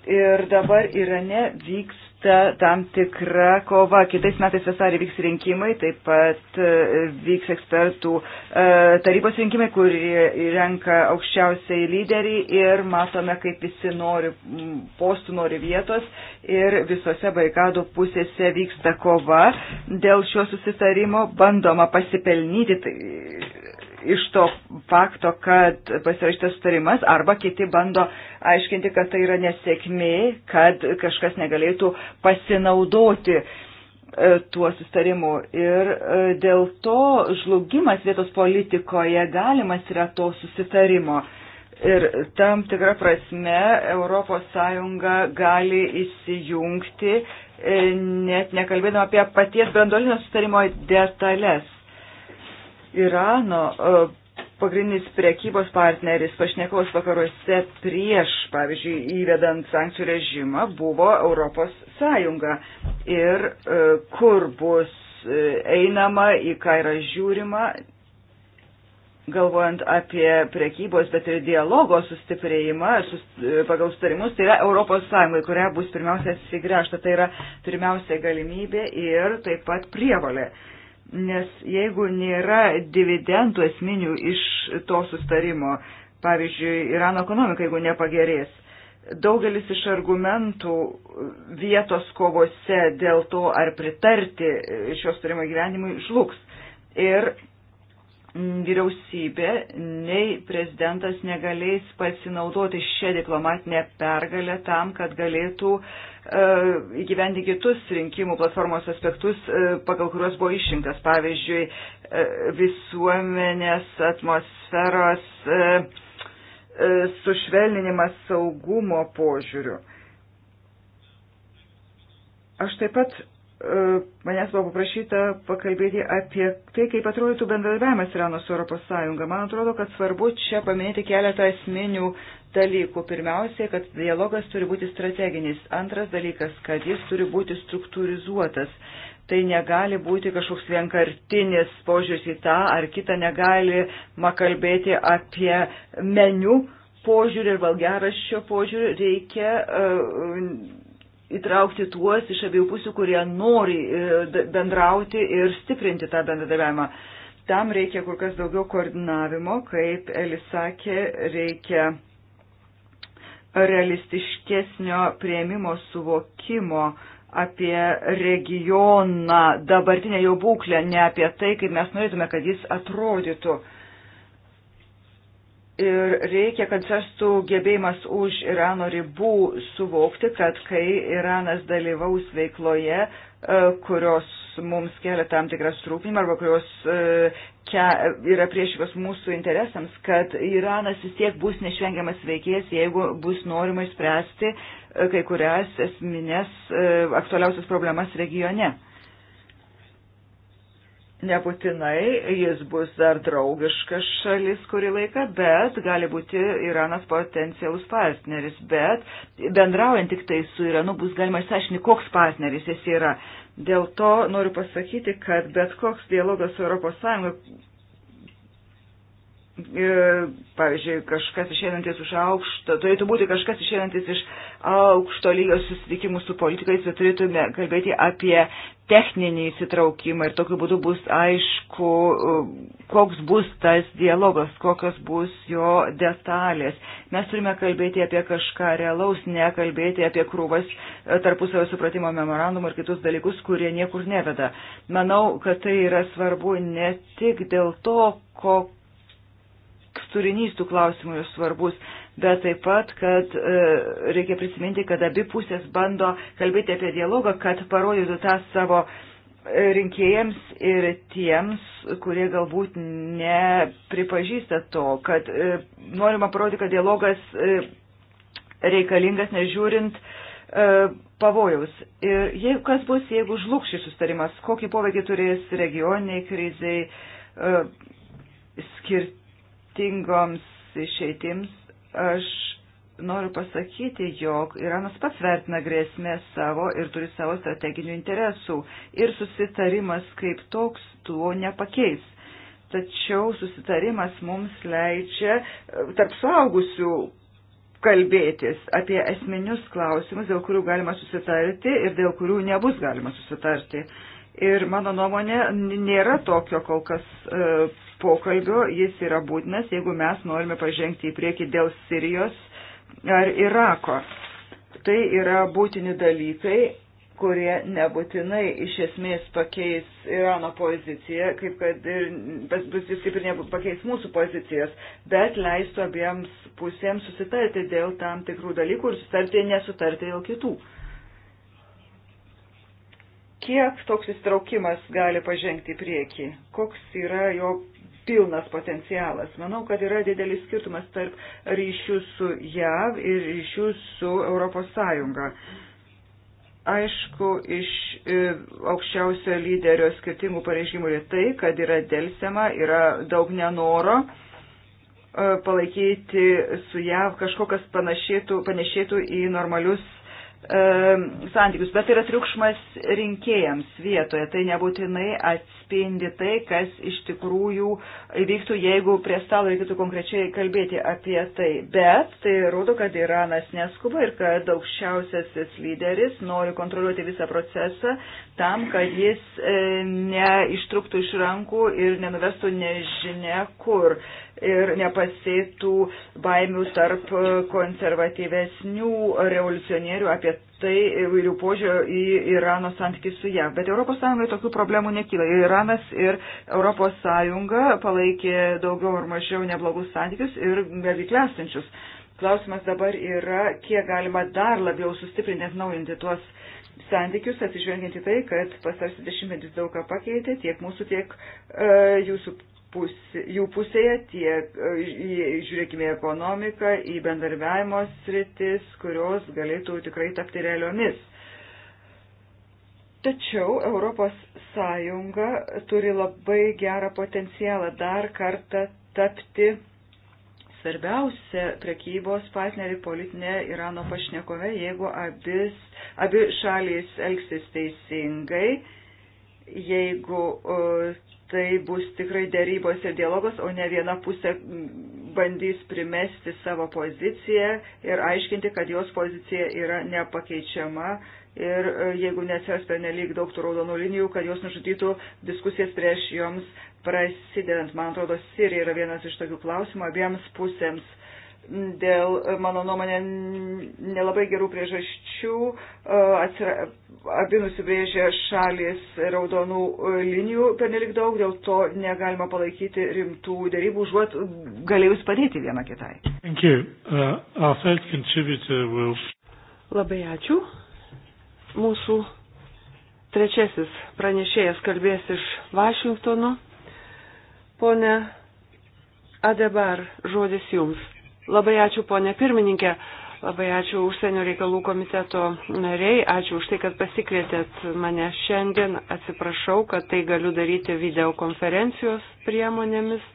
ir dabar Irane vyks vyksta tam tikra kova. Kitais metais vasarį vyks rinkimai, taip pat e, vyks ekspertų e, tarybos rinkimai, kur renka aukščiausiai lyderiai ir matome, kaip visi nori postų, nori vietos ir visose baikado pusėse vyksta kova. Dėl šio susitarimo bandoma pasipelnyti. Tai iš to fakto, kad pasirašytas sutarimas, arba kiti bando aiškinti, kad tai yra nesėkmė, kad kažkas negalėtų pasinaudoti e, tuo sustarimu. Ir e, dėl to žlugimas vietos politikoje galimas yra to susitarimo. Ir tam tikrą prasme ES gali įsijungti, e, net nekalbėdama apie paties brandolinio sustarimo detalės Irano e, pagrindinis prekybos partneris pašnekovas vakaruose prieš, pavyzdžiui, įvedant sankcijų režimą buvo Europos Sąjunga. Ir e, kur bus e, einama, į ką yra žiūrima, galvojant apie prekybos, bet ir dialogo sustiprėjimą sus, pagal sustarimus, tai yra Europos Sąjunga, į kurią bus pirmiausia atsigręžta. Tai yra pirmiausia galimybė ir taip pat prievalė. Uh, nes jeigu nėra dividendų esminių iš to sustarimo, pavyzdžiui, Irano ekonomika, jeigu nepagerės, daugelis iš argumentų vietos kovose dėl to, ar pritarti šios turimo gyvenimui, žlugs. Ir vyriausybė nei prezidentas negalės pasinaudoti šią diplomatinę pergalę tam, kad galėtų uh, E, įgyvendi kitus rinkimų platformos aspektus, e, pagal kuriuos buvo išrinktas, pavyzdžiui, e, visuomenės atmosferos sušvelninimas saugumo požiūrių. Aš taip pat E, manęs buvo paprašyta pakalbėti apie tai, kaip atrodytų bendradarbiavimas Irano su Europos Sąjunga. Man atrodo, kad svarbu čia paminėti keletą esminių dalykų. Pirmiausiai, kad dialogas turi būti strateginis. Antras dalykas, kad jis turi būti struktūrizuotas. Tai negali būti kažkoks vienkartinis požiūris į tą ar kitą, negali kalbėti apie meniu požiūrį ir valgeraščio požiūrį, reikia uh, įtraukti tuos iš abiejų pusių, kurie nori e, bendrauti ir stiprinti tą bendradarbiavimą. Tam reikia kur kas daugiau koordinavimo, kaip Elis sakė, reikia realistiškesnio prieimimo suvokimo apie regioną, dabartinę jo būklę, ne apie tai, kaip mes norėtume, kad jis atrodytų. Ir reikia, kad sestų gebėjimas už Irano ribų suvokti, kad kai Iranas dalyvaus veikloje, e, kurios mums kelia tam tikras trūkumą arba kurios e, ke, yra priešingos mūsų interesams, kad Iranas vis tiek bus neišvengiamas veikėjas, jeigu bus norima išspręsti e, kai kurias esminės aktualiausias problemas regione. Nebūtinai jis bus dar draugiškas šalis kurį laiką, bet gali būti Iranas potencialus partneris. Bet bendraujant tik tai su Iranu bus galima išsiaiškinti, koks partneris jis yra. Dėl to noriu pasakyti, kad bet koks dialogas su ES E, pavyzdžiui, kažkas išeinantis iš aukšto, turėtų būti kažkas išeinantis iš aukšto lygio susitikimų su politikais, bet tai turėtume kalbėti apie techninį įsitraukimą ir tokiu būdu bus aišku, e, koks bus tas dialogas, kokios bus jo detalės. Mes turime kalbėti apie kažką realaus, nekalbėti apie krūvas e, tarpusavio supratimo memorandumą ir kitus dalykus, kurie niekur neveda. Manau, kad tai yra svarbu ne tik dėl to, kokio turinys tų klausimų yra svarbus, bet taip pat, kad e, reikia prisiminti, kad abi pusės bando kalbėti apie dialogą, kad parodytų tą savo e, rinkėjams ir tiems, kurie galbūt nepripažįsta to, kad e, norima parodyti, kad dialogas e, reikalingas nežiūrint e, pavojaus. Ir je, kas bus, jeigu žlugs šis sustarimas, kokį poveikį turės regioniniai kriziai, e, skirti tingoms išeitims, aš noriu pasakyti, jog Iranas pats vertina grėsmę savo ir turi savo strateginių interesų ir susitarimas kaip toks tuo nepakeis. Tačiau susitarimas mums leidžia e, tarp suaugusių kalbėtis apie esminius klausimus, dėl kurių galima susitarti ir dėl kurių nebus galima susitarti. Uh, Ir mano nuomonė, nėra tokio kol kas e, pokalbio, jis yra būtinas, jeigu mes norime pažengti į priekį dėl Sirijos ar Irako. Tai yra būtini dalykai, kurie nebūtinai iš esmės pakeis Irano poziciją, kaip kad ir, bet bus jis kaip ir nebūtų pakeis mūsų pozicijas, bet leistų abiems pusėms susitarti dėl tam tikrų dalykų ir susitarti nesutarti dėl kitų. Uh, Kiek toks įstraukimas gali pažengti į priekį? Koks yra jo pilnas potencialas? Manau, kad yra didelis skirtumas tarp ryšių su JAV ir ryšių su Europos Sąjunga. Aišku, iš e, aukščiausio lyderio skirtingų pareiškimų yra tai, kad yra dėlsiama, yra daug nenoro e, palaikyti su JAV kažkokas panašėtų, panašėtų į normalius E, santykius, bet tai yra triukšmas rinkėjams vietoje. Tai nebūtinai atspindi tai, kas iš tikrųjų įvyktų, jeigu prie stalo reikėtų konkrečiai kalbėti apie tai. Bet tai rodo, kad Iranas neskuba ir kad aukščiausiasis lyderis nori kontroliuoti visą procesą tam, kad jis e, neištruktų iš rankų ir nenuvestų nežinia kur ir nepasėtų baimių tarp konservatyvesnių revoliucionierių apie tai įvairių požiūrio į Irano santykį su ją. Bet ES tokių problemų nekyla. Iranas ir ES palaikė daugiau ar mažiau neblogus santykius ir beveik lesančius. Klausimas dabar yra, kiek galima dar labiau sustiprinti, atnaujinti tuos santykius, atsižvelgiant į tai, kad pasarsi dešimtmetis daug ką pakeitė, tiek mūsų, tiek e, jūsų pusė, jų pusėje, tiek e, žiūrėkime į ekonomiką, į bendarbiavimo sritis, kurios galėtų tikrai tapti realiomis. Tačiau Europos Sąjunga turi labai gerą potencialą dar kartą tapti svarbiausia prekybos partneriai politinė Irano pašnekove, jeigu abis, abi šalys elgsis teisingai, jeigu uh, tai bus tikrai dėrybos ir dialogos, o ne viena pusė bandys primesti savo poziciją ir aiškinti, kad jos pozicija yra nepakeičiama. Ir e, jeigu nesiras pernelyg daug tų raudonų linijų, kad jos nužudytų diskusijas prieš joms prasidedant. Man atrodo, Sirija yra vienas iš tokių klausimų abiems pusėms dėl, mano nuomonė, nelabai gerų priežasčių e, atsira, abi nusibrėžė šalis raudonų linijų pernelik daug, dėl to negalima palaikyti rimtų dėrybų, užuot galėjus padėti viena kitai. Uh, will... Labai ačiū. Mūsų trečiasis pranešėjas kalbės iš Vašingtono. Pone Adebar, žodis jums. Labai ačiū, ponė pirmininkė. Labai ačiū užsienio reikalų komiteto nariai, ačiū už tai, kad pasikvietėt mane šiandien. Atsiprašau, kad tai galiu daryti videokonferencijos priemonėmis.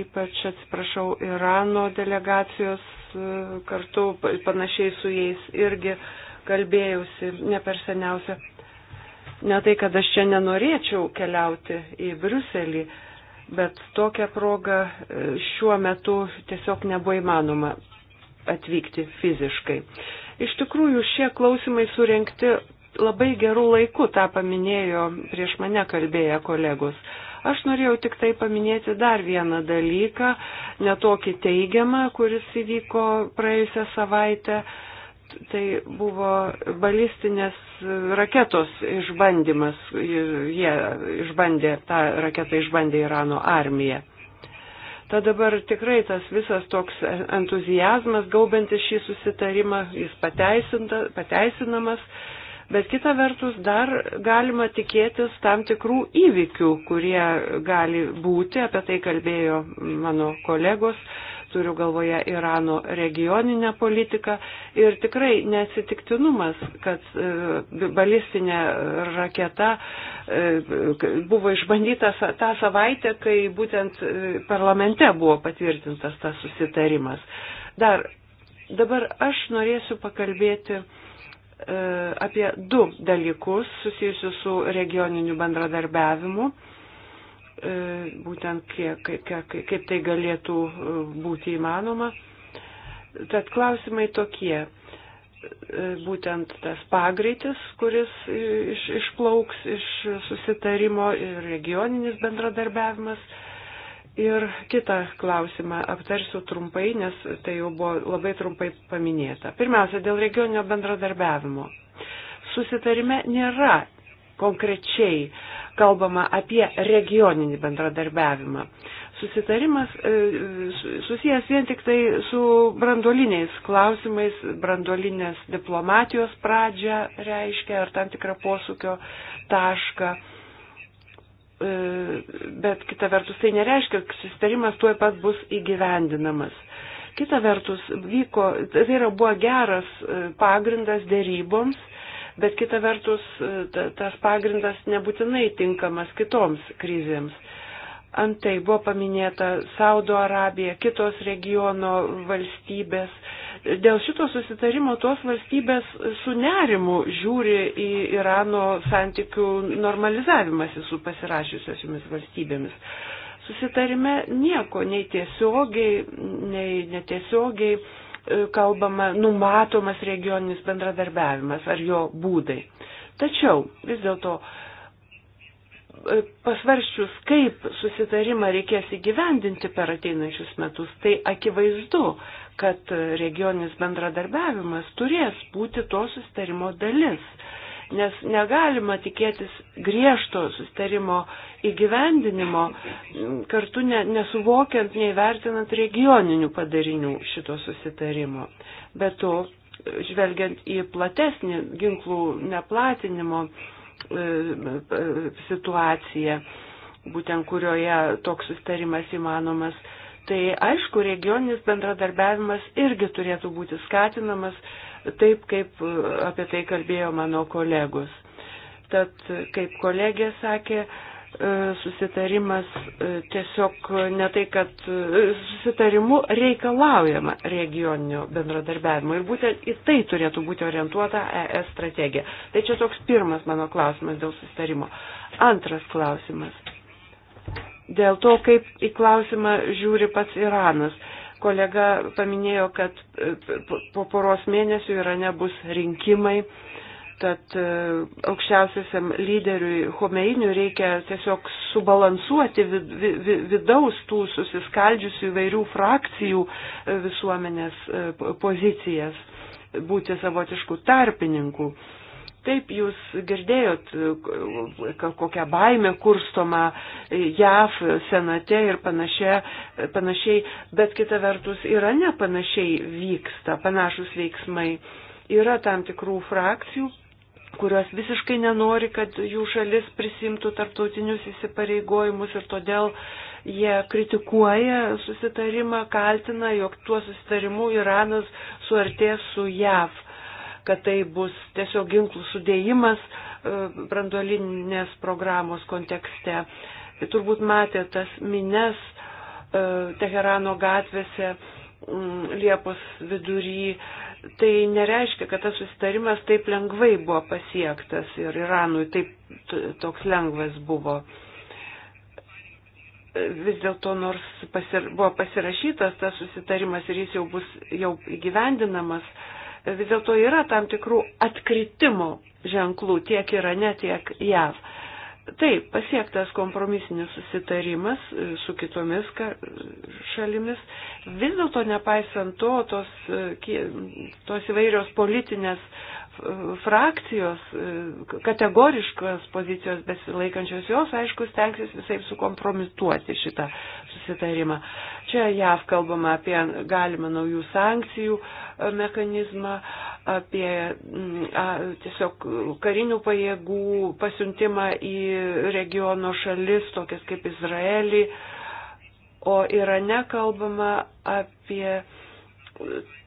Ypač atsiprašau Irano delegacijos e, kartu, panašiai su jais irgi kalbėjausi ne per seniausia. Ne tai, kad aš čia nenorėčiau keliauti į Briuselį, bet tokią progą e, šiuo metu tiesiog nebuvo įmanoma atvykti fiziškai. Iš tikrųjų, šie klausimai surenkti labai gerų laikų, tą paminėjo prieš mane kalbėję kolegos. Aš norėjau tik tai paminėti dar vieną dalyką, netokį teigiamą, kuris įvyko praėjusią savaitę tai buvo balistinės raketos išbandymas, jie išbandė, tą raketą išbandė Irano armija. Ta dabar tikrai tas visas toks entuzijazmas gaubantis šį susitarimą, jis pateisinamas, bet kita vertus dar galima tikėtis tam tikrų įvykių, kurie gali būti, apie tai kalbėjo mano kolegos, turiu galvoje Irano regioninę politiką. Ir tikrai neatsitiktinumas, kad e, balistinė raketa e, buvo išbandyta tą savaitę, kai būtent e, parlamente buvo patvirtintas tas susitarimas. Dar dabar aš norėsiu pakalbėti apie du dalykus susijusius su regioniniu bendradarbiavimu E, būtent kiek, kiek, kaip tai galėtų e, būti įmanoma. Tad klausimai tokie. E, būtent tas pagreitis, kuris iš, išplauks iš susitarimo ir regioninis bendradarbiavimas. Ir kitą klausimą aptarsiu trumpai, nes tai jau buvo labai trumpai paminėta. Pirmiausia, dėl regioninio bendradarbiavimo. Susitarime nėra konkrečiai kalbama apie regioninį bendradarbiavimą. Susitarimas e, susijęs vien tik tai su brandoliniais klausimais, brandolinės diplomatijos pradžią reiškia ar tam tikrą posūkio tašką. E, bet kita vertus tai nereiškia, kad susitarimas tuoj pat bus įgyvendinamas. Kita vertus, vyko, tai yra buvo geras e, pagrindas dėryboms bet kita vertus e, tas pagrindas nebūtinai tinkamas kitoms krizėms. Antai buvo paminėta Saudo Arabija, kitos regiono valstybės. Dėl šito susitarimo tos valstybės su nerimu žiūri į Irano santykių normalizavimąsi su pasirašiusiosiomis valstybėmis. Susitarime nieko, nei tiesiogiai, nei netiesiogiai kalbama numatomas regioninis bendradarbiavimas ar jo būdai. Tačiau vis dėlto e, pasvarščius, kaip susitarimą reikės įgyvendinti per ateinančius metus, tai akivaizdu, kad regioninis bendradarbiavimas turės būti to susitarimo dalis nes negalima tikėtis griežto sustarimo įgyvendinimo, kartu ne, nesuvokiant, neįvertinant regioninių padarinių šito susitarimo. Bet to, žvelgiant į platesnį ginklų neplatinimo e, e, situaciją, būtent kurioje toks sustarimas įmanomas, tai aišku, regioninis bendradarbiavimas irgi turėtų būti skatinamas, taip kaip e, apie tai kalbėjo mano kolegos. Tad, kaip kolegė sakė, e, susitarimas e, tiesiog ne tai, kad susitarimu reikalaujama regioninio bendradarbiavimo ir būtent į tai turėtų būti orientuota ES strategija. Tai čia toks pirmas mano klausimas dėl susitarimo. Antras klausimas. Dėl to, kaip į klausimą žiūri pats Iranas. Kolega paminėjo, kad e, po poros mėnesių yra nebus rinkimai, tad e, aukščiausiasiam lyderiui Homeiniui reikia tiesiog subalansuoti vid, vid, vidaus tų susiskaldžiusių įvairių frakcijų e, visuomenės pozicijas, būti savotiškų tarpininkų. Taip, jūs girdėjot, kokią baimę kurstoma JAV senate ir panašia, panašiai, bet kita vertus yra ne panašiai vyksta, panašus veiksmai. Yra tam tikrų frakcijų, kurios visiškai nenori, kad jų šalis prisimtų tarptautinius įsipareigojimus ir todėl jie kritikuoja susitarimą, kaltina, jog tuo susitarimu Iranas suartės su JAV kad tai bus tiesiog ginklų sudėjimas e, branduolinės programos kontekste. Turbūt matė tas mines e, Teherano gatvėse mm, Liepos vidury. Tai nereiškia, kad tas susitarimas taip lengvai buvo pasiektas ir Iranui taip toks lengvas buvo vis dėlto nors pasir, buvo pasirašytas tas susitarimas ir jis jau bus jau įgyvendinamas, vis dėlto yra tam tikrų atkritimų ženklų tiek Irane, tiek JAV. Taip, pasiektas kompromisinis susitarimas e, su kitomis šalimis. Vis dėlto, nepaisant to, tos, e, tos įvairios politinės frakcijos, e, kategoriškos pozicijos besilaikančios jos, aišku, stengsis visai sukompromituoti šitą susitarimą. Čia JAV kalbama apie galimą naujų sankcijų e, mechanizmą, apie a, tiesiog karinių pajėgų pasiuntimą į regiono šalis, tokias kaip Izraelį, o Irane kalbama apie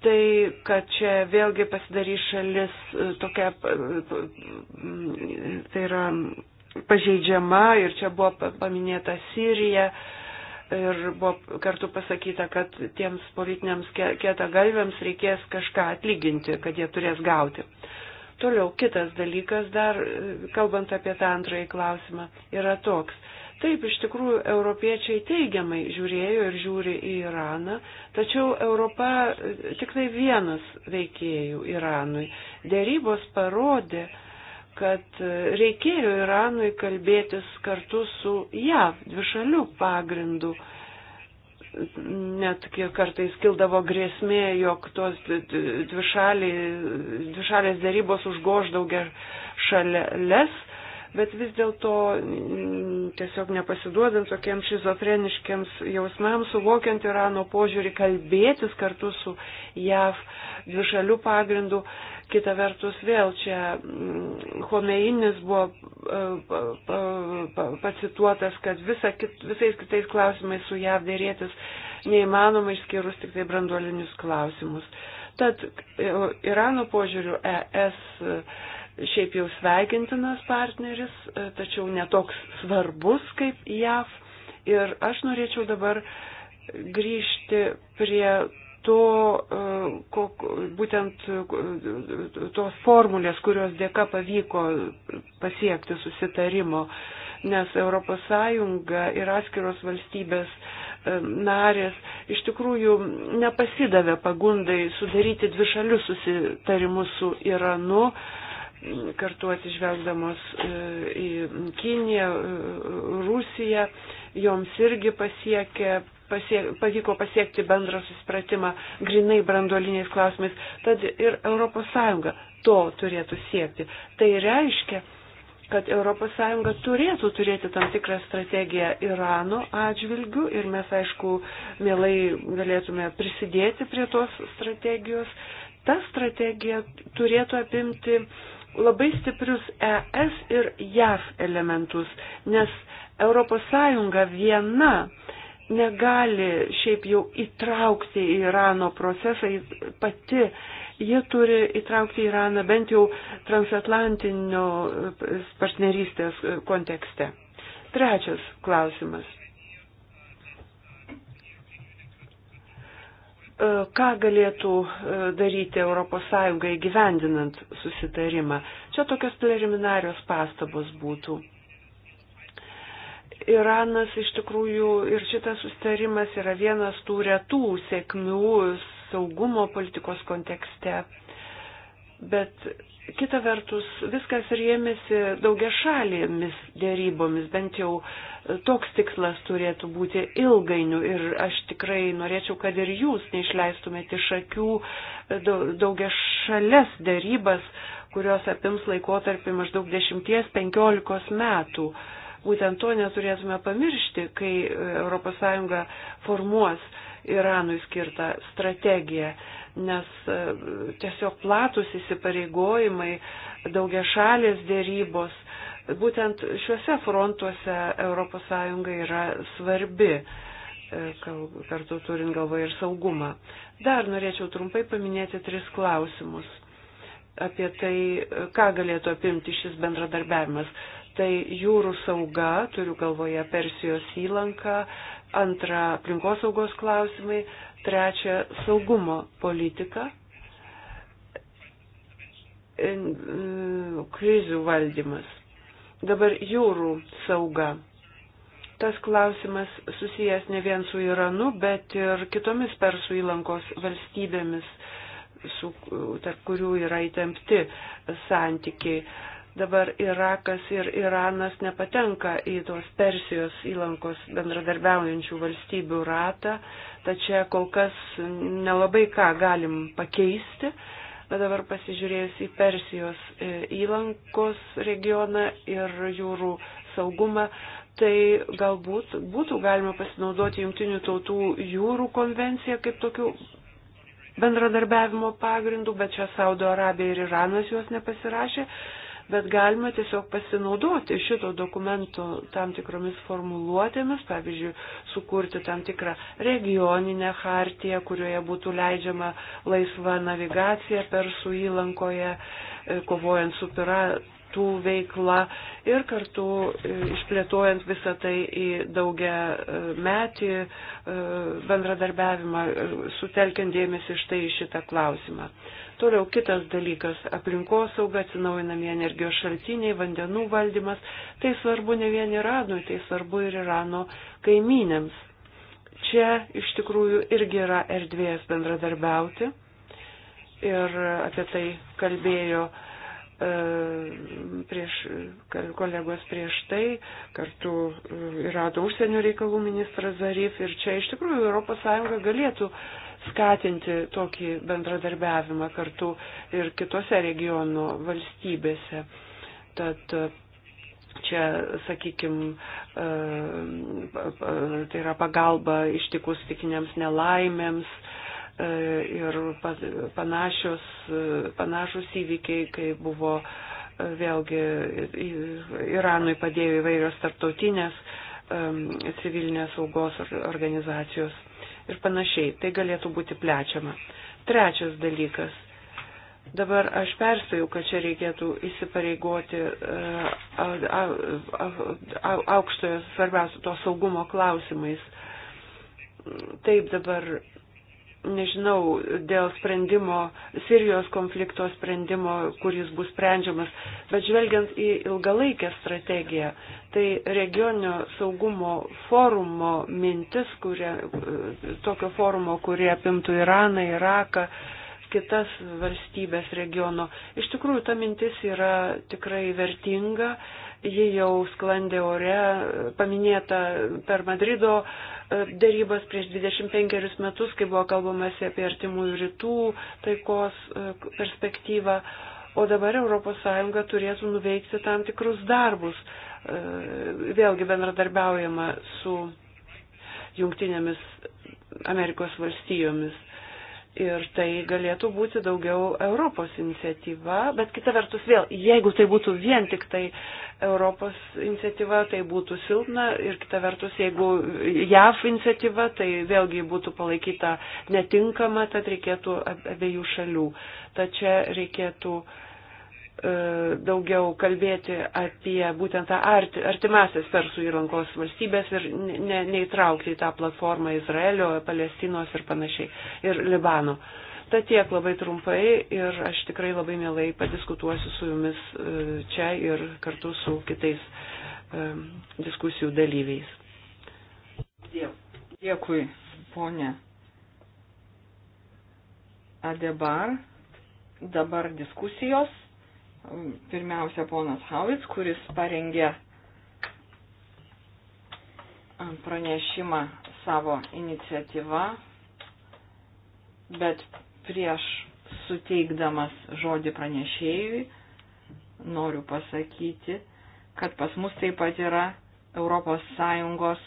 tai, kad čia vėlgi pasidarys šalis e, tokia, e, tai yra pažeidžiama ir čia buvo paminėta Sirija ir buvo kartu pasakyta, kad tiems politiniams kietagalviams reikės kažką atlyginti, kad jie turės gauti. Toliau kitas dalykas dar, e, kalbant apie tą antrąjį klausimą, yra toks. Taip, iš tikrųjų, europiečiai teigiamai žiūrėjo ir žiūri į Iraną, tačiau Europa e, tik tai vienas veikėjų Iranui. Dėrybos parodė, kad e, reikėjo Iranui kalbėtis kartu su JAV dvišalių pagrindų. Net kartais kildavo grėsmė, jog tos dvišalės dėrybos užgož daugia šalės bet vis dėlto mm, tiesiog nepasiduodant tokiems šizofreniškiams jausmams, suvokiant Irano požiūrį, kalbėtis kartu su JAV dvišalių pagrindų, kita vertus vėl čia mm, Homeinis buvo e, pacituotas, kad visa, kit, visais kitais klausimais su JAV dėrėtis neįmanoma išskyrus tik tai branduolinius klausimus. Tad e, Irano požiūrių ES šiaip jau sveikintinas partneris, e, tačiau netoks svarbus kaip JAV. Ir aš norėčiau dabar grįžti prie to, e, kok, būtent e, tos formulės, kurios dėka pavyko pasiekti susitarimo, nes ES ir atskiros valstybės narės iš tikrųjų nepasidavė pagundai sudaryti dvišalius susitarimus su Iranu kartu atsižvelgdamos e, į Kiniją, e, Rusiją, joms irgi pasiekė, pasiek, pavyko pasiekti bendrą susipratimą grinai branduoliniais klausimais, tad ir ES to turėtų siekti. Tai reiškia, kad ES turėtų turėti tam tikrą strategiją Irano atžvilgių ir mes, aišku, mielai galėtume prisidėti prie tos strategijos. Ta strategija turėtų apimti uh, labai stiprius ES ir JAV elementus, nes ES viena negali šiaip jau įtraukti į Irano procesą pati. Jie turi įtraukti Iraną bent jau transatlantinio partnerystės kontekste. Trečias klausimas. E, ką galėtų e, daryti ES gyvendinant susitarimą. Čia tokios preliminarios pastabos būtų. Iranas iš tikrųjų ir šitas susitarimas yra vienas tų retų sėkmių saugumo politikos kontekste. Bet kita vertus, viskas rėmėsi daugia šalėmis dėrybomis, bent jau e, toks tikslas turėtų būti ilgainių ir aš tikrai norėčiau, kad ir jūs neišleistumėte iš akių e, daugia šalės dėrybas, kurios apims laikotarpį maždaug 10-15 metų. Būtent to neturėtume pamiršti, kai ES formuos Iranui skirtą strategiją nes e, tiesiog platus įsipareigojimai, daugia šalės dėrybos, būtent šiuose frontuose ES yra svarbi, e, kartu turint galvoje ir saugumą. Dar norėčiau trumpai paminėti tris klausimus apie tai, ką galėtų apimti šis bendradarbiavimas. Tai jūrų sauga, turiu galvoje Persijos įlanką, antra aplinkosaugos klausimai, trečia saugumo politika, e, krizių valdymas. Dabar jūrų sauga. Tas klausimas susijęs ne vien su Iranu, bet ir kitomis Persų įlankos valstybėmis, su, tarp kurių yra įtempti santykiai dabar Irakas ir Iranas nepatenka į tos Persijos įlankos bendradarbiaujančių valstybių ratą, tačiau kol kas nelabai ką galim pakeisti, bet dabar pasižiūrėjus į Persijos e, įlankos regioną ir jūrų saugumą, tai galbūt būtų galima pasinaudoti Junktinių tautų jūrų konvenciją kaip tokių bendradarbiavimo pagrindų, bet čia Saudo Arabija ir Iranas juos nepasirašė, bet galima tiesiog pasinaudoti šito dokumento tam tikromis formuluotėmis, pavyzdžiui, sukurti tam tikrą regioninę hartiją, kurioje būtų leidžiama laisva navigacija Persų įlankoje, e, kovojant su piratų veikla ir kartu e, išplėtojant visą tai į daugia e, metį bendradarbiavimą, sutelkiant dėmesį štai į šitą klausimą. Toliau kitas dalykas - aplinkosauga, atsinaujinami energijos šaltiniai, vandenų valdymas. Tai svarbu ne vien Iranui, tai svarbu ir Irano kaimynėms. Čia iš tikrųjų irgi yra erdvės bendradarbiauti ir apie tai kalbėjo e, prieš, kolegos prieš tai, kartu e, ir rado užsienio reikalų ministras Zarif ir čia iš tikrųjų ES galėtų skatinti tokį bendradarbiavimą kartu ir kitose regionų valstybėse. Tad čia, sakykime, tai yra pagalba ištikus tikiniams nelaimėms e, ir panašios, e, panašus įvykiai, kai buvo e, vėlgi Iranui padėjo įvairios tarptautinės civilinės saugos organizacijos ir panašiai. Tai galėtų būti plečiama. Trečias dalykas. Dabar aš perspėjau, kad čia reikėtų įsipareigoti e, aukštojo svarbiausio to saugumo klausimais. Taip dabar nežinau, dėl sprendimo, Sirijos konflikto sprendimo, kuris bus sprendžiamas, bet žvelgiant į ilgalaikę strategiją, tai regioninio saugumo forumo mintis, kurie, tokio forumo, kurie apimtų Iraną, Iraką, kitas valstybės regiono, iš tikrųjų ta mintis yra tikrai vertinga Ji jau sklandė ore, paminėta per Madrido e, dėrybas prieš 25 metus, kai buvo kalbamasi apie artimųjų rytų taikos e, perspektyvą. O dabar ES turėtų nuveikti tam tikrus darbus. E, vėlgi bendradarbiaujama su Junktinėmis Amerikos valstijomis. Ir tai galėtų būti daugiau Europos iniciatyva, bet kita vertus vėl, jeigu tai būtų vien tik tai Europos iniciatyva, tai būtų silpna ir kita vertus, jeigu JAV iniciatyva, tai vėlgi būtų palaikyta netinkama, tad reikėtų abiejų šalių. Tad čia reikėtų uh, E, daugiau kalbėti apie būtent tą artimasias Persų įlankos valstybės ir ne, neįtraukti į tą platformą Izraelio, Palestinos ir panašiai, ir Libano. Tad tiek labai trumpai ir aš tikrai labai mielai padiskutuosiu su jumis e, čia ir kartu su kitais e, diskusijų dalyviais. Dėkui, ponė Adebar. Dabar diskusijos. Pirmiausia, ponas Hauvis, kuris parengė pranešimą savo iniciatyvą, bet prieš suteikdamas žodį pranešėjui noriu pasakyti, kad pas mus taip pat yra ES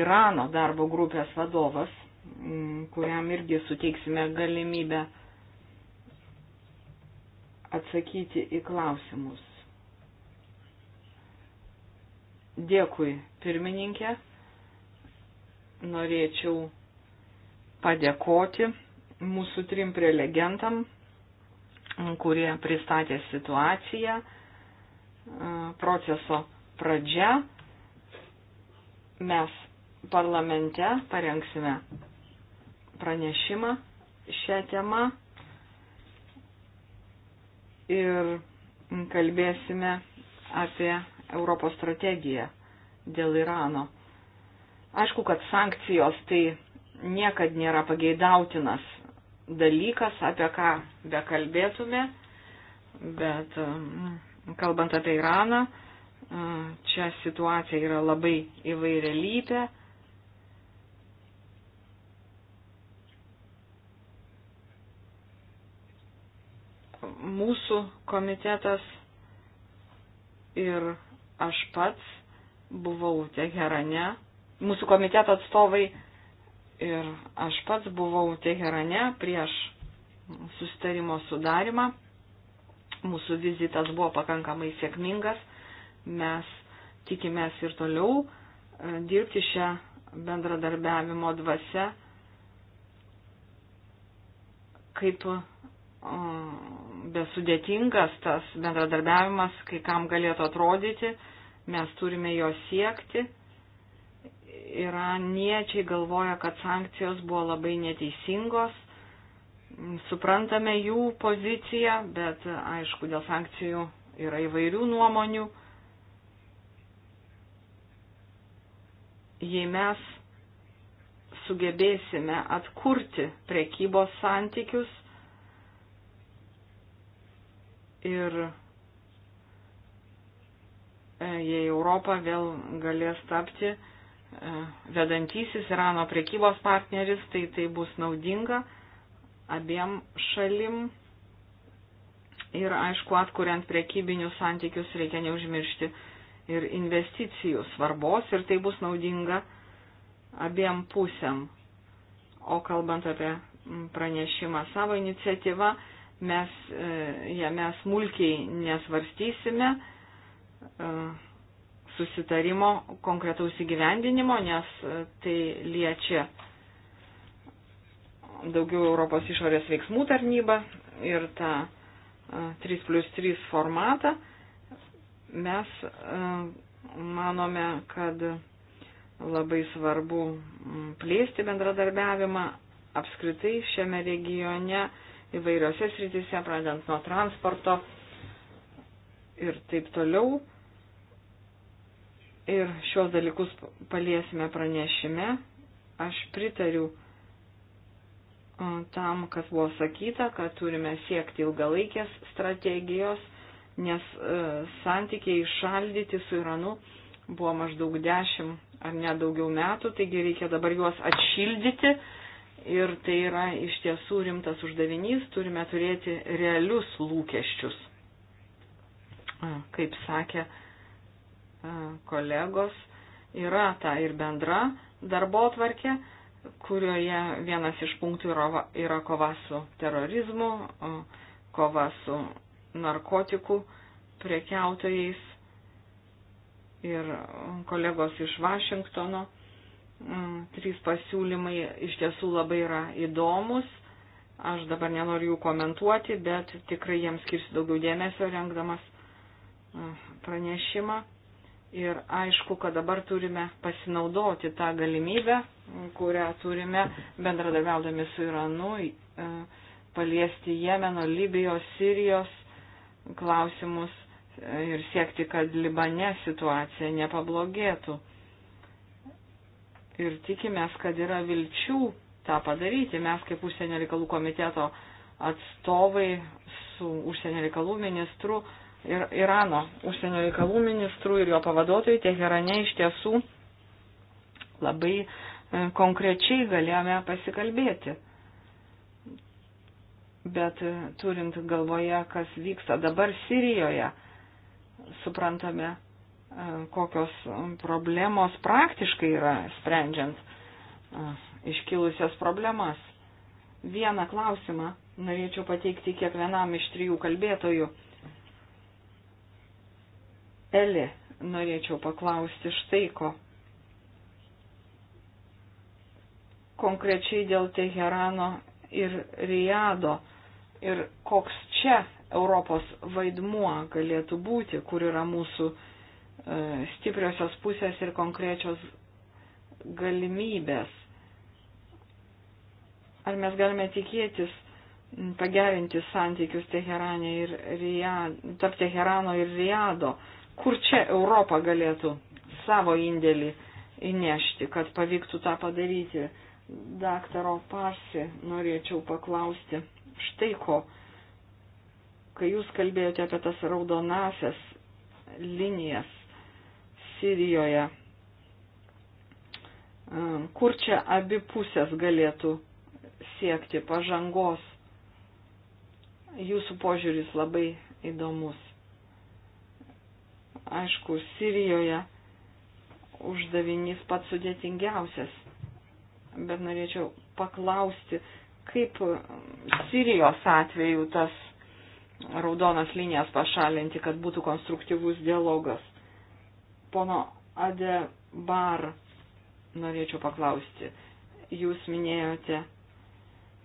Irano darbo grupės vadovas, kuriam irgi suteiksime galimybę atsakyti į klausimus. Dėkui, pirmininkė. Norėčiau padėkoti mūsų trim prelegentam, kurie pristatė situaciją, e, proceso pradžia. Mes parlamente parengsime pranešimą šią temą ir kalbėsime apie Europos strategiją dėl Irano. Aišku, kad sankcijos tai niekad nėra pageidautinas dalykas, apie ką bekalbėtume, bet mm, kalbant apie Iraną, mm, čia situacija yra labai įvairialypė mūsų komitetas ir aš pats buvau Teherane, mūsų komiteto atstovai ir aš pats buvau Teherane prieš sustarimo sudarimą. Mūsų vizitas buvo pakankamai sėkmingas. Mes tikimės ir toliau e, dirbti šią bendradarbiavimo dvasę kaip Mm, besudėtingas tas bendradarbiavimas, kai kam galėtų atrodyti, mes turime jo siekti. Iraniečiai galvoja, kad sankcijos buvo labai neteisingos, suprantame jų poziciją, bet aišku, dėl sankcijų yra įvairių nuomonių. Jei mes sugebėsime atkurti prekybos santykius, ir e, jei Europa vėl galės tapti e, vedantysis Irano prekybos partneris, tai tai bus naudinga abiem šalim. Ir aišku, atkuriant prekybinius santykius reikia neužmiršti ir investicijų svarbos ir tai bus naudinga abiem pusėm. O kalbant apie pranešimą savo iniciatyvą, mes jame ja, smulkiai nesvarstysime e, susitarimo konkretaus įgyvendinimo, nes e, tai liečia daugiau Europos išorės veiksmų tarnybą ir tą 3 e, plus 3 formatą. Mes manome, kad labai svarbu plėsti bendradarbiavimą apskritai šiame regione įvairiose srityse, pradedant nuo transporto ir taip toliau. Ir šios dalykus paliesime pranešime. Aš pritariu tam, kas buvo sakyta, kad turime siekti ilgalaikės strategijos, nes santykiai išaldyti su Iranu buvo maždaug dešimt ar net daugiau metų, taigi reikia dabar juos atšildyti ir tai yra iš tiesų rimtas uždavinys, turime turėti realius lūkesčius. Kaip sakė kolegos, yra ta ir bendra darbo tvarkė, kurioje vienas iš punktų yra, yra kova su terorizmu, kova su narkotikų prekiautojais ir kolegos iš Vašingtono Mm, trys pasiūlymai iš tiesų labai yra įdomus. Aš dabar nenoriu jų komentuoti, bet tikrai jiems skirsiu daugiau dėmesio rengdamas mm, pranešimą. Ir aišku, kad dabar turime pasinaudoti tą galimybę, kurią turime bendradarbiaudami su Iranu, e, paliesti Jemeno, Libijos, Sirijos klausimus e, ir siekti, kad Libane situacija nepablogėtų ir tikimės, kad yra vilčių tą padaryti. Mes kaip užsienio reikalų komiteto atstovai su užsienio reikalų ministru ir Irano užsienio reikalų ministru ir jo pavaduotojų Teherane iš tiesų labai e, konkrečiai galėjome pasikalbėti. Bet e, turint galvoje, kas vyksta dabar Sirijoje, suprantame, E, kokios problemos praktiškai yra sprendžiant e, iškilusias problemas. Vieną klausimą norėčiau pateikti kiekvienam iš trijų kalbėtojų. Eli, norėčiau paklausti štai ko. Konkrečiai dėl Teherano ir Riado ir koks čia Europos vaidmuo galėtų būti, kur yra mūsų uh, E, stipriosios pusės ir konkrečios galimybės. Ar mes galime tikėtis pagerinti santykius Teherane ir Rijado, tarp Teherano ir Rijado, kur čia Europa galėtų savo indėlį įnešti, kad pavyktų tą padaryti. Daktaro Parsi norėčiau paklausti štai ko. Kai jūs kalbėjote apie tas raudonasias linijas, Sirijoje, kur čia abi pusės galėtų siekti pažangos. Jūsų požiūris labai įdomus. Aišku, Sirijoje uždavinys pats sudėtingiausias, bet norėčiau paklausti, kaip Sirijos atveju tas raudonas linijas pašalinti, kad būtų konstruktyvus dialogas. Pono Adebar norėčiau paklausti. Jūs minėjote,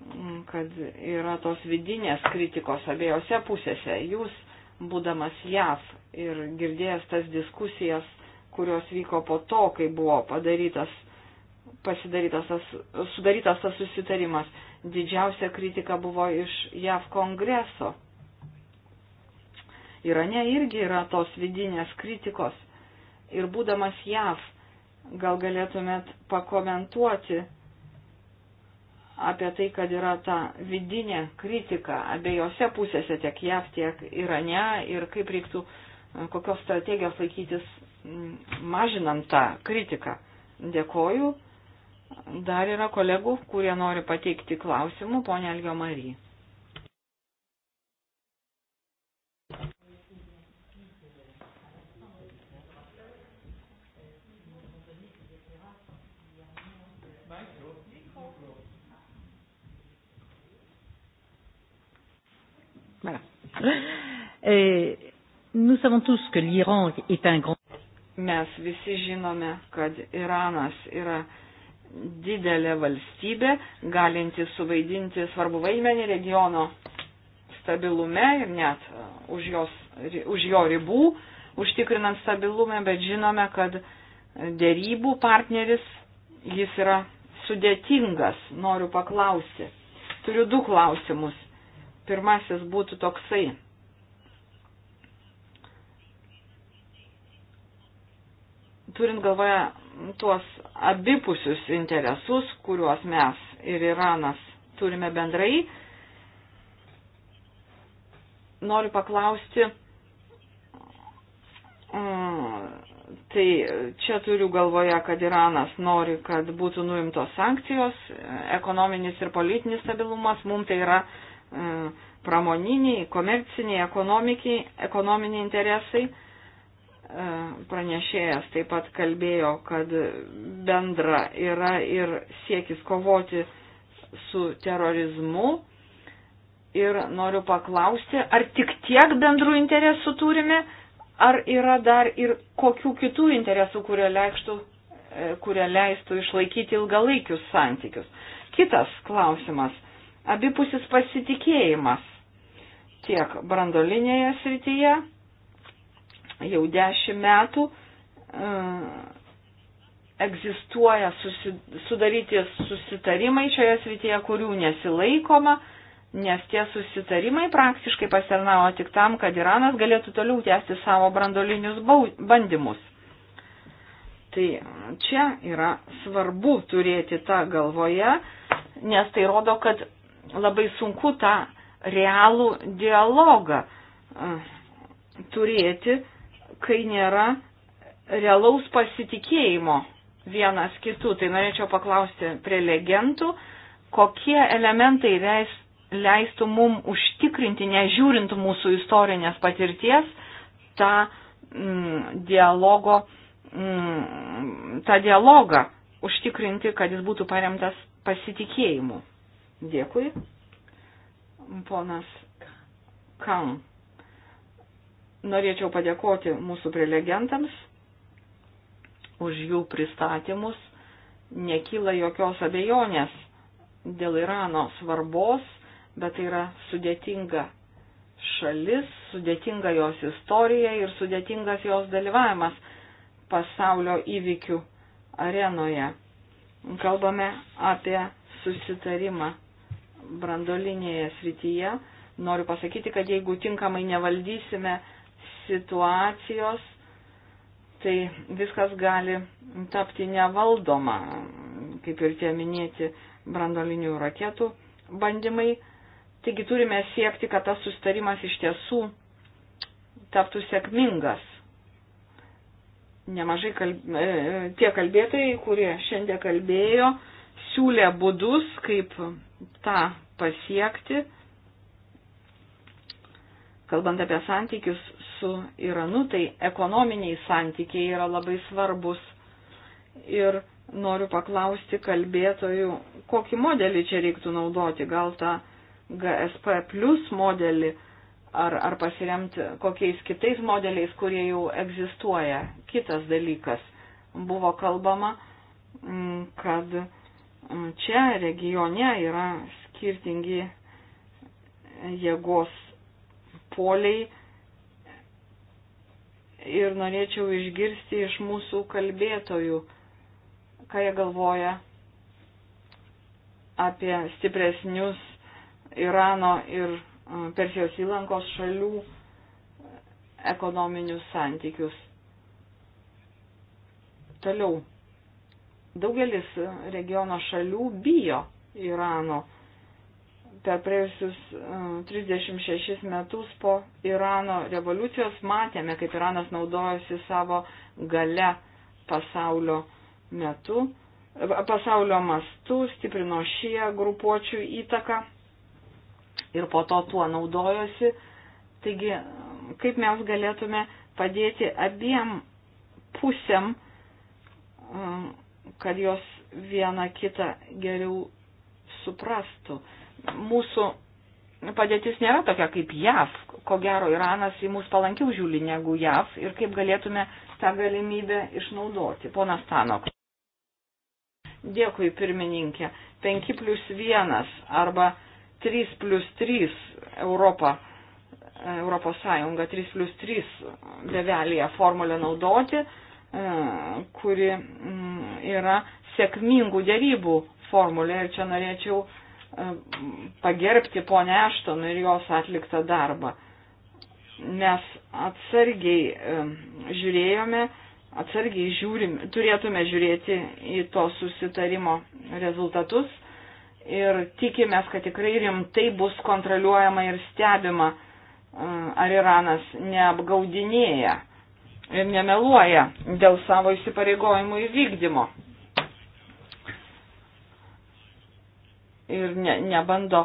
mm, kad yra tos vidinės kritikos abiejose pusėse. Jūs, būdamas JAV ir girdėjęs tas diskusijas, kurios vyko po to, kai buvo padarytas, pasidarytas tas, sudarytas tas susitarimas, didžiausia kritika buvo iš JAV kongreso. Irane irgi yra tos vidinės kritikos ir būdamas JAV, gal galėtumėt pakomentuoti apie tai, kad yra ta vidinė kritika abiejose pusėse, tiek JAV, tiek Irane, ir kaip reiktų, kokios strategijos laikytis mm, mažinant tą kritiką. Dėkoju. Dar yra kolegų, kurie nori pateikti klausimų, ponė Elgio Marija. [laughs] E, nous savons tous que l'Iran est un grand. Mes visi žinome, kad Iranas yra didelė valstybė, galinti suvaidinti svarbu vaidmenį regiono stabilume ir net e, už, jos, už jo ribų, užtikrinant stabilumą, bet žinome, kad dėrybų partneris jis yra sudėtingas. Noriu paklausti. Turiu du klausimus. Pirmasis būtų toksai. Turint galvoje tuos abipusius interesus, kuriuos mes ir Iranas turime bendrai, noriu paklausti, mm, tai čia turiu galvoje, kad Iranas nori, kad būtų nuimtos sankcijos, ekonominis ir politinis stabilumas, mums tai yra uh, E, pramoniniai, komerciniai, ekonominiai interesai. E, pranešėjas taip pat kalbėjo, kad bendra yra ir siekis kovoti su terorizmu. Ir noriu paklausti, ar tik tiek bendrų interesų turime, ar yra dar ir kokių kitų interesų, kurie, leikštų, e, kurie leistų išlaikyti ilgalaikius santykius. Kitas klausimas abipusis pasitikėjimas tiek brandolinėje srityje jau dešimt metų e, egzistuoja susi, sudaryti susitarimai šioje srityje, kurių nesilaikoma, nes tie susitarimai praktiškai pasirnavo tik tam, kad Iranas galėtų toliau tęsti savo brandolinius bandymus. Tai čia yra svarbu turėti tą galvoje, nes tai rodo, kad labai sunku tą realų dialogą e, turėti, kai nėra realaus pasitikėjimo vienas kitų. Tai norėčiau paklausti prelegentų, kokie elementai leis, leistų mum užtikrinti, nežiūrint mūsų istorinės patirties, tą mm, dialogo, mm, tą dialogą užtikrinti, kad jis būtų paremtas pasitikėjimu. Dėkui. Ponas Kam. Norėčiau padėkoti mūsų prelegentams už jų pristatymus. Nekyla jokios abejonės dėl Irano svarbos, bet tai yra sudėtinga šalis, sudėtinga jos istorija ir sudėtingas jos dalyvavimas pasaulio įvykių arenoje. Kalbame apie susitarimą brandolinėje srityje, noriu pasakyti, kad jeigu tinkamai nevaldysime situacijos, tai viskas gali tapti nevaldoma, kaip ir tie minėti brandolinių raketų bandymai. Taigi turime siekti, kad tas sustarimas iš tiesų taptų sėkmingas. Nemažai kalb... E, tie kalbėtojai, kurie šiandien kalbėjo, siūlė būdus, kaip tą pasiekti, kalbant apie santykius su Iranu, tai ekonominiai santykiai yra labai svarbus. Ir noriu paklausti kalbėtojų, kokį modelį čia reiktų naudoti, gal tą GSP plus modelį, ar, ar pasiremti kokiais kitais modeliais, kurie jau egzistuoja. Kitas dalykas, buvo kalbama, mm, kad čia regione yra skirtingi jėgos poliai ir norėčiau išgirsti iš mūsų kalbėtojų, ką jie galvoja apie stipresnius Irano ir e, Persijos įlankos šalių ekonominius santykius. Toliau. Daugelis regiono šalių bijo Irano. Per praėjusius 36 e, metus po Irano revoliucijos matėme, kaip Iranas naudojasi savo gale pasaulio metu, e, pasaulio mastu, stiprino šie grupuočių įtaką ir po to tuo naudojosi. Taigi, kaip mes galėtume padėti abiem pusėm e, kad jos viena kitą geriau suprastų. Mūsų padėtis nėra tokia kaip JAV. Ko gero, Iranas į mus palankiau žiūri negu JAV ir kaip galėtume tą galimybę išnaudoti. Ponas Tanok. Dėkui, pirmininkė. 5 plus 1 arba 3 plus 3 Europa, Europos Sąjunga 3 plus 3 bevelėje formulę naudoti E, kuri mm, yra sėkmingų dėrybų formulė ir čia norėčiau e, pagerbti ponę Ešton ir jos atliktą darbą. Mes atsargiai e, žiūrėjome, atsargiai žiūrim, turėtume žiūrėti į to susitarimo rezultatus ir tikimės, kad tikrai rimtai bus kontroliuojama ir stebima, ar Iranas neapgaudinėja nemeluoja dėl savo įsipareigojimų įvykdymo. Ir ne, nebando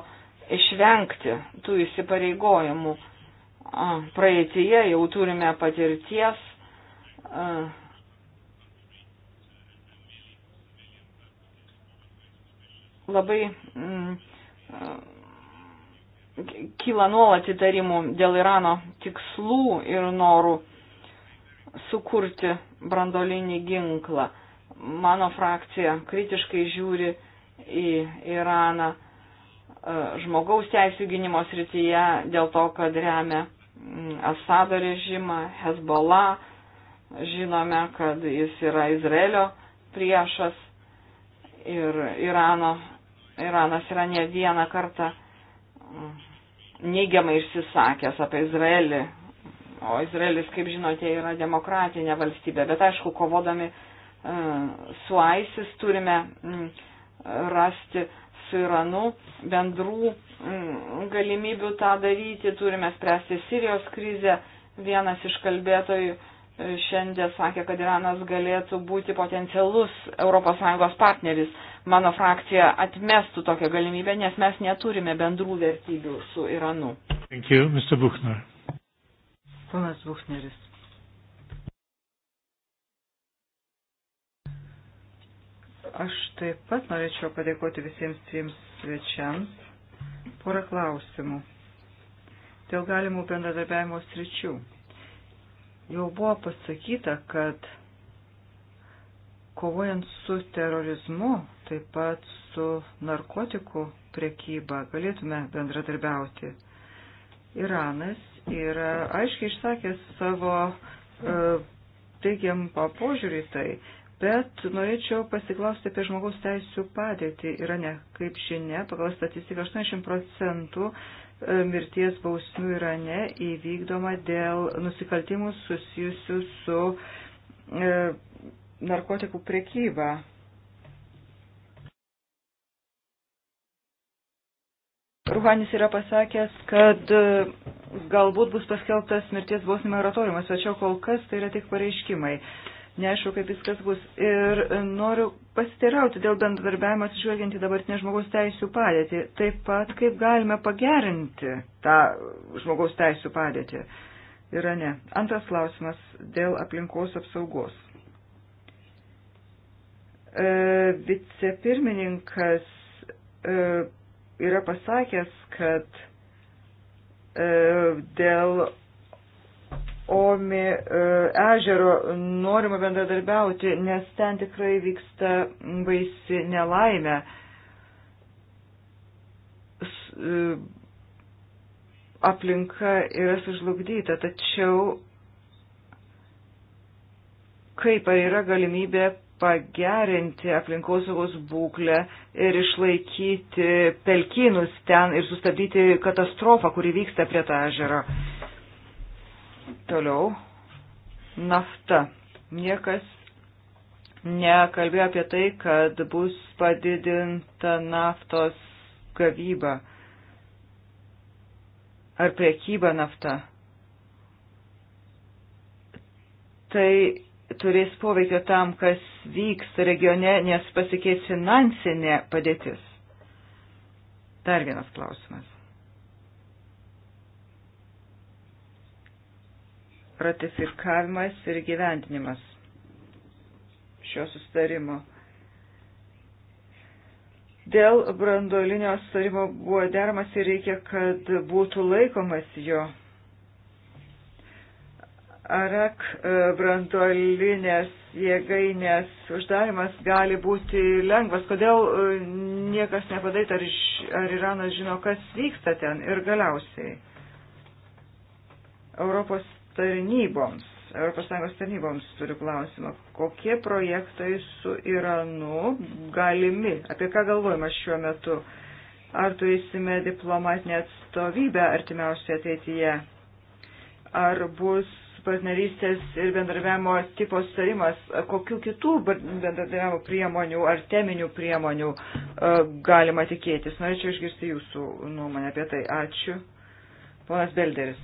išvengti tų įsipareigojimų. Praeitie jau turime patirties. A, labai mm, kyla nuolat įtarimų dėl Irano tikslų ir norų sukurti brandolinį ginklą. Mano frakcija kritiškai žiūri į Iraną e, žmogaus teisų gynimo srityje dėl to, kad remia mm, Asado režimą, Hezbollah, žinome, kad jis yra Izraelio priešas ir Irano, Iranas yra ne vieną kartą mm, neigiamai išsisakęs apie Izraelį O Izraelis, kaip žinote, yra demokratinė valstybė. Bet aišku, kovodami e, su ISIS turime rasti su Iranu bendrų galimybių tą daryti, turime spręsti Sirijos krizę. Vienas iš kalbėtojų e, šiandien sakė, kad Iranas galėtų būti potencialus ES partneris. Mano frakcija atmestų tokią galimybę, nes mes neturime bendrų vertybių su Iranu. Thank you, Mr. Buchner. Ponas Buchneris. Aš taip pat norėčiau padėkoti visiems trims svečiams. Porą klausimų. Dėl galimų bendradarbiavimo sričių. Jau buvo pasakyta, kad kovojant su terorizmu, taip pat su narkotikų prekyba galėtume bendradarbiauti. Iranas yra e, aiškiai išsakęs savo e, teigiamą požiūrį tai, bet norėčiau pasiklausti apie žmogaus teisų padėtį Irane. Kaip žinia, pagal statistiką 80 procentų e, mirties bausmių Irane įvykdoma dėl nusikaltimų susijusių su e, narkotikų prekyba. Ruhanis yra pasakęs, kad e, galbūt bus paskelbtas mirties bausmė moratoriumas, tačiau kol kas tai yra tik pareiškimai. Neaišku, kaip viskas bus. Ir e, noriu pasiteirauti dėl bendradarbiavimo atsižvelgiant į dabartinę žmogaus teisų padėtį. Taip pat, kaip galime pagerinti tą žmogaus teisų padėtį. Yra ne. Antras klausimas dėl aplinkos apsaugos. E, vicepirmininkas e, yra pasakęs, kad e, dėl Omi e, ežero norima bendradarbiauti, nes ten tikrai vyksta baisi nelaimė. S, e, aplinka yra sužlugdyta, tačiau kaip ar yra galimybė pagerinti aplinkosaugos būklę ir išlaikyti pelkynus ten ir sustabdyti katastrofą, kuri vyksta prie tą ežerą. Toliau. Nafta. Niekas nekalbėjo apie tai, kad bus padidinta naftos gavyba ar priekyba nafta. Tai turės poveikio tam, kas vyks regione, nes pasikeis finansinė padėtis? Dar vienas klausimas. Ratifikavimas ir gyvendinimas šio sustarimo. Dėl brandolinio sustarimo buvo dermas ir reikia, kad būtų laikomas jo. Arak e, brantolinės jėgainės uždarimas gali būti lengvas. Kodėl e, niekas nepadaryta, ar, ar Iranas žino, kas vyksta ten ir galiausiai Europos tarnyboms. ES tarnyboms turiu klausimą, kokie projektai su Iranu galimi, apie ką galvojama šiuo metu, ar turėsime diplomatinę atstovybę artimiausioje ateityje, ar bus partnerystės ir bendradarbiavimo tipo sutarimas, kokiu kitų bendradarbiavimo priemonių ar teminių priemonių e, galima tikėtis. Norėčiau išgirsti jūsų nuomonę apie tai. Ačiū. Ponas Belderis.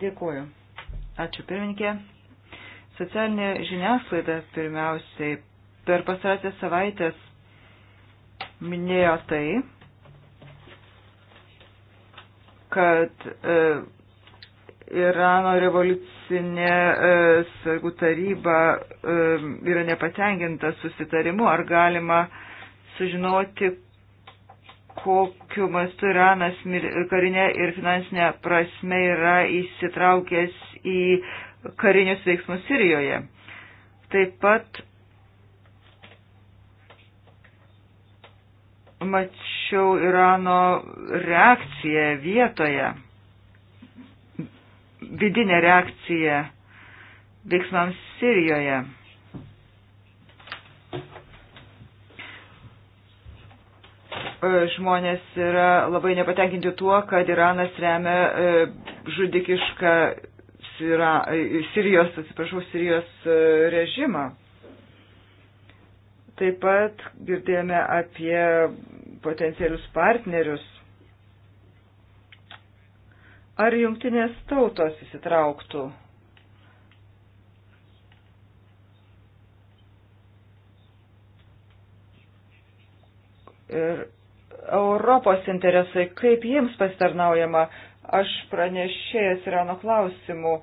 Dėkuoju. Ačiū pirmininkė. Socialinė žiniasklaida pirmiausiai per pasarąsias savaitės minėjo tai, kad e, Irano revoliucinė e, sargų taryba e, yra nepatenkinta susitarimu, ar galima sužinoti, kokiu mastu Iranas karinė ir finansinė prasme yra įsitraukęs į karinius veiksmus Sirijoje. Taip pat mačiau vertinčiau Irano reakciją vietoje, vidinę reakciją veiksmams Sirijoje. E, žmonės yra labai nepatenkinti tuo, kad Iranas remia e, žudikišką Sira, e, Sirijos, atsiprašau, Sirijos režimą. Taip pat girdėjome apie potencialius partnerius. Ar jungtinės tautos įsitrauktų? Ir Europos interesai, kaip jiems pasitarnaujama, aš pranešėjęs Irano klausimų,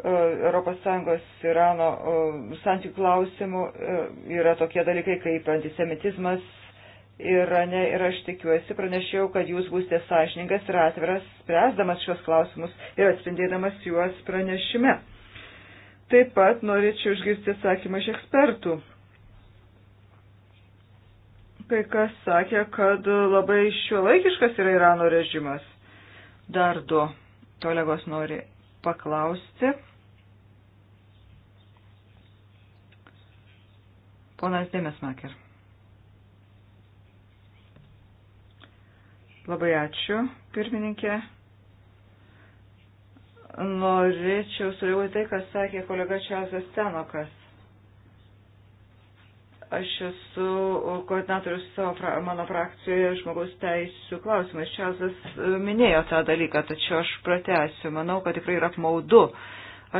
ES Irano e, santykių klausimų, e, yra tokie dalykai kaip antisemitizmas, Irane ir aš tikiuosi, pranešiau, kad jūs būsite sąžiningas ir atviras, spręsdamas šios klausimus ir atspindėdamas juos pranešime. Taip pat norėčiau išgirsti atsakymą iš ekspertų. Kai kas sakė, kad labai šiuolaikiškas yra Irano režimas. Dar du kolegos nori paklausti. Ponas Dėmesmaker. Labai ačiū, pirmininkė. Norėčiau sureaguoti tai, kas sakė kolega Čelsas Tenokas. Aš esu koordinatorius savo, mano frakcijoje žmogaus teisų klausimais. Čelsas e, minėjo tą dalyką, tačiau aš pratęsiu. Manau, kad tikrai yra apmaudu.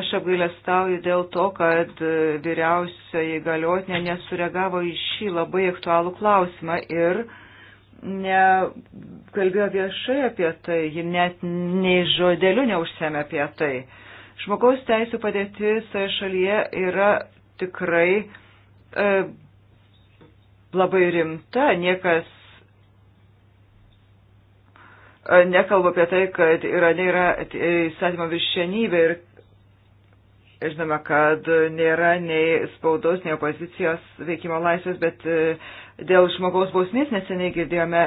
Aš apgailestauju dėl to, kad e, vyriausioji galiotinė nesureagavo į šį labai aktualų klausimą ir uh, nekalbėjo viešai apie tai, ji net nei žodeliu neužsėmė apie tai. Žmogaus teisų padėtis šalyje yra tikrai e, labai rimta, niekas e, nekalba apie tai, kad Irane yra įstatymo viršienybė ir žinome, kad nėra nei spaudos, nei opozicijos veikimo laisvės, bet e, dėl žmogaus bausmės neseniai girdėjome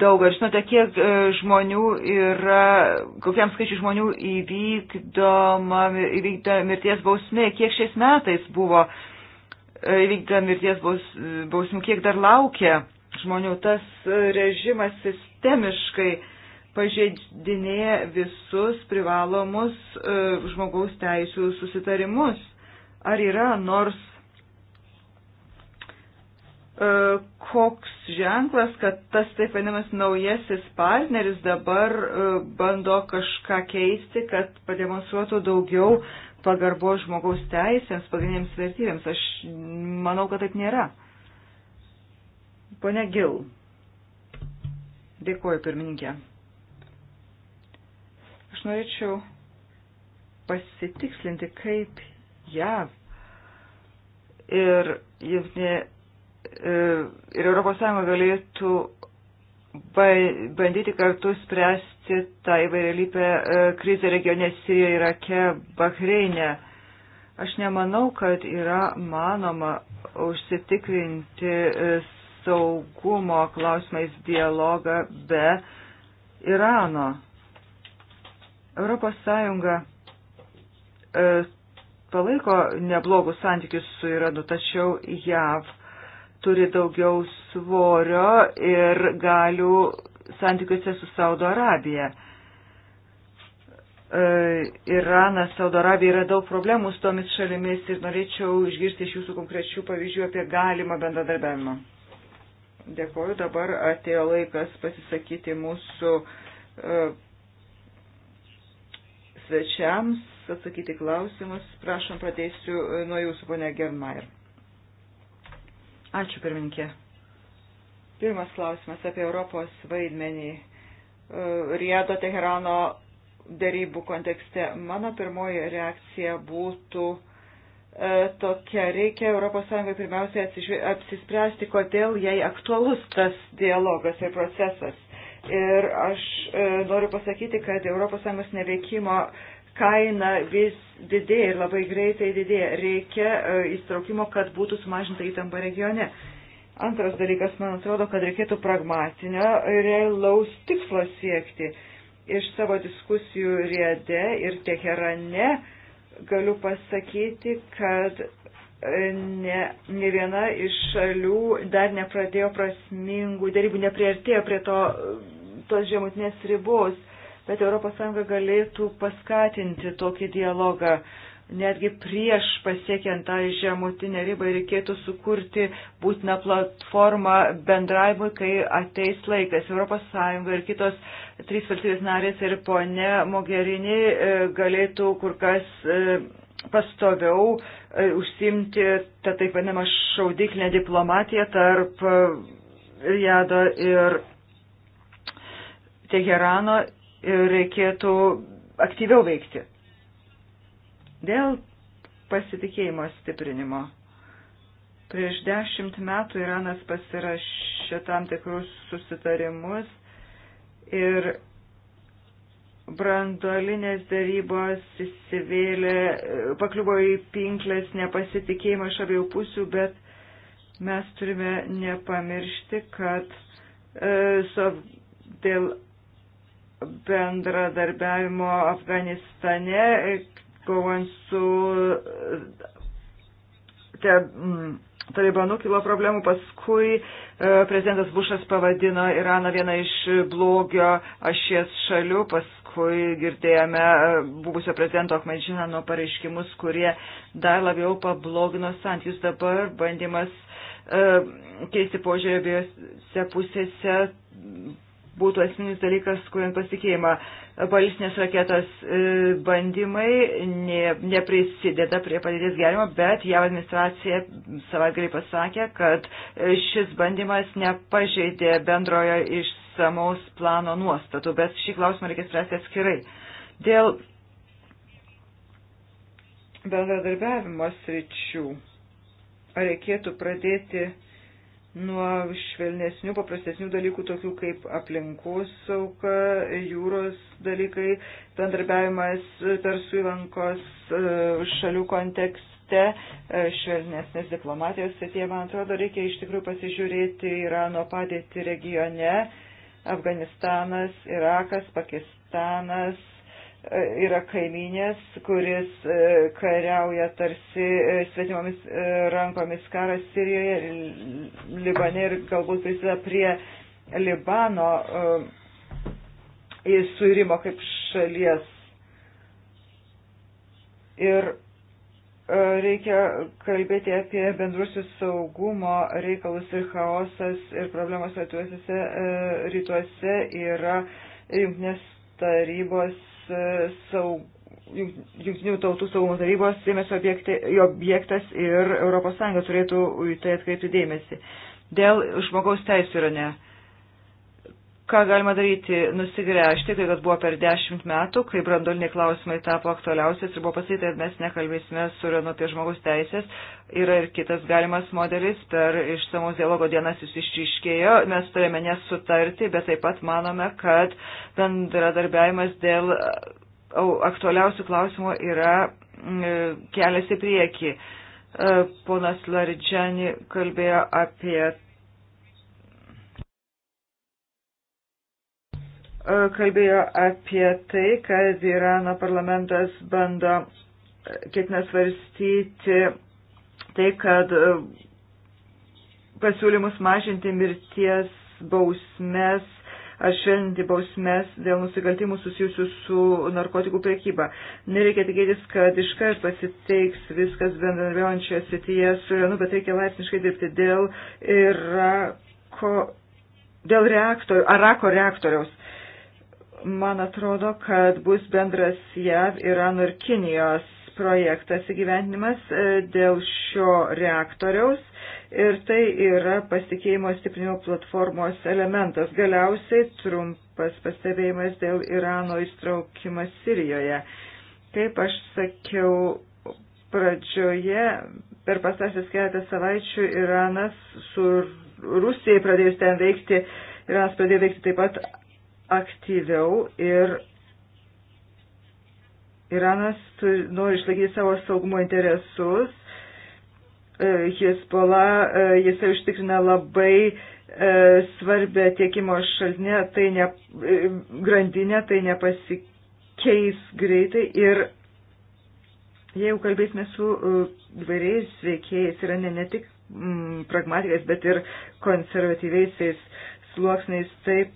daug. Ar žinote, kiek e, žmonių yra, kokiam skaičiu žmonių įvykdoma, įvykdoma mirties bausmė, kiek šiais metais buvo e, įvykdyta mirties baus, bausmė, kiek dar laukia žmonių. Tas režimas sistemiškai pažeidinėja visus privalomus e, žmogaus teisų susitarimus. Ar yra nors E, koks ženklas, kad tas taip vadinamas naujasis partneris dabar e, bando kažką keisti, kad pademonstruotų daugiau pagarbos žmogaus teisėms, pagrindiniams vertybėms. Aš manau, kad taip nėra. Pone Gil. Dėkuoju, pirmininkė. Aš norėčiau pasitikslinti, kaip JAV ir jungtinė E, ir ES galėtų bandyti kartu spręsti tą įvairialypę e, krizę regione Sirijoje, Irake, Bahreinė. Aš nemanau, kad yra manoma užsitikrinti e, saugumo klausimais dialogą be Irano. ES palaiko neblogus santykius su Iranu, tačiau JAV turi daugiau svorio ir galių santykiuose su Saudo Arabija. E, Iranas, Saudo Arabija yra daug problemų su tomis šalimis ir norėčiau išgirsti iš jūsų konkrečių pavyzdžių apie galimą bendradarbiavimą. Dėkoju, dabar atėjo laikas pasisakyti mūsų uh, svečiams, atsakyti klausimus. Prašom, pradėsiu e, nuo jūsų, ponia Germair. Ačiū, pirminkė. Pirmas klausimas apie Europos vaidmenį e, Riedo Teherano darybų kontekste. Mano pirmoji reakcija būtų e, tokia. Reikia ES pirmiausia apsispręsti, kodėl jai aktualus tas dialogas ir procesas. Ir aš e, noriu pasakyti, kad ES neveikimo kaina vis didėja ir labai greitai didėja. Reikia e, įstraukimo, kad būtų sumažinta įtampa regione. Antras dalykas, man atrodo, kad reikėtų pragmatinio, e, realaus tikslo siekti. Iš savo diskusijų riede ir Teherane galiu pasakyti, kad e, ne, ne viena iš šalių dar nepradėjo prasmingų dėrybų, neprieartėjo prie to, tos žemutinės ribos bet ES galėtų paskatinti tokį dialogą. Netgi prieš pasiekiant tą žemutinę ribą reikėtų sukurti būtiną platformą bendravimui, kai ateis laikas. ES ir kitos trys valstybės narės ir ponė Mogerini e, galėtų kur kas e, pastoviau e, užsimti tą taip vadinamą šaudiklinę diplomatiją tarp Riado ir Teherano reikėtų aktyviau veikti. Dėl pasitikėjimo stiprinimo. Prieš dešimt metų Iranas pasirašė tam tikrus susitarimus ir brandolinės darybos įsivėlė, pakliuvo į pinklės nepasitikėjimą iš abiejų pusių, bet mes turime nepamiršti, kad e, so, dėl bendradarbiavimo Afganistane, kovant su te, m, talibanu kilo problemų, paskui e, prezidentas Bušas pavadino Iraną vieną iš blogio ašies šalių, paskui girdėjome e, buvusio prezidento Ahmedžinano pareiškimus, kurie dar labiau pablogino santykius dabar, bandymas e, keisti požiūrį abiejose pusėse būtų esminis dalykas, kuriant pasitikėjimą. Balistinės raketos e, bandymai ne, neprisideda prie padėties gerimo, bet jav administracija savaitgalį pasakė, kad e, šis bandymas nepažeidė bendrojo išsamaus plano nuostatų, bet šį klausimą reikia spręsti atskirai. Dėl bendradarbiavimo sričių reikėtų pradėti nuo švelnesnių, paprastesnių dalykų, tokių kaip aplinkos sauka, jūros dalykai, bendarbiavimas Persų įlankos e, šalių kontekste, e, švelnesnės diplomatijos srityje, man atrodo, reikia iš tikrųjų pasižiūrėti Irano padėti regione, Afganistanas, Irakas, Pakistanas, E, yra kaiminės, kuris e, kariauja tarsi e, svetimomis rankomis karas Sirijoje, Libane ir galbūt prisideda prie Libano įsūrimo kaip šalies. Ir reikia kalbėti apie bendrusius saugumo reikalus ir chaosas ir problemas rytuose, rytuose yra jungtinės tarybos E, saug, Junktinių tautų saugumo tarybos dėmesio objektas ir ES turėtų į tai atkreipti dėmesį. Dėl žmogaus teisų yra ne. Uh, Ką galima daryti? Nusigręžti, tai kas buvo per dešimt metų, kai brandoliniai klausimai tapo aktualiausias ir buvo pasakyta, kad mes nekalbėsime su Renu apie žmogus teisės. Yra ir kitas galimas modelis, per išsamaus dialogo dienas jis išryškėjo, mes turėjome nesutarti, bet taip pat manome, kad bendradarbiavimas dėl e, aktualiausių klausimų yra kelias į priekį. E, ponas Laridžiani kalbėjo apie E, kalbėjo apie tai, kad Irano parlamentas bando e, ketina svarstyti tai, kad e, pasiūlymus mažinti mirties bausmes ar švelninti bausmes dėl nusikaltimų susijusių su narkotikų priekyba. Nereikia tikėtis, kad iškart pasiteiks viskas bendradarbiaujančioje srityje su Iranu, bet reikia laipsniškai dirbti dėl Irako, dėl reaktorių, Arako reaktoriaus man atrodo, kad bus bendras JAV, Irano ir Kinijos projektas įgyvendinimas e, dėl šio reaktoriaus ir tai yra pasikeimo stiprinimo platformos elementas. Galiausiai trumpas pastebėjimas dėl Irano įstraukimas Sirijoje. Kaip aš sakiau pradžioje, per pastasis keletą savaičių Iranas su Rusijai pradėjus ten veikti, Iranas pradėjo veikti taip pat aktyviau ir Iranas nori išlaikyti savo saugumo interesus. E, Hezbollah, e, jisai užtikrina labai e, svarbę tiekimo šaltinę, tai ne, grandinę, tai nepasikeis greitai ir jeigu kalbėsime su įvairiais veikėjais, yra ne, ne tik mm, pragmatikais, bet ir konservatyviaisiais sluoksniais, taip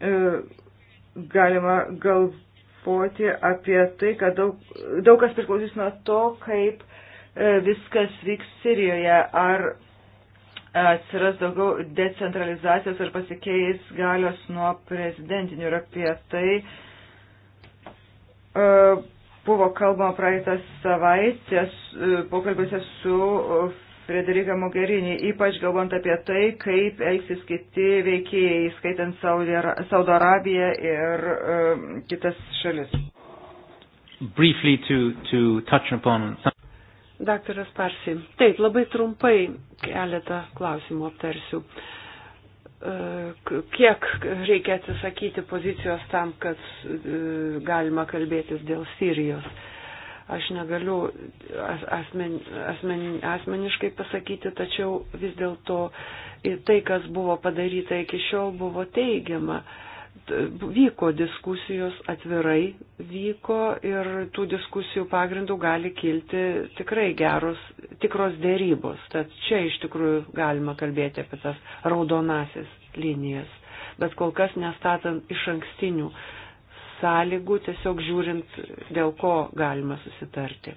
E, galima galvoti apie tai, kad daug, daug kas priklausys nuo to, kaip e, viskas vyks Sirijoje, ar atsiras daugiau decentralizacijos ir pasikeis galios nuo prezidentinių ir apie tai e, buvo kalbama praeitą savaitę pokalbėse su Frederiką Mogerinį, ypač galvant apie tai, kaip elgsis kiti veikėjai, skaitant Saudo Arabiją ir uh, kitas šalis. To, to upon... Daktaras Parsi, taip, labai trumpai keletą klausimų aptarsiu. E, kiek reikia atsisakyti pozicijos tam, kad e, galima kalbėtis dėl Sirijos? Uh, Aš negaliu asmen, asmen, asmeniškai pasakyti, tačiau vis dėlto tai, kas buvo padaryta iki šiol, buvo teigiama vyko diskusijos atvirai, vyko ir tų diskusijų pagrindų gali kilti tikrai geros, tikros dėrybos. Tad čia iš tikrųjų galima kalbėti apie tas raudonasis linijas. Bet kol kas nestatant iš ankstinių sąlygų, tiesiog žiūrint, dėl ko galima susitarti.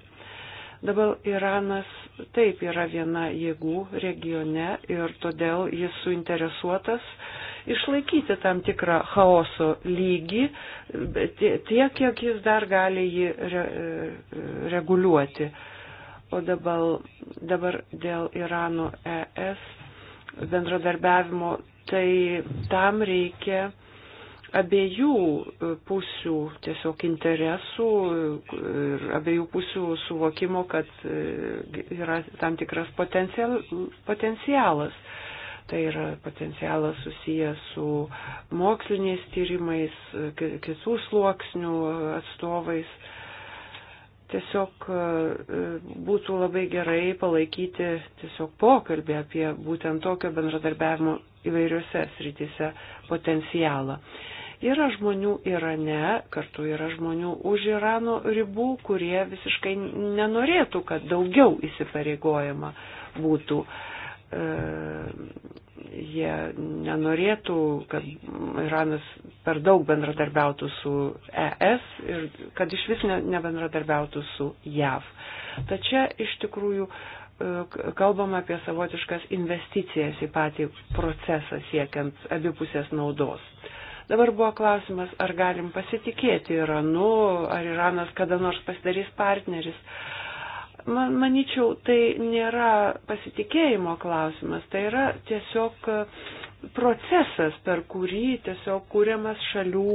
Dabar Iranas taip yra viena jėgų regione ir todėl jis suinteresuotas išlaikyti tam tikrą chaoso lygį tiek, kiek jis dar gali jį re, reguliuoti. O dabar, dabar dėl Irano ES bendradarbiavimo, tai tam reikia abiejų e, pusių tiesiog interesų ir abiejų pusių suvokimo, kad e, yra tam tikras potencial, potencialas. Tai yra potencialas susijęs su moksliniais tyrimais, e, kitų sluoksnių atstovais. Tiesiog būtų labai gerai palaikyti tiesiog pokalbį apie būtent tokio bendradarbiavimo įvairiose srityse potencialą. Yra žmonių Irane, kartu yra žmonių už Irano ribų, kurie visiškai nenorėtų, kad daugiau įsipareigojama būtų. E, jie nenorėtų, kad Iranas per daug bendradarbiautų su ES ir kad iš vis ne, nebendradarbiautų su JAV. Tačiau iš tikrųjų e, kalbam apie savotiškas investicijas į patį procesą siekiant abipusės naudos. Dabar buvo klausimas, ar galim pasitikėti Iranu, ar Iranas kada nors pasidarys partneris. Man, manyčiau, tai nėra pasitikėjimo klausimas, tai yra tiesiog e, procesas, per kurį tiesiog kūriamas šalių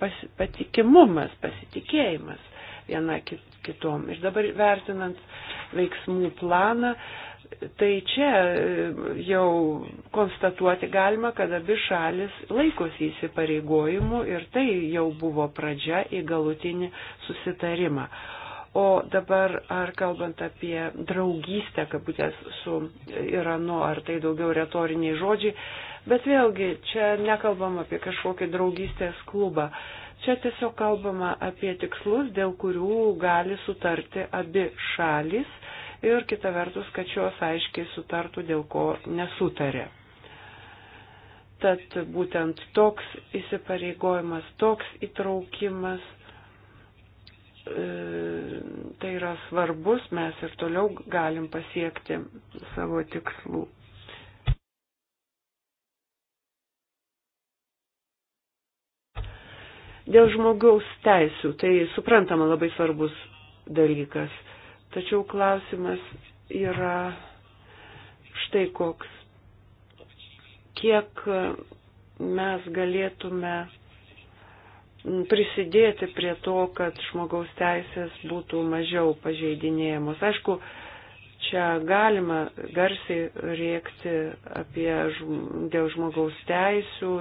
pas, patikimumas, pasitikėjimas viena kitom. Ir dabar vertinant veiksmų planą, Tai čia e, jau konstatuoti galima, kad abi šalis laikosi įsipareigojimų ir tai jau buvo pradžia į galutinį susitarimą. O dabar, ar kalbant apie draugystę, kabutės, su Iranu, ar tai daugiau retoriniai žodžiai, bet vėlgi čia nekalbam apie kažkokį draugystės klubą. Čia tiesiog kalbama apie tikslus, dėl kurių gali sutarti abi šalis ir kita vertus, kad šios aiškiai sutartų, dėl ko nesutarė. Tad būtent toks įsipareigojimas, toks įtraukimas, e, tai yra svarbus, mes ir toliau galim pasiekti savo tikslų. Dėl žmogaus teisų, tai suprantama labai svarbus dalykas. Tačiau klausimas yra štai koks. Kiek mes galėtume prisidėti prie to, kad žmogaus teisės būtų mažiau pažeidinėjamos. Aišku, čia galima garsiai rėkti apie dėl žmogaus teisų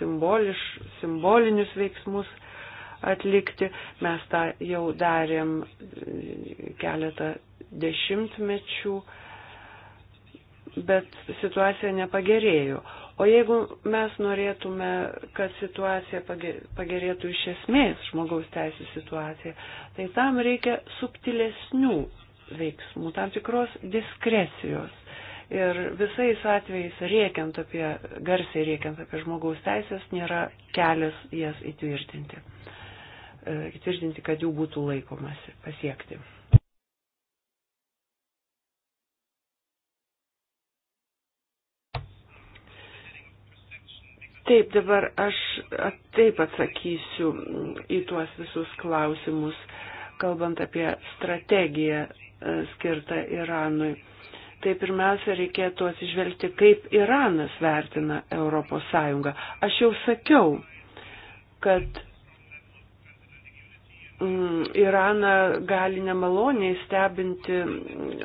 simboliš, simbolinius veiksmus, atlikti. Mes tą jau darėm keletą dešimtmečių, bet situacija nepagerėjo. O jeigu mes norėtume, kad situacija pagerėtų iš esmės, žmogaus teisų situacija, tai tam reikia subtilesnių veiksmų, tam tikros diskrecijos. Ir visais atvejais riekiant apie, garsiai riekiant apie žmogaus teisės, nėra kelias jas įtvirtinti. E, tvirtinti, kad jų būtų laikomasi pasiekti. Taip, dabar aš taip atsakysiu į tuos visus klausimus, kalbant apie strategiją e, skirtą Iranui. Tai pirmiausia, reikėtų atsižvelgti, kaip Iranas vertina ES. Aš jau sakiau, kad Mm, Iraną gali nemaloniai stebinti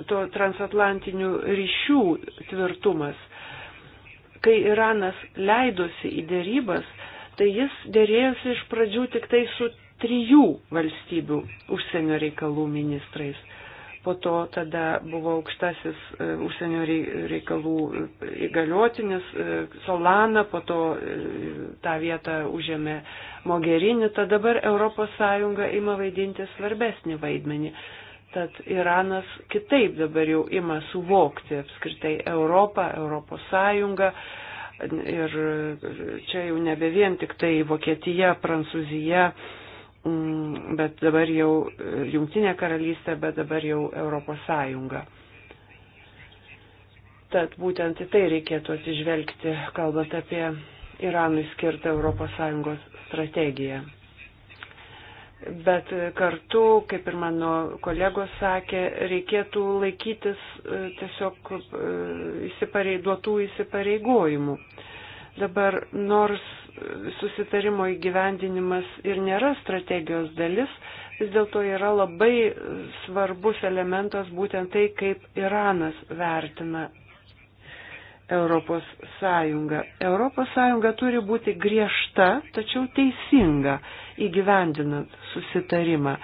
to transatlantinių ryšių tvirtumas. Kai Iranas leidosi į dėrybas, tai jis dėrėjosi iš pradžių tik tai su trijų valstybių užsienio reikalų ministrais po to tada buvo aukštasis e, užsienio reikalų įgaliotinis e, Solana, po to e, tą vietą užėmė Mogerini, tad dabar ES ima vaidinti svarbesnį vaidmenį. Tad Iranas kitaip dabar jau ima suvokti apskritai Europą, ES. Ir čia jau nebe vien tik tai Vokietija, Prancūzija, Mm, bet dabar jau e, Jungtinė karalystė, bet dabar jau Europos Sąjunga. Tad būtent į tai reikėtų atsižvelgti, kalbant apie Iranui skirtą Europos Sąjungos strategiją. Bet e, kartu, kaip ir mano kolegos sakė, reikėtų laikytis e, tiesiog įsipareiduotų įsipareigojimų. Dabar nors susitarimo įgyvendinimas ir nėra strategijos dalis, vis dėlto yra labai svarbus elementas būtent tai, kaip Iranas vertina Europos Sąjunga. Europos Sąjunga turi būti griežta, tačiau teisinga įgyvendinant susitarimą.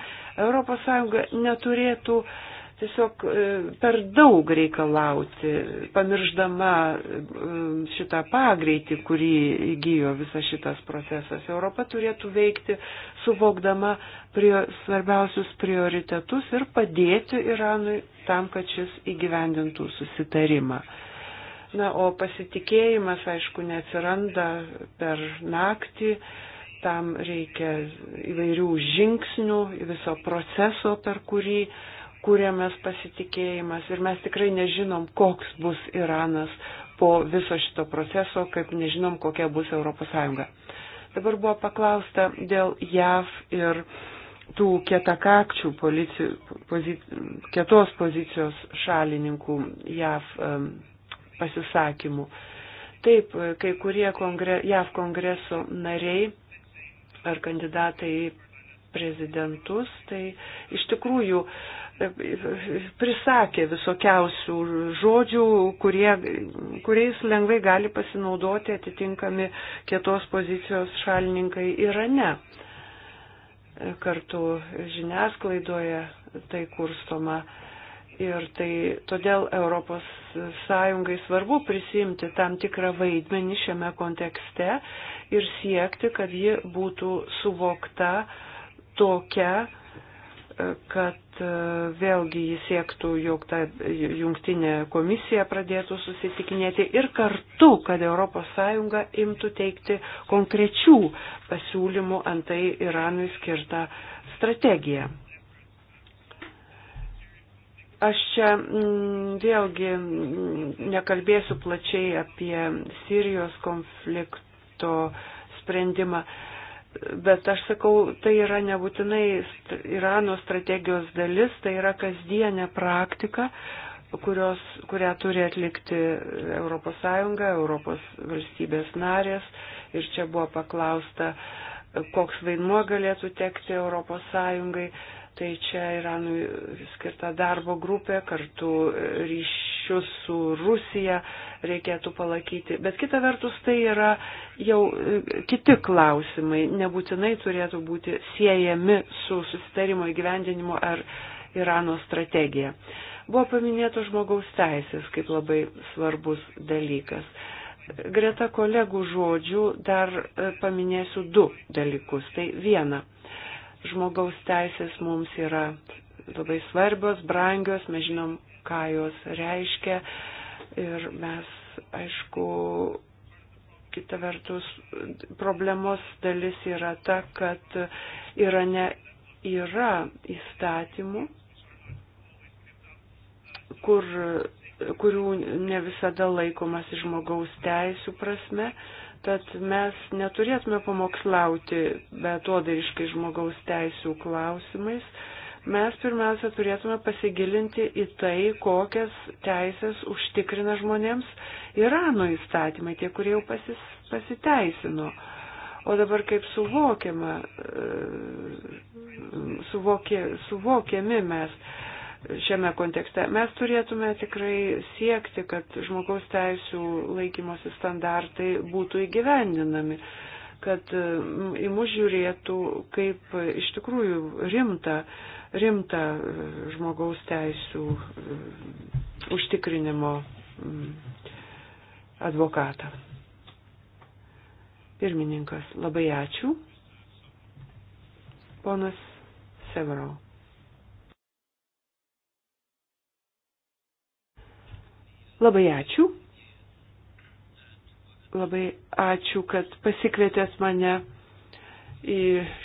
Europos Sąjunga neturėtų uh, tiesiog e, per daug reikalauti, pamirždama e, šitą pagreitį, kurį įgyjo visas šitas procesas. Europa turėtų veikti, suvokdama prie svarbiausius prioritetus ir padėti Iranui tam, kad šis įgyvendintų susitarimą. Na, o pasitikėjimas, aišku, neatsiranda per naktį, tam reikia įvairių žingsnių, viso proceso, per kurį uh, kūrėmės pasitikėjimas ir mes tikrai nežinom, koks bus Iranas po viso šito proceso, kaip nežinom, kokia bus ES. Dabar buvo paklausta dėl JAV ir tų kietakakčių policijų, pozic, kietos pozicijos šalininkų JAV um, pasisakymų. Taip, kai kurie kongre, JAV kongreso nariai ar kandidatai į prezidentus, tai iš tikrųjų uh, prisakė visokiausių žodžių, kurie, kuriais lengvai gali pasinaudoti atitinkami kietos pozicijos šalininkai Irane. Kartu žiniasklaidoje tai kurstoma. Ir tai todėl ES svarbu prisimti tam tikrą vaidmenį šiame kontekste ir siekti, kad ji būtų suvokta tokia, kad e, vėlgi jis siektų, jog ta jungtinė komisija pradėtų susitikinėti ir kartu, kad ES imtų teikti konkrečių pasiūlymų antai Iranui skirtą strategiją. Aš čia mm, vėlgi mm, nekalbėsiu plačiai apie Sirijos konflikto sprendimą. Bet aš sakau, tai yra nebūtinai Irano strategijos dalis, tai yra kasdienė praktika, kurios, kurią turi atlikti ES, Europos valstybės narės. Ir čia buvo paklausta, koks vaidmuo galėtų tekti ES. Tai čia Iranui skirta darbo grupė, kartu ryšius su Rusija reikėtų palakyti. Bet kita vertus tai yra jau e, kiti klausimai, nebūtinai turėtų būti siejami su susitarimo įgyvendinimo ar Irano strategija. Buvo paminėtos žmogaus teisės kaip labai svarbus dalykas. Greta kolegų žodžių dar e, paminėsiu du dalykus. Tai viena žmogaus teisės mums yra labai svarbios, brangios, mes žinom, ką jos reiškia ir mes, aišku, kita vertus, problemos dalis yra ta, kad Irane yra įstatymų, kur, kurių ne visada laikomas žmogaus teisų prasme, uh, Tad mes neturėtume pamokslauti betodariškai žmogaus teisų klausimais. Mes pirmiausia turėtume pasigilinti į tai, kokias teisės užtikrina žmonėms Irano įstatymai, tie, kurie jau pasis, pasiteisino. O dabar kaip suvokiama, e, suvokė, suvokiami mes šiame kontekste. Mes turėtume tikrai siekti, kad žmogaus teisų laikymosi standartai būtų įgyvendinami, kad mm, į mus žiūrėtų kaip iš tikrųjų rimta, rimta e, žmogaus teisų e, užtikrinimo mm, advokatą. Pirmininkas, labai ačiū. Ponas Severau. Labai ačiū. Labai ačiū, kad pasikvietėt mane į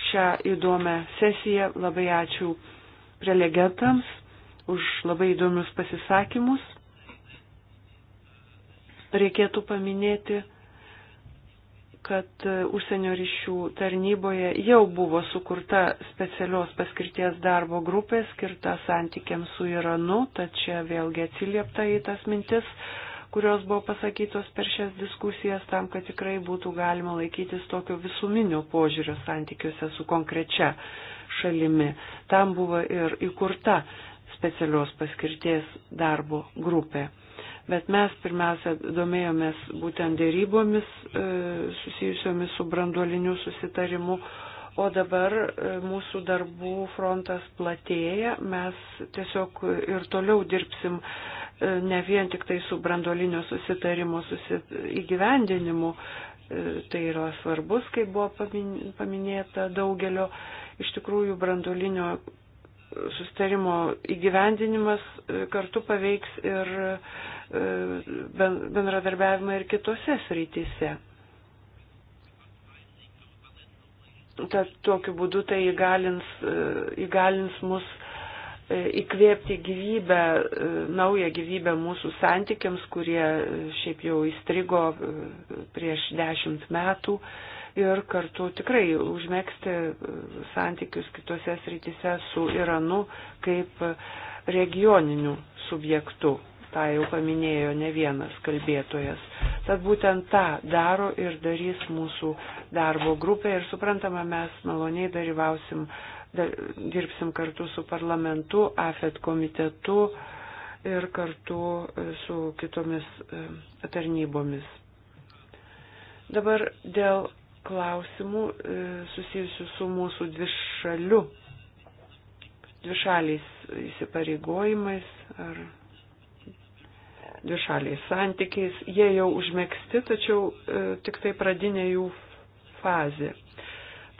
šią įdomią sesiją. Labai ačiū prelegentams už labai įdomius pasisakymus. Reikėtų paminėti kad e, užsienio ryšių tarnyboje jau buvo sukurta specialios paskirties darbo grupė skirta santykiams su Iranu, tačiau vėlgi atsiliepta į tas mintis, kurios buvo pasakytos per šias diskusijas tam, kad tikrai būtų galima laikytis tokio visuminio požiūrio santykiuose su konkrečia šalimi. Tam buvo ir įkurta specialios paskirties darbo grupė. Bet mes pirmiausia domėjomės būtent dėrybomis e, susijusiomis su branduoliniu susitarimu, o dabar e, mūsų darbų frontas platėja, mes tiesiog ir toliau dirbsim e, ne vien tik tai su branduolinio susitarimo susit... įgyvendinimu, tai yra svarbus, kaip buvo paminėta daugelio, iš tikrųjų branduolinio sustarimo įgyvendinimas e, kartu paveiks ir e, bendradarbiavimą ir kitose srityse. Tad tokiu būdu tai įgalins, e, įgalins mus įkvėpti gyvybę, naują gyvybę mūsų santykiams, kurie šiaip jau įstrigo prieš dešimt metų ir kartu tikrai užmėgsti e, santykius kitose srityse su Iranu kaip e, regioniniu subjektu. Ta jau paminėjo ne vienas kalbėtojas. Tad būtent tą daro ir darys mūsų darbo grupė ir suprantama, mes maloniai dalyvausim, dirbsim kartu su parlamentu, AFET komitetu ir kartu e, su kitomis tarnybomis. Dabar dėl klausimų e, susijusių su mūsų dvišaliu, dvišaliais įsipareigojimais ar dvišaliais santykiais. Jie jau užmėgsti, tačiau e, tik tai pradinė jų fazė.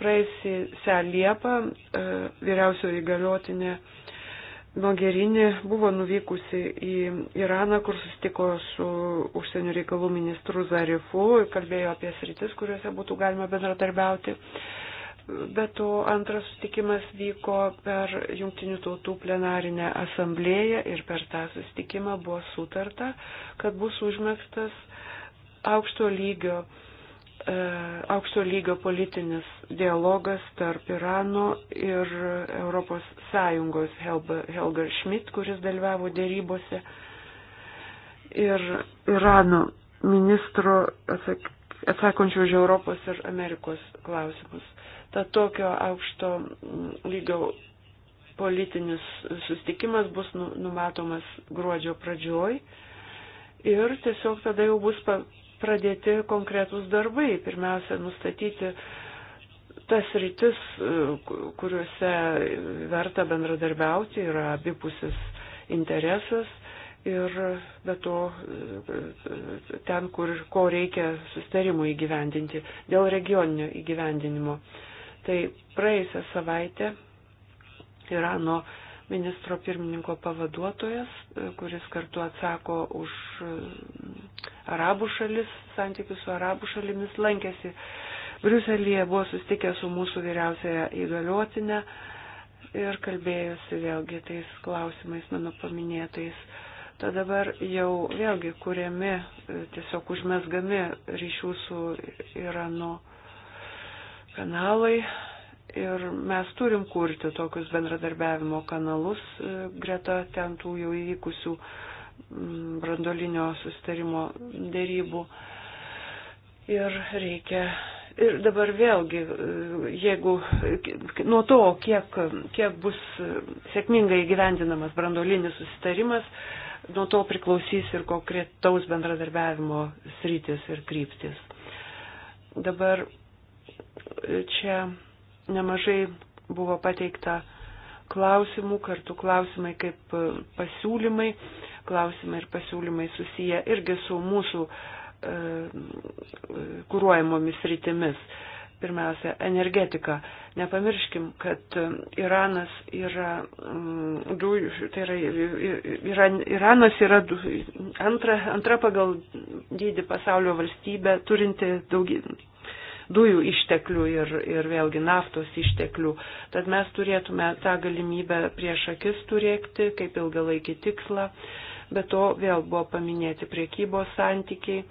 Praėjusią Liepą e, vyriausioji galiotinė e, Mogherini buvo nuvykusi į Iraną, kur susitiko su užsienio reikalų ministru Zarifu ir kalbėjo apie sritis, kuriuose būtų galima bendradarbiauti. Bet to antras susitikimas vyko per Junktinių tautų plenarinę asamblėją ir per tą susitikimą buvo sutarta, kad bus užmėgstas aukšto lygio uh, E, aukšto lygio politinis dialogas tarp Irano ir Europos Sąjungos Helga Schmidt, kuris dalyvavo dėrybose, ir Irano ministro atsak, atsakančio už Europos ir Amerikos klausimus. Ta tokio aukšto lygio politinis sustikimas bus nu, numatomas gruodžio pradžioj ir tiesiog tada jau bus pradėti konkretūs darbai. Pirmiausia, nustatyti tas rytis, e, kuriuose verta bendradarbiauti, yra abipusis interesas ir be to e, e, ten, kur ko reikia sustarimų įgyvendinti dėl regioninio įgyvendinimo. Tai praėjusią savaitę Irano ministro pirmininko pavaduotojas, e, kuris kartu atsako už e, arabų šalis, santykius su arabų šalimis, lankėsi Briuselėje, buvo sustikę su mūsų vyriausiaja įgaliotinė ir kalbėjusi vėlgi tais klausimais mano paminėtais. Tad dabar jau vėlgi kuriami, e, tiesiog užmesgami ryšių su Iranu kanalai, Ir mes turim kurti tokius bendradarbiavimo kanalus e, greta ten tų jau įvykusių mm, brandolinio sustarimo dėrybų. Ir reikia. Ir dabar vėlgi, e, jeigu nuo to, kiek, kiek bus sėkmingai gyvendinamas brandolinis susitarimas, nuo to priklausys ir konkretaus bendradarbiavimo sritis ir kryptis. Dabar e, čia nemažai buvo pateikta klausimų, kartu klausimai kaip pasiūlymai, klausimai ir pasiūlymai susiję irgi su mūsų e, kūruojamomis rytimis. Pirmiausia, energetika. Nepamirškim, kad e, Iranas yra, mm, dujų, tai yra, yra, Iranas yra antra, antra pagal dydį pasaulio valstybė, turinti daug, dujų išteklių ir, ir vėlgi naftos išteklių. Tad mes turėtume tą galimybę prieš akis turėti kaip ilgalaikį tikslą. Be to vėl buvo paminėti priekybos santykiai.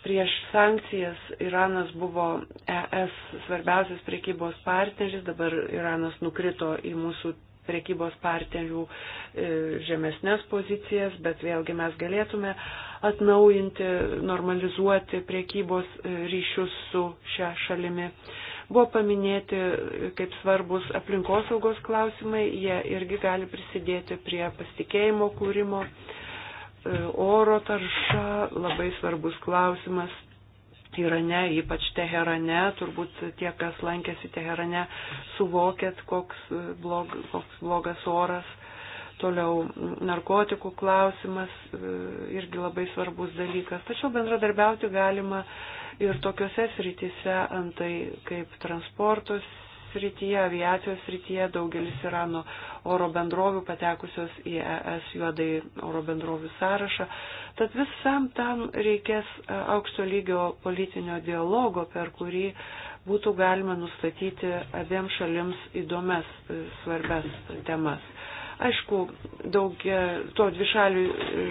Prieš sankcijas Iranas buvo ES svarbiausias priekybos partneris, dabar Iranas nukrito į mūsų prekybos partnerių e, žemesnės pozicijas, bet vėlgi mes galėtume atnaujinti, normalizuoti prekybos e, ryšius su šia šalimi. Buvo paminėti e, kaip svarbus aplinkosaugos klausimai, jie irgi gali prisidėti prie pasitikėjimo kūrimo. Oro tarša labai svarbus klausimas, Irane, ypač Teherane, turbūt tie, kas lankėsi Teherane, suvokėt, koks, e, blog, koks blogas oras. Toliau narkotikų klausimas e, irgi labai svarbus dalykas. Tačiau bendradarbiauti galima ir tokiuose srityse, antai kaip transportos srityje, aviacijos srityje daugelis Irano oro bendrovių patekusios į ES juodai oro bendrovių sąrašą. Tad visam tam reikės e, aukšto lygio politinio dialogo, per kurį būtų galima nustatyti abiem šalims įdomias e, svarbias temas. Aišku, daug to dvišalių e,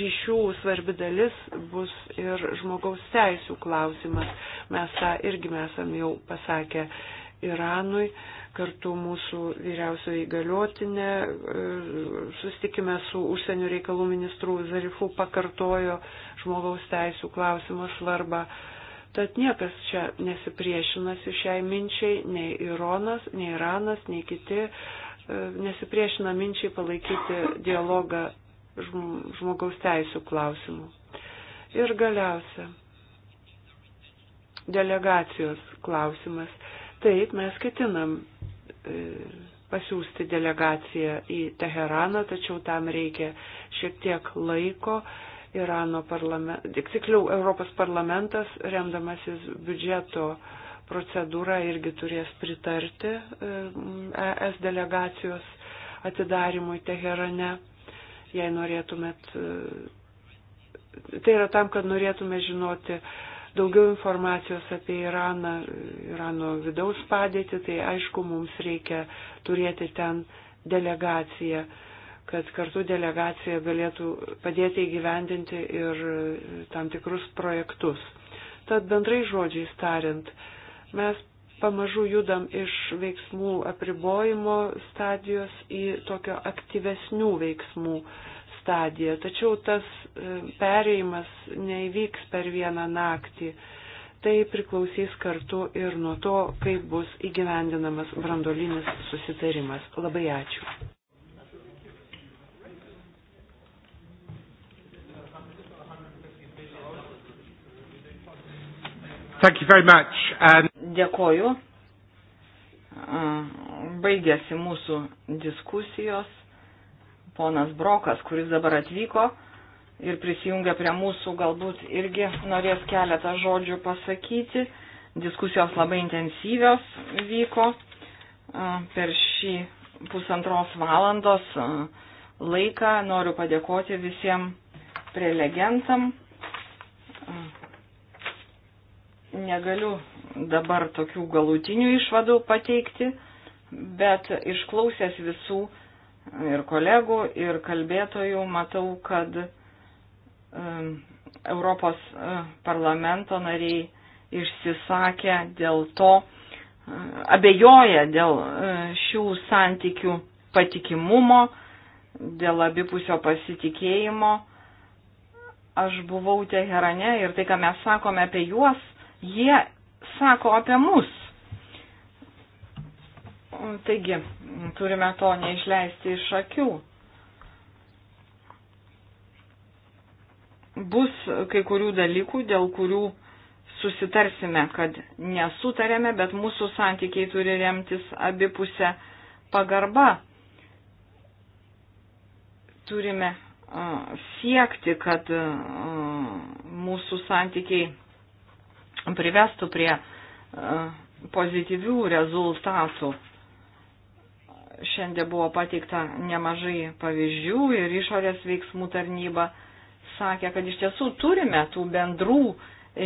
ryšių svarbi dalis bus ir žmogaus teisų klausimas. Mes tą irgi mes esam jau pasakę Iranui. Kartu mūsų vyriausioji galiotinė e, sustikime su užsienio reikalų ministru Zarifu pakartojo žmogaus teisų klausimo svarbą. Tad niekas čia nesipriešinasi šiai minčiai, nei Ironas, nei Iranas, nei kiti e, nesipriešina minčiai palaikyti dialogą žmogaus teisų klausimų. Ir galiausia, delegacijos klausimas. Taip, mes ketinam e, pasiūsti delegaciją į Teheraną, tačiau tam reikia šiek tiek laiko. Irano parlamentas, tiksliau Europos parlamentas, remdamasis biudžeto procedūra, irgi turės pritarti ES e delegacijos atidarimui Teherane. Jei norėtumėt, e, tai yra tam, kad norėtume žinoti, daugiau informacijos apie Iraną, Irano vidaus padėtį, tai aišku, mums reikia turėti ten delegaciją, kad kartu delegacija galėtų padėti įgyvendinti ir tam tikrus projektus. Tad bendrai žodžiais tariant, mes pamažu judam iš veiksmų apribojimo stadijos į tokio aktyvesnių veiksmų stadiją. Tačiau tas e, perėjimas neįvyks per vieną naktį. Tai priklausys kartu ir nuo to, kaip bus įgyvendinamas brandolinis susitarimas. Labai ačiū. Thank you very much. And... Dėkoju. Baigėsi mūsų diskusijos ponas Brokas, kuris dabar atvyko ir prisijungia prie mūsų, galbūt irgi norės keletą žodžių pasakyti. Diskusijos labai intensyvios vyko per šį pusantros valandos laiką. Noriu padėkoti visiems prelegentam. Negaliu dabar tokių galutinių išvadų pateikti, bet išklausęs visų ir kolegų, ir kalbėtojų matau, kad Europos e, parlamento nariai išsisakė dėl to, e, abejoja dėl e, šių santykių patikimumo, dėl abipusio pasitikėjimo. Aš buvau Teherane ir tai, ką mes sakome apie juos, jie sako apie mus. Taigi, turime to neišleisti iš akių. Bus kai kurių dalykų, dėl kurių susitarsime, kad nesutarėme, bet mūsų santykiai turi remtis abipusę pagarbą. Turime siekti, kad mūsų santykiai privestų prie pozityvių rezultatų. Šiandien buvo pateikta nemažai pavyzdžių ir išorės veiksmų tarnyba sakė, kad iš tiesų turime tų bendrų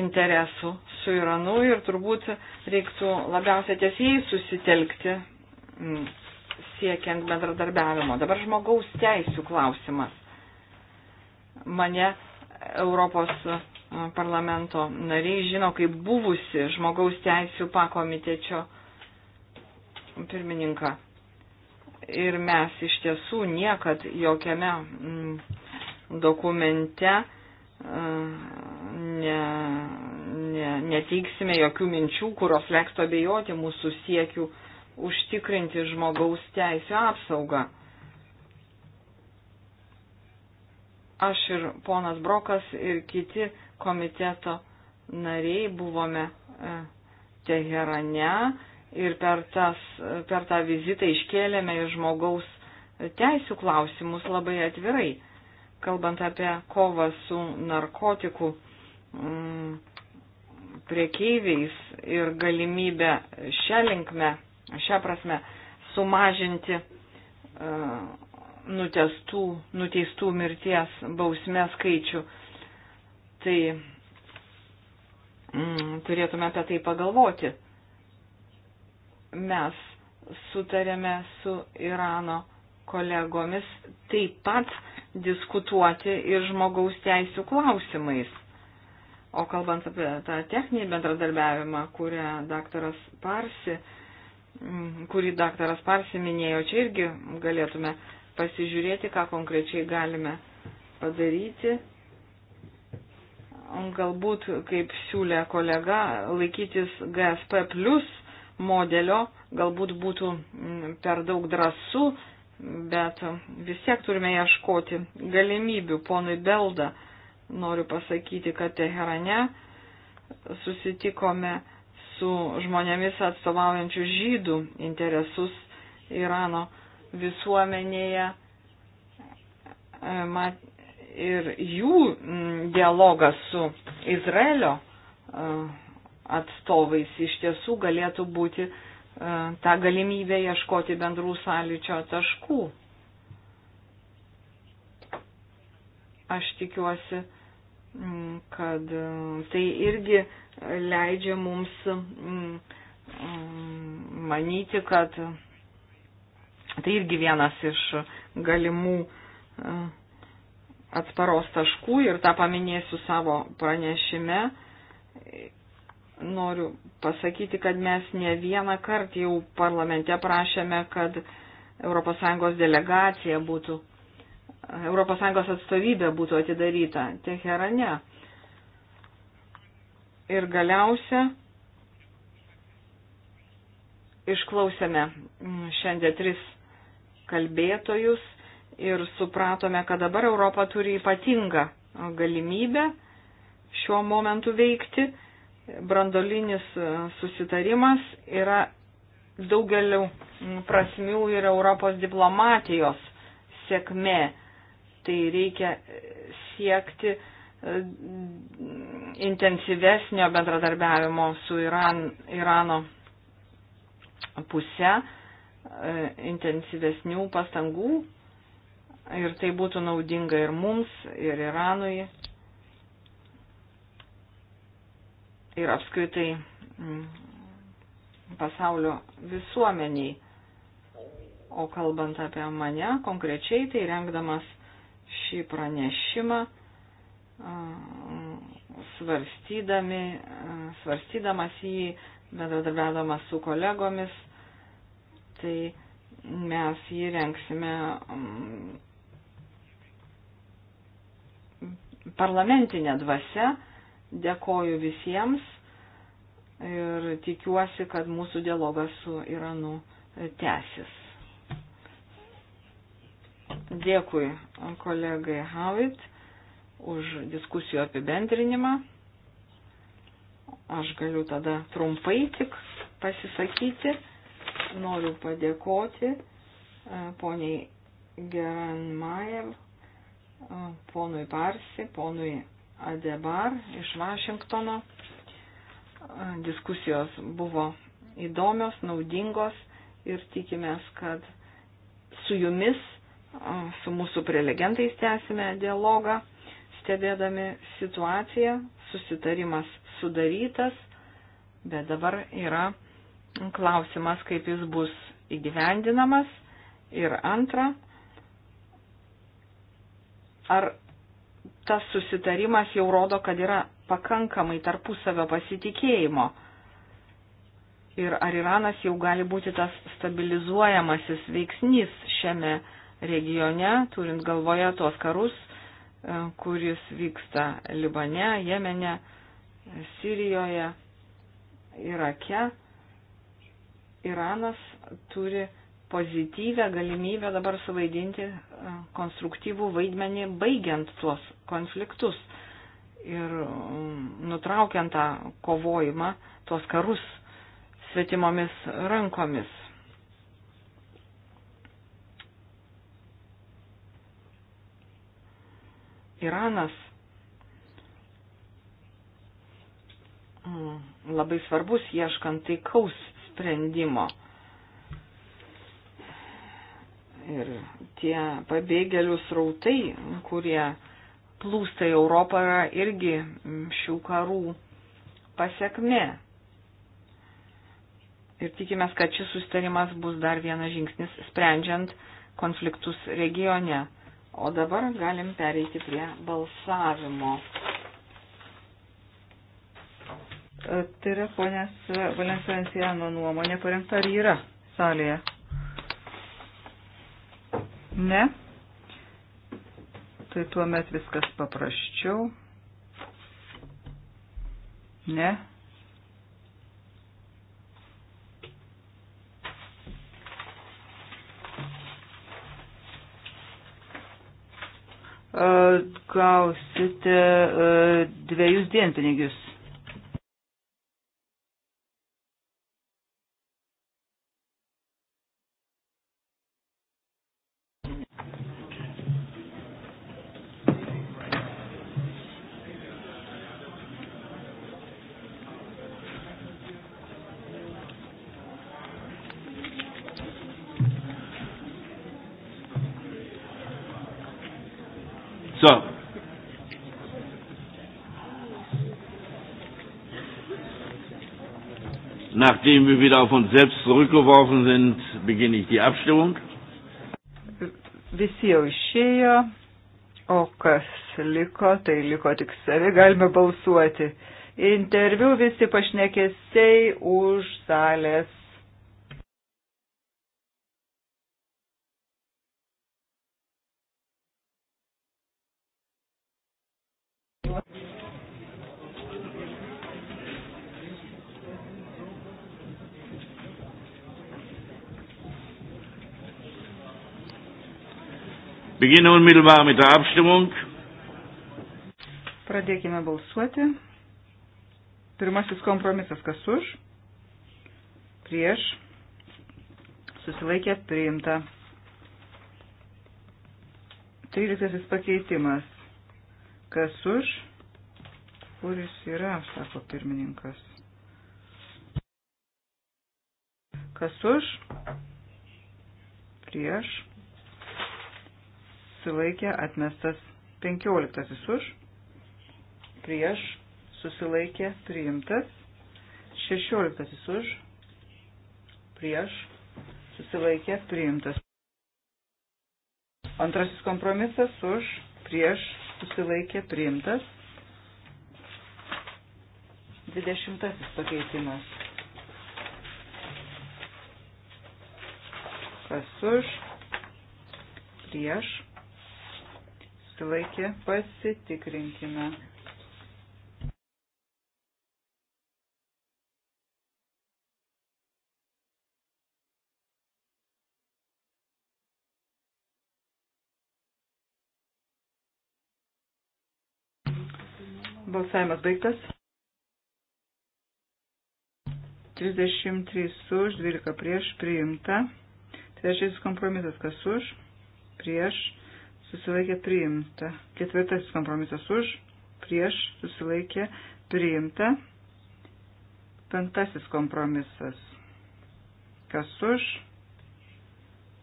interesų su Iranu ir turbūt reiktų labiausiai ties jais susitelkti mm, siekiant bendradarbiavimo. Dabar žmogaus teisų klausimas. Mane Europos mm, parlamento nariai žino kaip buvusi žmogaus teisų pakomitečio pirmininką ir mes iš tiesų niekad jokiame mm, dokumente e, ne, ne, neteiksime jokių minčių, kurios leistų abejoti mūsų siekių užtikrinti žmogaus teisę apsaugą. Aš ir ponas Brokas ir kiti komiteto nariai buvome e, Teherane ir per, tas, per tą vizitą iškėlėme ir žmogaus teisų klausimus labai atvirai, kalbant apie kovą su narkotikų m, mm, priekeiviais ir galimybę šią linkmę, šią prasme, sumažinti e, nutestų, nuteistų mirties bausmę skaičių. Tai mm, turėtume apie tai pagalvoti mes sutarėme su Irano kolegomis taip pat diskutuoti ir žmogaus teisų klausimais. O kalbant apie tą techninį bendradarbiavimą, kurią daktaras Parsi, mm, kurį daktaras Parsi minėjo, čia irgi galėtume pasižiūrėti, ką konkrečiai galime padaryti. Galbūt, kaip siūlė kolega, laikytis GSP plus modelio galbūt būtų mm, per daug drąsų, bet vis tiek turime ieškoti galimybių. Ponui Belda noriu pasakyti, kad Teherane susitikome su žmonėmis atstovaujančių žydų interesus Irano visuomenėje. E, ir jų mm, dialogas su Izraelio e, atstovais iš tiesų galėtų būti e, ta galimybė ieškoti bendrų sąlyčio taškų. Aš tikiuosi, kad e, tai irgi leidžia mums manyti, kad tai irgi vienas iš galimų e, atsparos taškų ir tą paminėsiu savo pranešime noriu pasakyti, kad mes ne vieną kartą jau parlamente prašėme, kad ES delegacija būtų, ES atstovybė būtų atidaryta Teherane. Ir galiausia, išklausėme mm, šiandien tris kalbėtojus ir supratome, kad dabar Europa turi ypatingą galimybę šiuo momentu veikti brandolinis e, susitarimas yra daugeliu prasmių ir Europos diplomatijos sėkmė. Tai reikia siekti e, intensyvesnio bendradarbiavimo su Iran, Irano puse, e, intensyvesnių pastangų ir tai būtų naudinga ir mums, ir Iranui, ir apskritai mm, pasaulio visuomeniai. O kalbant apie mane konkrečiai, tai rengdamas šį pranešimą, svarstydami, svarstydamas jį, bendradarbiaudamas su kolegomis, tai mes jį renksime mm, parlamentinę dvasę Dėkoju visiems ir tikiuosi, kad mūsų dialogas su Iranu tęsis. Dėkui kolegai Havit už diskusijų apibendrinimą. Aš galiu tada trumpai tik pasisakyti. Noriu padėkoti e, poniai Geranmajev, e, ponui Parsi, ponui Adebar iš Vašingtono. Diskusijos buvo įdomios, naudingos ir tikimės, kad su jumis, su mūsų prelegentais tęsime dialogą, stebėdami situaciją, susitarimas sudarytas, bet dabar yra klausimas, kaip jis bus įgyvendinamas. Ir antra, ar tas susitarimas jau rodo, kad yra pakankamai tarpusavio pasitikėjimo. Ir ar Iranas jau gali būti tas stabilizuojamasis veiksnys šiame regione, turint galvoje tuos karus, e, kuris vyksta Libane, Jemene, Sirijoje, Irake. Iranas turi pozityvę galimybę dabar suvaidinti e, konstruktyvų vaidmenį baigiant tuos konfliktus ir mm, nutraukiant tą kovojimą, tuos karus svetimomis rankomis. Iranas mm, labai svarbus ieškant taikaus sprendimo. Ir tie pabėgėlių srautai, kurie plūsta į Europą, yra irgi šių karų pasiekmė. Ir tikimės, kad šis sustarimas bus dar vienas žingsnis sprendžiant konfliktus regione. O dabar galim pereiti prie balsavimo. E, tai yra ponės Valencijano nuomonė parengta ar yra salėje? Ne. Tai tuomet viskas paprasčiau. Ne. Gausite dviejus dienpinigius. Nachdem wir wieder auf uns selbst zurückgeworfen sind, beginne ich die Abstimmung. Visi jau išėjo, o kas liko, tai liko tik savi, galime balsuoti. Interviu visi pašnekėsiai už salės beginnen unmittelbar mit der Abstimmung. Pradėkime balsuoti. Pirmasis kompromisas kas už? Prieš. Susilaikė priimta. 13 pakeitimas. Kas už? Kuris yra, sako pirmininkas. Kas už? Prieš susilaikė atmestas 15 už, prieš susilaikė priimtas 16 už, prieš susilaikė priimtas. Antrasis kompromisas už, prieš susilaikė priimtas. 20 pakeitimas. Kas už, prieš susilaikė, pasitikrinkime. Balsavimas baigtas. 33 už, 12 prieš, priimta. Trečiasis kompromisas, kas už, prieš, susilaikė priimta. Ketvirtasis kompromisas už, prieš, susilaikė priimta. Penktasis kompromisas. Kas už,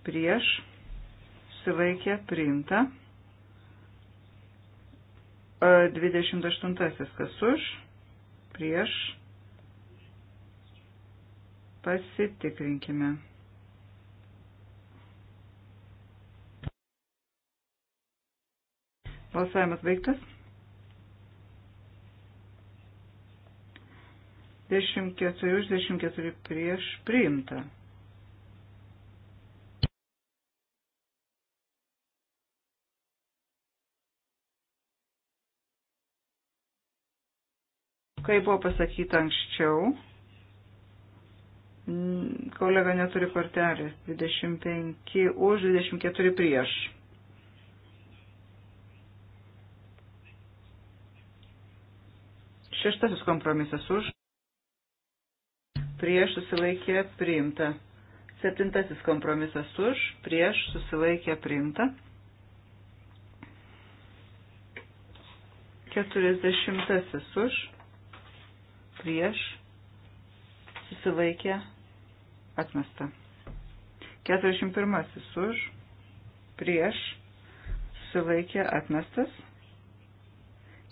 prieš, susilaikė priimta. 28. E, Kas už, prieš, pasitikrinkime. Balsavimas baigtas. 24 už 24 prieš priimta. Kai buvo pasakyta anksčiau, kolega neturi kortelės. 25 už 24 prieš. Šeštasis kompromisas už. Prieš susilaikė priimta. Septintasis kompromisas už. Prieš susilaikė priimta. Keturiasdešimtasis už. Prieš susilaikė atmesta. Keturiasdešimt pirmasis už. Prieš susilaikė atmestas.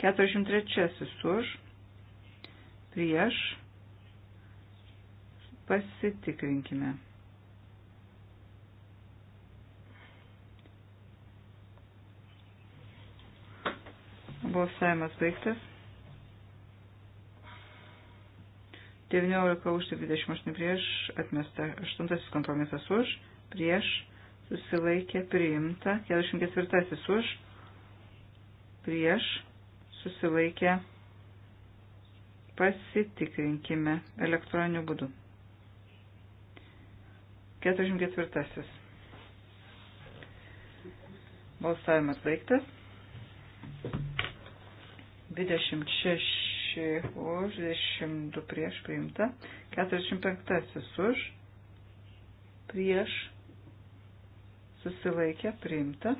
43 už prieš pasitikrinkime. Balsavimas baigtas. 19 už 28 prieš atmesta 8 kompromisas už prieš susilaikė priimta 44 už prieš susilaikė priimta Pasitikrinkime elektroniniu būdu. 44. Balsavimas baigtas. 26 už, 22 prieš priimta. 45 už, prieš susilaikė priimta.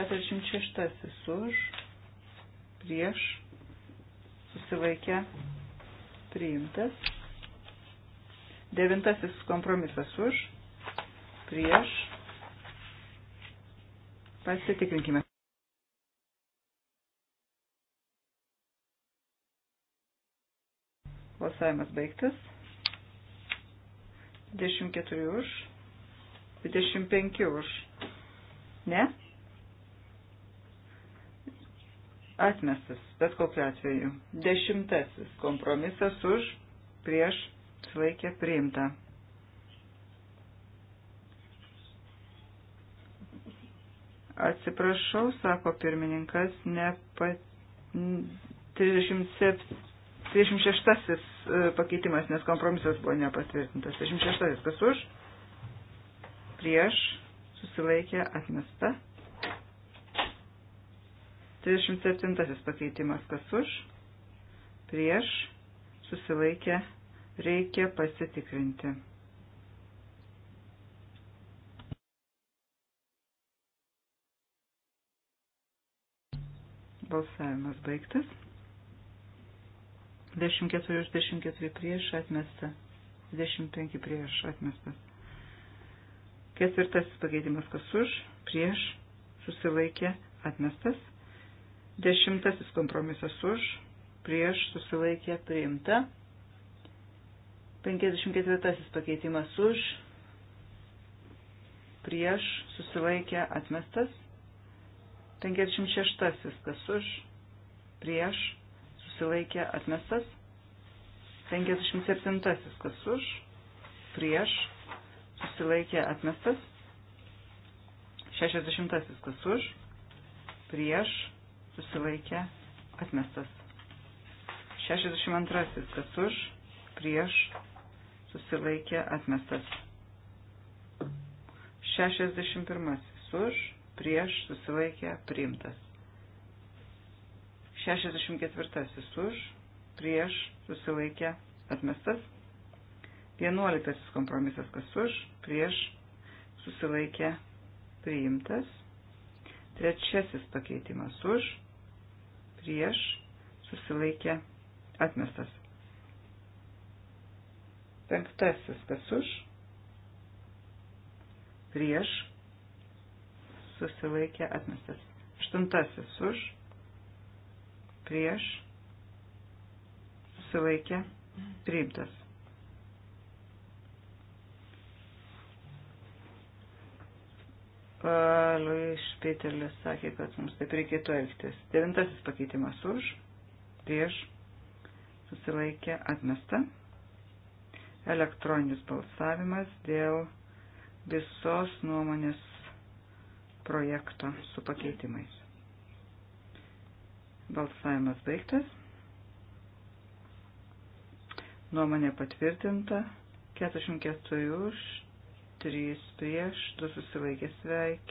46 už, prieš susilaikė priimtas. Devintasis kompromisas už, prieš. Pasitikrinkime. Balsavimas baigtas. 24 už, 25 už. Ne? Atmestas, bet kokiu atveju. Dešimtasis kompromisas už, prieš, sulaikė priimta. Atsiprašau, sako pirmininkas, ne pat 37. 36 e, pakeitimas, nes kompromisas buvo nepatvirtintas. 36 kas už, prieš, susilaikė, atmesta. 37 pakeitimas kas už, prieš, susilaikė, reikia pasitikrinti. Balsavimas baigtas. 24 už 24 prieš atmesta. 25 prieš atmestas. Ketvirtasis pakeitimas kas už, prieš, susilaikė, atmestas. Dešimtasis kompromisas už, prieš susilaikė priimta. 54 pakeitimas už, prieš susilaikė atmestas. 56 kas už, prieš susilaikė atmestas. 57 kas už, prieš susilaikė atmestas. 60 kas už, prieš susilaikė, atmestas. 62. Kas už, prieš, susilaikė, atmestas. 61. Už, prieš, susilaikė, priimtas. 64. Už, prieš, susilaikė, atmestas. 11. Kompromisas kas už, prieš, susilaikė, priimtas. Trečiasis pakeitimas už, prieš, susilaikė, atmestas. Penktasis, kas už, prieš, susilaikė, atmestas. Aštuntasis už, prieš, susilaikė, priimtas. Luis Špitelis sakė, kad mums taip reikėtų elgtis. Devintasis pakeitimas už, prieš, susilaikė, atmesta. Elektroninis balsavimas dėl visos nuomonės projekto su pakeitimais. Balsavimas baigtas. Nuomonė patvirtinta. 44 už, 3 prieš, 2 susilaikė sveiki.